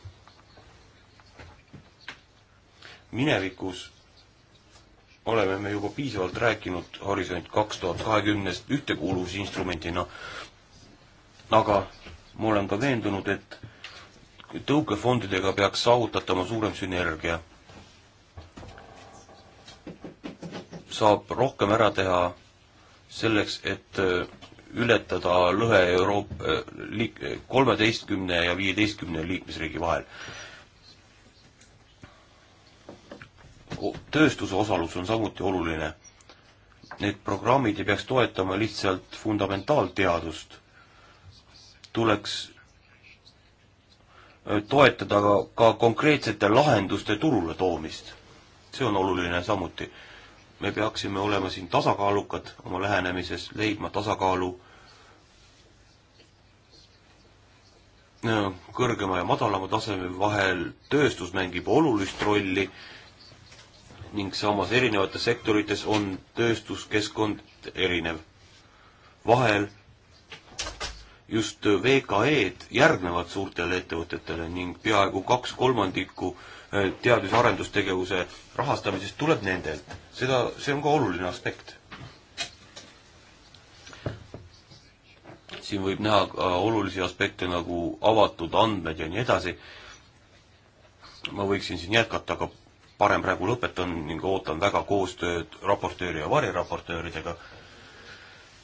Speaker 3: minevikus oleme me juba piisavalt rääkinud Horisont kaks tuhat kahekümnest ühtekuuluvusinstrumendina, aga ma olen ka veendunud, et tõukefondidega peaks saavutatama suurem sünergia. saab rohkem ära teha selleks, et ületada lõhe Euroopa äh, liik-, kolmeteistkümne ja viieteistkümne liikmesriigi vahel. tööstuse osalus on samuti oluline. Need programmid ei peaks toetama lihtsalt fundamentaalteadust, tuleks äh, toetada ka, ka konkreetsete lahenduste turule toomist. see on oluline samuti me peaksime olema siin tasakaalukad oma lähenemises, leidma tasakaalu kõrgema ja madalama taseme vahel, tööstus mängib olulist rolli ning samas erinevates sektorites on tööstuskeskkond erinev. vahel just VKE-d järgnevad suurtele ettevõtetele ning peaaegu kaks kolmandikku eh, teadus- ja arendustegevuse rahastamisest tuleb nendelt seda, see on ka oluline aspekt. siin võib näha ka olulisi aspekte nagu avatud andmed ja nii edasi. ma võiksin siin jätkata, aga parem praegu lõpetan ning ootan väga koostööd raportööri ja variraportööridega,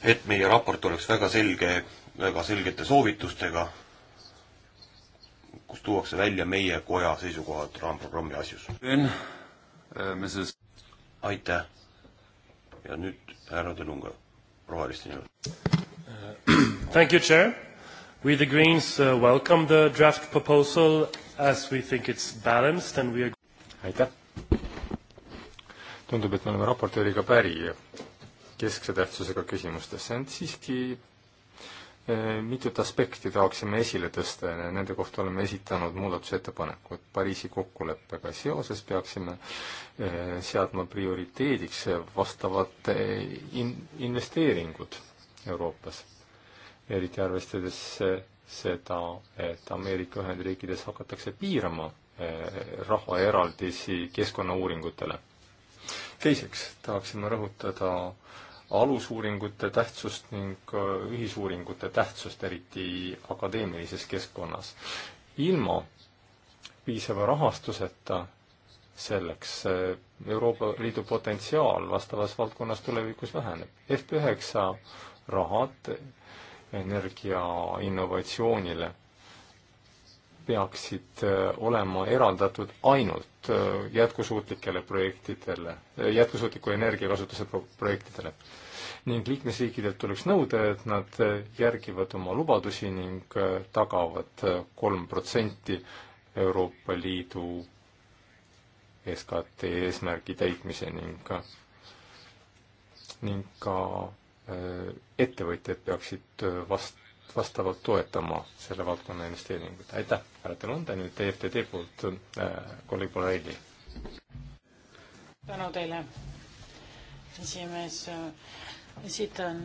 Speaker 3: et meie raport oleks väga selge, väga selgete soovitustega, kus tuuakse välja meie koja seisukohad raamprogrammi asjus. Äh, aitäh. ja nüüd härra Tõnunga roheliste nimel. Thank you, chair. We the Greens uh, welcome the draft proposal as we think it's balanced and we agree. aitäh.
Speaker 2: tundub, et me oleme raportööriga päri keskse tähtsusega küsimustes, ent siiski mitut aspekti tahaksime esile tõsta ja nende kohta oleme esitanud muudatusettepanekud. Pariisi kokkuleppega seoses peaksime eh, seadma prioriteediks vastavad eh, in-, investeeringud Euroopas. eriti arvestades eh, seda, et Ameerika Ühendriikides hakatakse piirama rahaeraldisi keskkonnauuringutele. teiseks tahaksime rõhutada äh, alusuuringute tähtsust ning äh, ühisuuringute tähtsust, eriti akadeemilises keskkonnas. ilma piisava rahastuseta selleks äh, Euroopa Liidu potentsiaal vastavas valdkonnas tulevikus väheneb. FP9 rahad energia innovatsioonile peaksid äh, olema eraldatud ainult Äh, jätkusuutlikele projektidele, äh, jätkusuutliku energiakasutuse projektidele. ning liikmesriikidelt tuleks nõuda, et nad äh, järgivad oma lubadusi ning tagavad kolm protsenti Euroopa Liidu SKT eesmärgi täitmise ning, ning ka ettevõtjad peaksid vast-, vastavalt toetama selle valdkonna investeeringuid. aitäh, härra Delonde, nüüd EFTD poolt äh, kolleeg Borrelli.
Speaker 1: tänu teile, esimees. esitan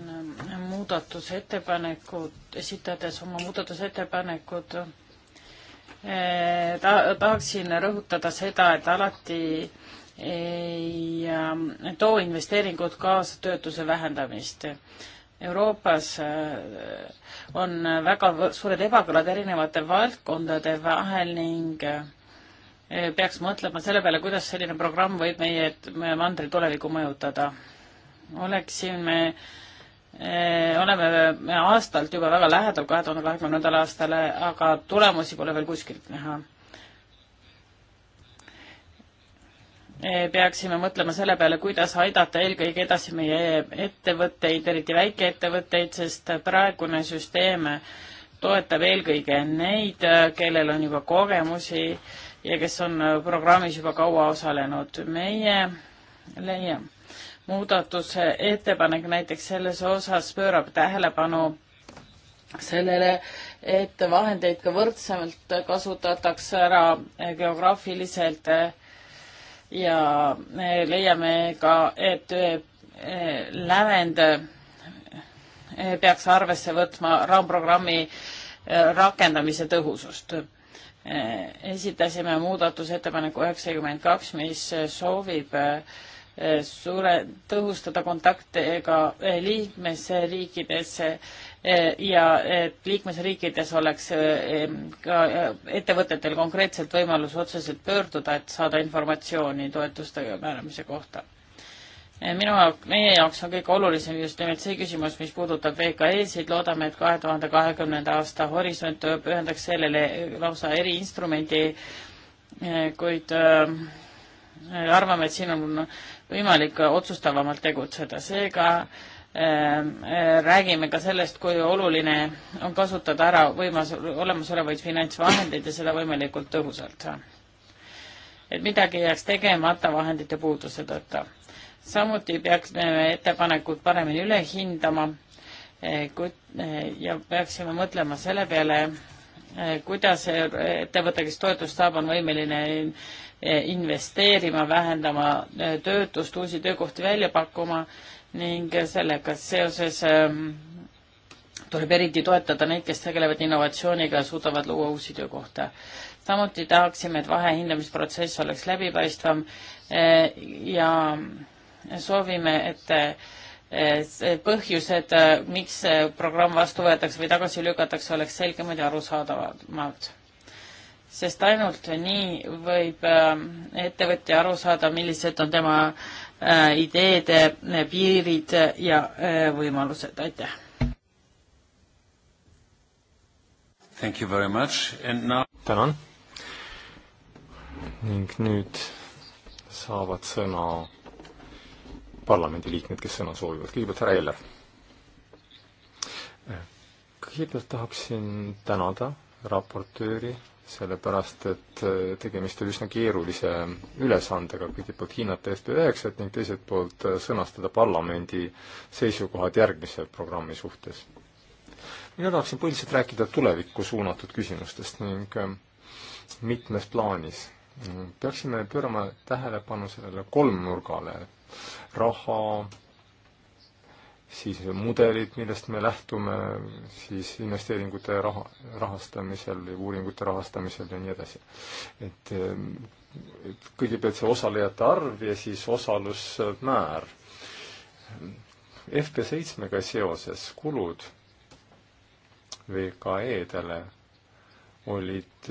Speaker 1: muudatusettepanekud, esitades oma muudatusettepanekud äh, ta, tahaksin rõhutada seda, et alati ei äh, too investeeringud kaasa töötuse vähendamist Euroopas äh, on väga suured ebakõlad erinevate valdkondade vahel ning äh, peaks mõtlema selle peale, kuidas selline programm võib meie, meie mandri tulevikku mõjutada. oleksime, äh, oleme me aastalt juba väga lähedal kahe tuhande kahekümnendale aastale, aga tulemusi pole veel kuskilt näha peaksime mõtlema selle peale, kuidas aidata eelkõige edasi meie ettevõtteid, eriti väikeettevõtteid, sest praegune süsteem toetab eelkõige neid, kellel on juba kogemusi ja kes on programmis juba kaua osalenud. meie leiame muudatuse ettepanek näiteks selles osas pöörab tähelepanu sellele, et vahendeid ka võrdsemalt kasutatakse ära geograafiliselt äh, ja leiame ka, et eh, lävend eh, peaks arvesse võtma raamprogrammi eh, rakendamise tõhusust. esitasime muudatusettepaneku üheksakümmend kaks, mis soovib suure, tõhustada kontakte ka liikmesriikides Eh, ja et liikmesriikides oleks eh, ka eh, ettevõtetel konkreetselt võimalus otseselt pöörduda, et saada informatsiooni toetuste määramise kohta. minu jaoks, meie jaoks on kõige olulisem just nimelt see küsimus, mis puudutab VKE-sid, loodame, et kahe tuhande kahekümnenda aasta horisont pühendaks sellele lausa eriinstrumendi, kuid arvame, et siin on võimalik otsustavamalt tegutseda, seega äh, Ehm, eh, räägime ka sellest, kui oluline on kasutada ära võimas, olemasolevaid finantsvahendeid ja seda võimalikult tõhusalt. et midagi ei jääks tegemata vahendite puuduse tõttu. samuti peaksime ettepanekud paremini üle hindama eh, kui, eh, ja peaksime mõtlema selle peale, kuidas ettevõte, kes toetust saab, on võimeline investeerima, vähendama töötust, uusi töökohti välja pakkuma ning sellega seoses ähm, tuleb eriti toetada neid, kes tegelevad innovatsiooniga ja suudavad luua uusi töökohta. samuti tahaksime, et vahehindamisprotsess oleks läbipaistvam äh, ja soovime, et äh, põhjused, äh, miks programm vastu võetakse või tagasi lükatakse, oleks selgemad ja arusaadavamad. sest ainult nii võib ettevõtja aru saada, millised on tema äh, Äh, ideede äh, piirid ja äh, võimalused, aitäh!
Speaker 2: Thank you very much and now tänan! ning nüüd saavad sõna parlamendiliikmed, kes sõna soovivad, kõigepealt härra Eller. kõigepealt tahaksin tänada raportööri sellepärast et äh, tegemist oli üsna keerulise ülesandega, kõigepealt poolt hinnata SB9-t ning teiselt poolt äh, sõnastada parlamendi seisukohad järgmise programmi suhtes. mina tahaksin põhiliselt rääkida tulevikku suunatud küsimustest ning äh, mitmes plaanis. peaksime pöörama tähelepanu sellele kolmnurgale, raha, siis mudelid, millest me lähtume siis investeeringute raha, rahastamisel ja uuringute rahastamisel ja nii edasi. et kõigepealt see osalejate arv ja siis osalusmäär. FP7-ga seoses kulud VKE-dele olid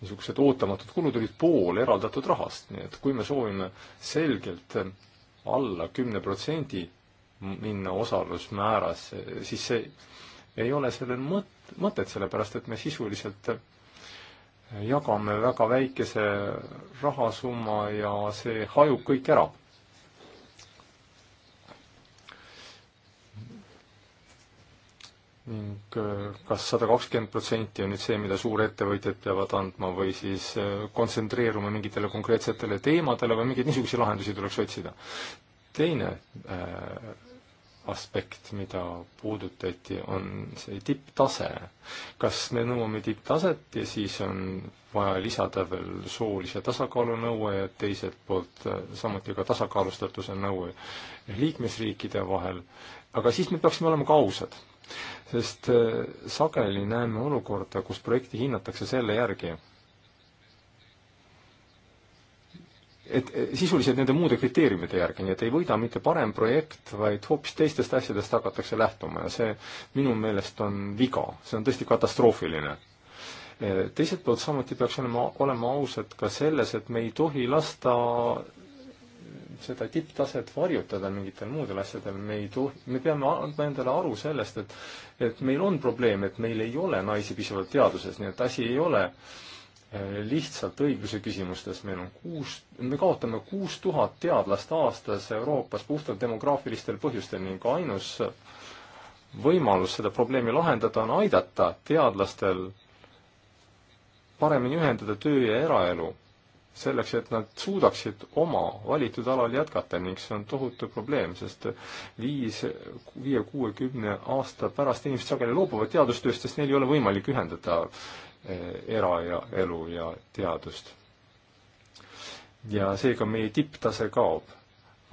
Speaker 2: niisugused ootamatud kulud olid pool eraldatud rahast, nii et kui me soovime selgelt alla kümne protsendi minna osalusmääras, siis see ei ole sellel mõt-, mõtet, sellepärast et me sisuliselt jagame väga väikese rahasumma ja see hajub kõik ära ning äh, kas sada kakskümmend protsenti on nüüd see, mida suurettevõtjad peavad andma või siis äh, kontsentreeruma mingitele konkreetsetele teemadele või mingeid niisuguseid lahendusi tuleks otsida. teine äh, aspekt, mida puudutati, on see tipptase. kas me nõuame tipptaset ja siis on vaja lisada veel soolise tasakaalu nõue ja teiselt poolt äh, samuti ka tasakaalustatuse nõue liikmesriikide vahel, aga siis me peaksime olema ka ausad. sest äh, sageli näeme olukorda, kus projekti hinnatakse selle järgi, et sisuliselt nende muude kriteeriumide järgi, nii et ei võida mitte parem projekt, vaid hoopis teistest asjadest hakatakse lähtuma ja see minu meelest on viga, see on tõesti katastroofiline. E, teiselt poolt samuti peaks olema, olema ausad ka selles, et me ei tohi lasta seda tipptaset varjutada mingitel muudel asjadel, me ei tohi, me peame andma endale aru sellest, et et meil on probleem, et meil ei ole naisi piisavalt teaduses, nii et asi ei ole äh, lihtsalt õigluse küsimustes, meil on kuus, me kaotame kuus tuhat teadlast aastas Euroopas puhtalt demograafilistel põhjustel ning ainus võimalus seda probleemi lahendada on aidata teadlastel paremini ühendada töö ja eraelu, selleks et nad suudaksid oma valitud alal jätkata ning see on tohutu probleem, sest viis, viie-kuuekümne aasta pärast inimesed sageli loobuvad teadustööst, sest neil ei ole võimalik ühendada Eh, era- ja elu ja teadust. ja seega meie tipptase kaob.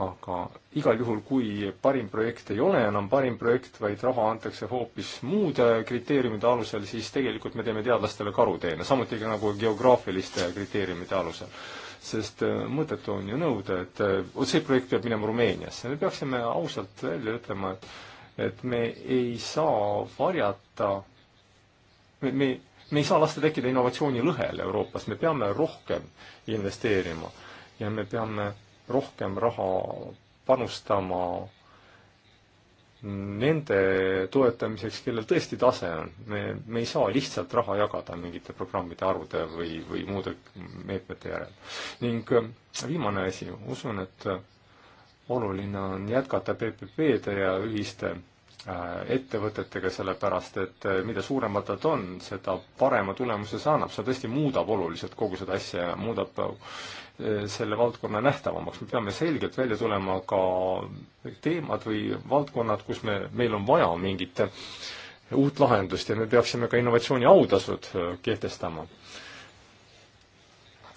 Speaker 2: aga igal juhul, kui parim projekt ei ole enam parim projekt, vaid raha antakse hoopis muude kriteeriumide alusel, siis tegelikult me teeme teadlastele karuteene, samuti ka nagu geograafiliste kriteeriumide alusel sest eh, mõttetu on ju nõuda, et eh, vot see projekt peab minema Rumeeniasse, me peaksime ausalt välja ütlema, et et me ei saa varjata, me, me me ei saa lasta tekkida innovatsioonilõhel Euroopas, me peame rohkem investeerima ja me peame rohkem raha panustama nende toetamiseks, kellel tõesti tase on. me, me ei saa lihtsalt raha jagada mingite programmide arvude või, või muude meetmete järel. ning äh, viimane asi, usun, et oluline on jätkata PPP-de ja ühiste Äh, ettevõtetega, sellepärast et äh, mida suuremad nad on, seda parema tulemuse see annab, see tõesti muudab oluliselt kogu seda asja ja muudab äh, selle valdkonna nähtavamaks, me peame selgelt välja tulema ka teemad või valdkonnad, kus me, meil on vaja mingit uut lahendust ja me peaksime ka innovatsiooni autasud kehtestama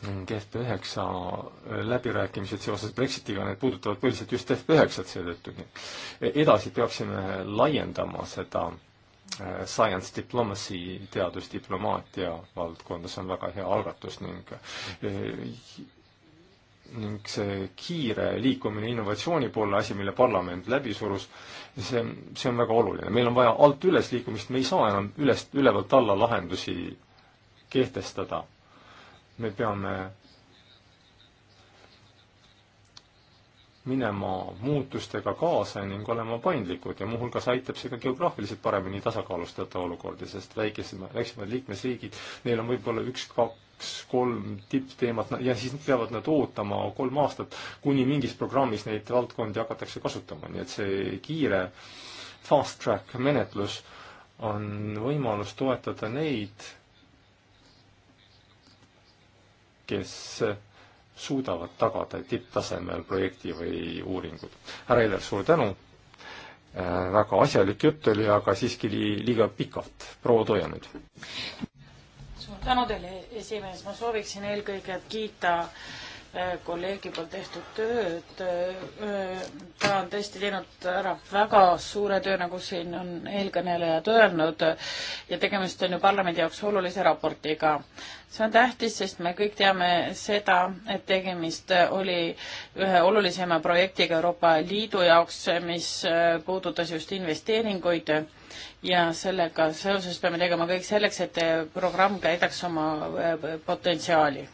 Speaker 2: ning FP9 äh, läbirääkimised seoses Brexitiga, need puudutavad põhiliselt just FP9-t seetõttu. edasi peaksime laiendama seda äh, science diplomacy, teadusdiplomaatia valdkonda, see on väga hea algatus ning äh, ning see kiire liikumine innovatsiooni poole, asi, mille parlament läbi surus, see, see on väga oluline. meil on vaja alt üles liikumist, me ei saa enam ülest, ülevalt alla lahendusi kehtestada me peame minema muutustega kaasa ning olema paindlikud ja muuhulgas aitab see ka geograafiliselt paremini tasakaalustada olukordi, sest väikesema, väiksemad liikmesriigid, neil on võib-olla üks, kaks, kolm tippteemat ja siis peavad nad ootama kolm aastat, kuni mingis programmis neid valdkondi hakatakse kasutama, nii et see kiire fast track menetlus on võimalus toetada neid kes suudavad tagada tipptasemel projekti või uuringud. härra Eiler, suur tänu äh,, väga asjalik jutt oli, aga siiski liiga pikalt, proua Toja nüüd.
Speaker 1: suur tänu teile, esimees, ma sooviksin eelkõige kiita äh, Äh, kolleegi poolt tehtud tööd. Äh, ta on tõesti teinud ära väga suure töö, nagu siin on eelkõnelejad öelnud ja tegemist on ju parlamendi jaoks olulise raportiga. see on tähtis, sest me kõik teame seda, et tegemist oli ühe olulisema projektiga Euroopa Liidu jaoks, mis äh, puudutas just investeeringuid ja sellega seoses peame tegema kõik selleks, et programm täidaks oma potentsiaali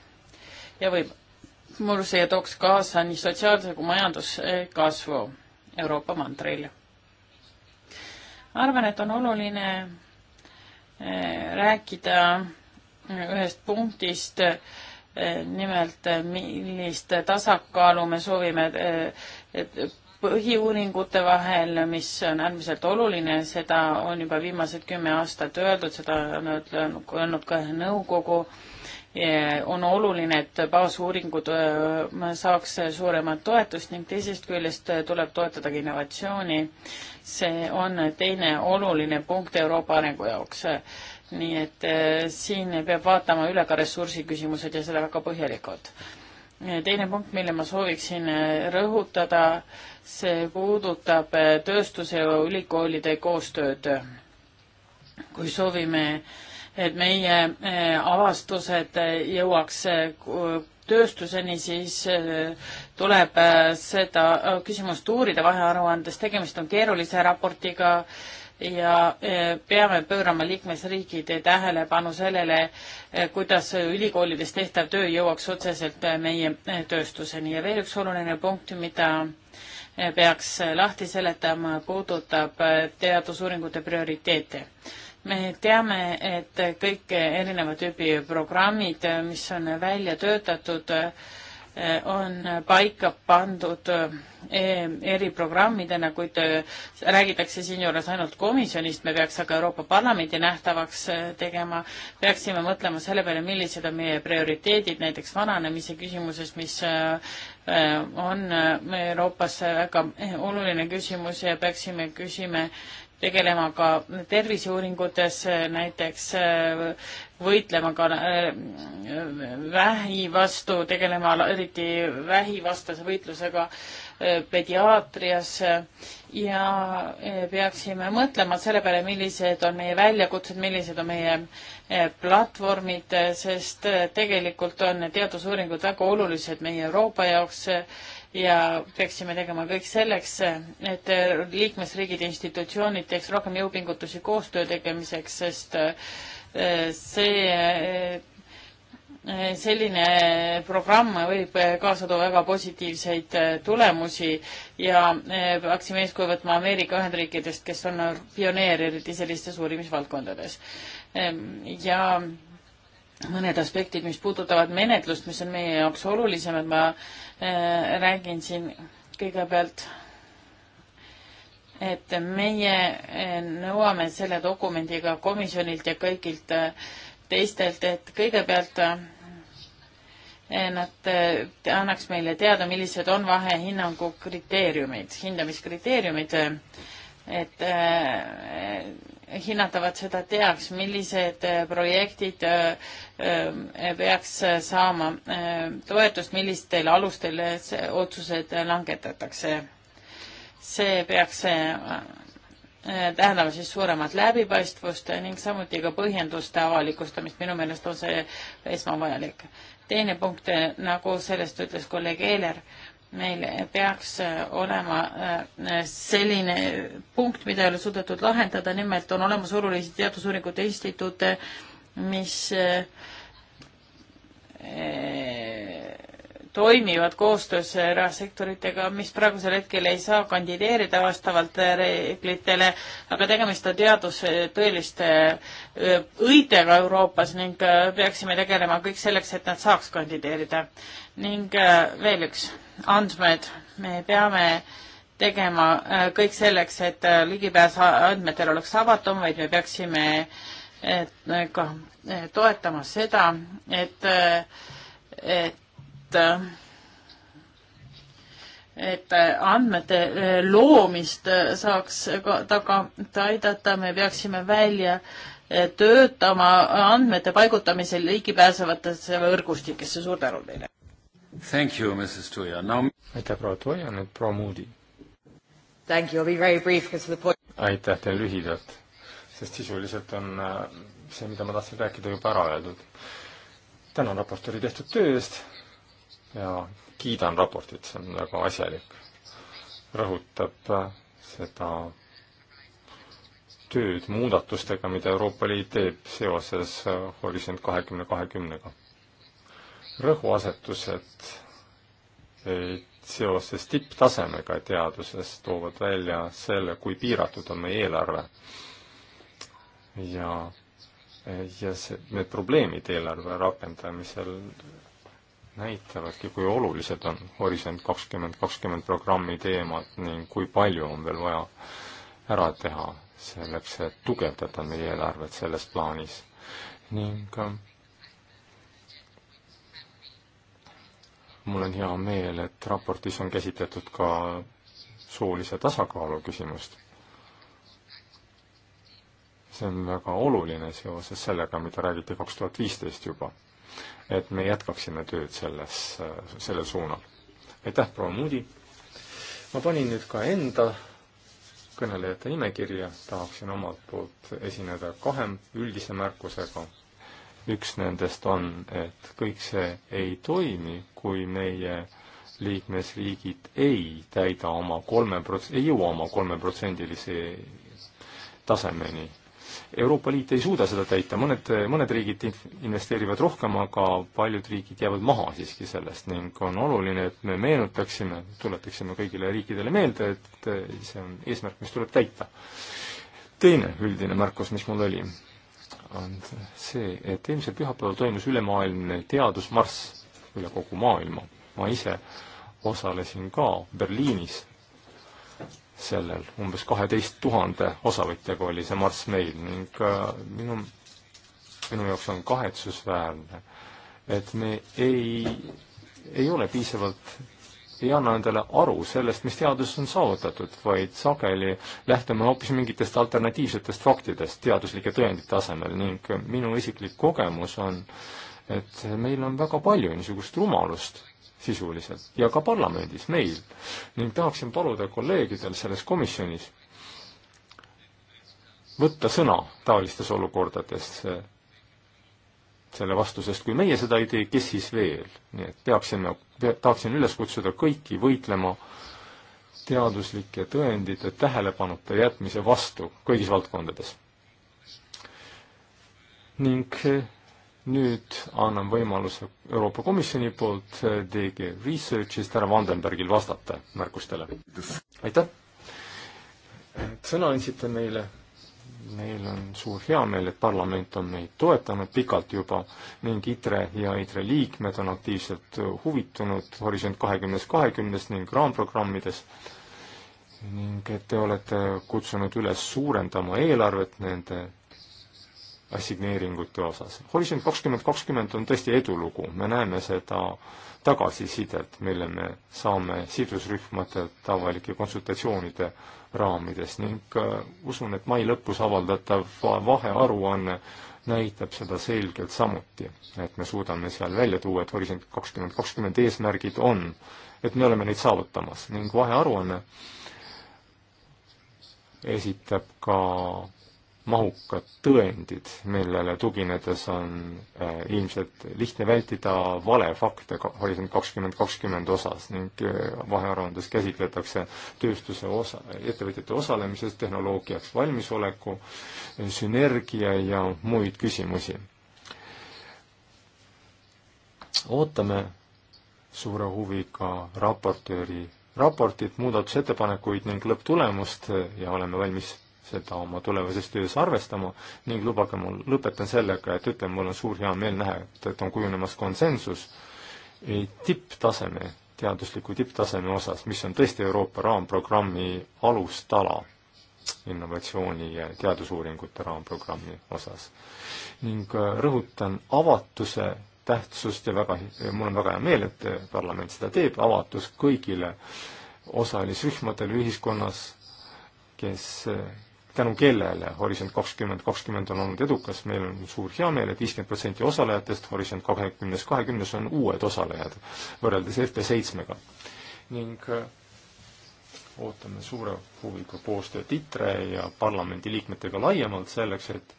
Speaker 1: ja võib murse ja tooks kaasa nii sotsiaalse kui majanduskasvu Euroopa mandril. arvan, et on oluline eh, rääkida eh, ühest punktist, eh, nimelt millist tasakaalu me soovime põhiuuringute vahel, mis on äärmiselt oluline, seda on juba viimased kümme aastat öeldud, seda on öelnud ka nõukogu äh, on oluline, et baasuuringud äh, saaks suuremat toetust ning teisest küljest äh, tuleb toetada ka innovatsiooni. see on teine oluline punkt Euroopa arengu jaoks. nii et äh, siin peab vaatama üle ka ressursiküsimused ja seda väga põhjalikult. teine punkt, mille ma sooviksin rõhutada, see puudutab tööstuse ja ülikoolide koostööd. kui soovime äh, et meie eh, avastused eh, jõuaks eh, tööstuseni, siis tuleb seda küsimust uurida vahearuandes, tegemist on keerulise raportiga ja peame pöörama liikmesriigid tähelepanu sellele, kuidas ülikoolides tehtav töö jõuaks otseselt meie tööstuseni ja veel üks oluline punkt, mida peaks lahti seletama, puudutab teadusuuringute prioriteete me teame, et kõik erineva tüübi programmid, mis on välja töötatud, on paika pandud eh, eriprogrammidena, kuid eh, räägitakse siinjuures ainult komisjonist, me peaks aga Euroopa Parlamendi nähtavaks eh, tegema, peaksime mõtlema selle peale, millised on meie prioriteedid näiteks vananemise küsimuses, mis on Euroopas väga oluline küsimus ja peaksime küsima, tegelema ka terviseuuringutes, näiteks äh, võitlema ka äh, vähi vastu, tegelema eriti vähivastase võitlusega äh, pediaatrias ja peaksime mõtlema selle peale, millised on meie väljakutsed, millised on meie platvormid, sest tegelikult on teadusuuringud väga olulised meie Euroopa jaoks ja peaksime tegema kõik selleks, et liikmesriigid ja institutsioonid teeks rohkem jõupingutusi koostöö tegemiseks, sest eh, see, eh, selline programm võib kaasa tuua väga positiivseid eh, tulemusi ja peaksime eeskuju võtma Ameerika Ühendriikidest, kes on pioneer eriti sellistes uurimisvaldkondades. Ehm, ja mõned aspektid, mis puudutavad menetlust, mis on meie jaoks olulisemad, ma äh, räägin siin kõigepealt, et meie äh, nõuame selle dokumendiga komisjonilt ja kõigilt äh, teistelt, et kõigepealt äh, nad äh, annaks meile teada, millised on vahehinnangu kriteeriumid, hindamiskriteeriumid, et äh, hinnatavad seda teaks, millised äh, projektid äh, äh, peaks saama toetust, millistel alustel otsused langetatakse. see peaks tähendama siis suuremat läbipaistvust ning samuti ka põhjenduste avalikustamist, minu meelest on see esmavajalik. teine punkt, nagu sellest ütles kolleeg Eeler meil peaks äh, olema äh, selline punkt, mida ei ole suudetud lahendada, nimelt on olemas olulisi teadusuuringute instituute, mis äh, toimivad koostöös erasektoritega, mis praegusel hetkel ei saa kandideerida vastavalt reeglitele, aga tegemist on teaduse tõeliste õidega Euroopas ning peaksime tegelema kõik selleks, et nad saaks kandideerida. ning veel üks andmed, me peame tegema äh, kõik selleks, et äh, ligipääs andmetel oleks avatum, vaid me peaksime äh, ka toetama seda, et, et, et andmete loomist saaks ka tagant aidata, me peaksime välja töötama andmete paigutamisel ligipääsevatesse võrgustikesse. suur tänu teile! Thank you, Mrs Tuia Now....
Speaker 2: aitäh, proua Tuia, nüüd proua Moody.
Speaker 1: Thank you, I will be very brief because of the point.
Speaker 2: aitäh teile lühidalt, sest sisuliselt on äh, see, mida ma tahtsin rääkida, juba ära öeldud. tänan raportööri tehtud töö eest ja kiidan raportit, see on väga asjalik. rõhutab äh, seda tööd muudatustega, mida Euroopa Liit teeb seoses äh, Horisont kahekümne kahekümnega rõhuasetused seoses tipptasemega teaduses toovad välja selle, kui piiratud on meie eelarve. ja, ja see, need probleemid eelarve rakendamisel näitavadki, kui olulised on Horisont kakskümmend kakskümmend programmi teemad ning kui palju on veel vaja ära teha selleks, et tugevdada meie eelarvet selles plaanis. ning mul on hea meel, et raportis on käsitletud ka soolise tasakaalu küsimust. see on väga oluline seoses sellega, mida räägiti kaks tuhat viisteist juba. et me jätkaksime tööd selles, sellel suunal. aitäh, proua Moody! ma panin nüüd ka enda kõnelejate nimekirja, tahaksin omalt poolt esineda kahe üldise märkusega üks nendest on, et kõik see ei toimi, kui meie liikmesriigid ei täida oma kolme prots-, ei jõua oma kolmeprotsendilise tasemeni. Euroopa Liit ei suuda seda täita, mõned, mõned riigid investeerivad rohkem, aga paljud riigid jäävad maha siiski sellest ning on oluline, et me meenutaksime, tuletaksime kõigile riikidele meelde, et see on eesmärk, mis tuleb täita. teine üldine märkus, mis mul oli, on see, et eelmisel pühapäeval toimus ülemaailmne teadusmarss üle kogu maailma. ma ise osalesin ka Berliinis sellel, umbes kaheteist tuhande osavõtjaga oli see marss meil ning äh, minu, minu jaoks on kahetsusväärne, et me ei, ei ole piisavalt ei anna endale aru sellest, mis teaduses on saavutatud, vaid sageli lähtume hoopis mingitest alternatiivsetest faktidest teaduslike tõendite asemel ning minu isiklik kogemus on, et meil on väga palju niisugust rumalust sisuliselt ja ka parlamendis, meil. ning tahaksin paluda kolleegidel selles komisjonis võtta sõna taolistes olukordades selle vastu, sest kui meie seda ei tee, kes siis veel? nii et peaksime pea,, tahaksin üles kutsuda kõiki võitlema teaduslike tõendite tähelepanuta jätmise vastu kõigis valdkondades. ning eh, nüüd annan võimaluse Euroopa Komisjoni poolt eh, DG Researchist härra Vandenbergil vastata märkustele. aitäh! sõna andsite meile meil on suur heameel, et parlament on meid toetanud pikalt juba ning ITRE ja ITRE liikmed on aktiivselt huvitunud Horisont kahekümnes kahekümnest ning raamprogrammides ning et te olete kutsunud üles suurendama eelarvet nende assigneeringute osas. Horisont kakskümmend kakskümmend on tõesti edulugu, me näeme seda tagasisidet, mille me saame sidusrühmadelt avalike konsultatsioonide raamides ning äh, usun, et mai lõpus avaldatav vahearuanne näitab seda selgelt samuti, et me suudame seal välja tuua, et Horisont kakskümmend kakskümmend eesmärgid on, et me oleme neid saavutamas ning vahearuanne esitab ka mahukad tõendid, millele tuginedes on äh, ilmselt lihtne vältida valefakte Horisont kakskümmend kakskümmend osas ning äh, vahearuandes käsitletakse tööstuse osa, ettevõtjate osalemisest, tehnoloogiaks valmisoleku, äh, sünergia ja muid küsimusi. ootame suure huviga raportööri raportit, muudatusettepanekuid ning lõpptulemust äh, ja oleme valmis seda oma tulevases töös arvestama ning lubage mul, lõpetan sellega, et ütlen, mul on suur hea meel näha, et, et on kujunemas konsensus tipptaseme, teadusliku tipptaseme osas, mis on tõesti Euroopa raamprogrammi alustala innovatsiooni ja teadusuuringute raamprogrammi osas. ning äh, rõhutan avatuse tähtsust ja väga, mul on väga hea meel, et parlament seda teeb, avatus kõigile osalisrühmadele ühiskonnas, kes äh, tänu kellele Horisont kakskümmend kakskümmend on olnud edukas, meil on suur heameel et, et viiskümmend protsenti osalejatest Horisont kahekümnes kahekümnes on uued osalejad võrreldes FP7-ga. ning äh, ootame suure huviga koostööd ITRE ja parlamendiliikmetega laiemalt selleks, et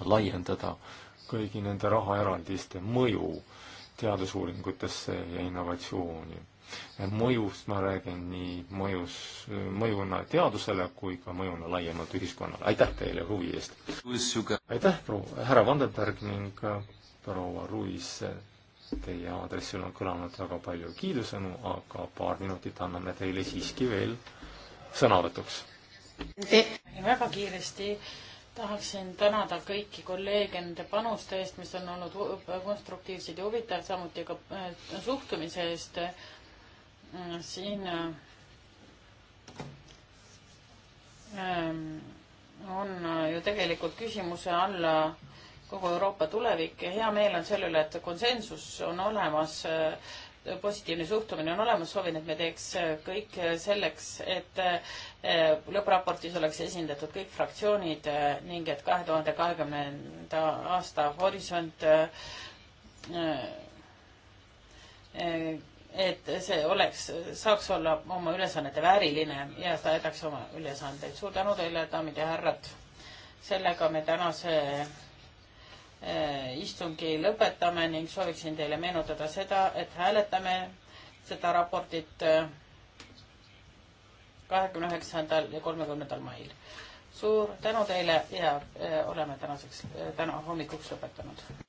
Speaker 2: laiendada kõigi nende rahaeraldiste mõju teadusuuringutesse ja innovatsiooni mõjust ma räägin nii mõjus, mõjuna teadusele kui ka mõjuna laiemalt ühiskonnale. aitäh teile huvi eest! aitäh, proua, härra Vandenberg ning äh, proua Ruiz, teie aadressil on kõlanud väga palju kiidusõnu, aga paar minutit anname teile siiski veel sõnavõtuks.
Speaker 1: väga kiiresti tahaksin tänada kõiki kolleege nende panuste eest, mis on olnud konstruktiivsed ja huvitavad, samuti ka äh, suhtumise eest äh, Mm, siin äh, ähm, on äh, ju tegelikult küsimuse alla kogu Euroopa tulevik ja hea meel on selle üle, et konsensus on olemas, äh, positiivne suhtumine on olemas, soovin, et me teeks kõik selleks, et lõppraportis oleks esindatud kõik fraktsioonid ning et kahe tuhande kahekümnenda aasta horisont et see oleks, saaks olla oma ülesannete vääriline ja täidaks oma ülesandeid. suur tänu teile, daamid ja härrad. sellega me tänase eh, istungi lõpetame ning sooviksin teile meenutada seda, et hääletame seda raportit eh, kahekümne üheksandal ja kolmekümnendal mail. suur tänu teile ja eh, oleme tänaseks, täna hommikuks lõpetanud.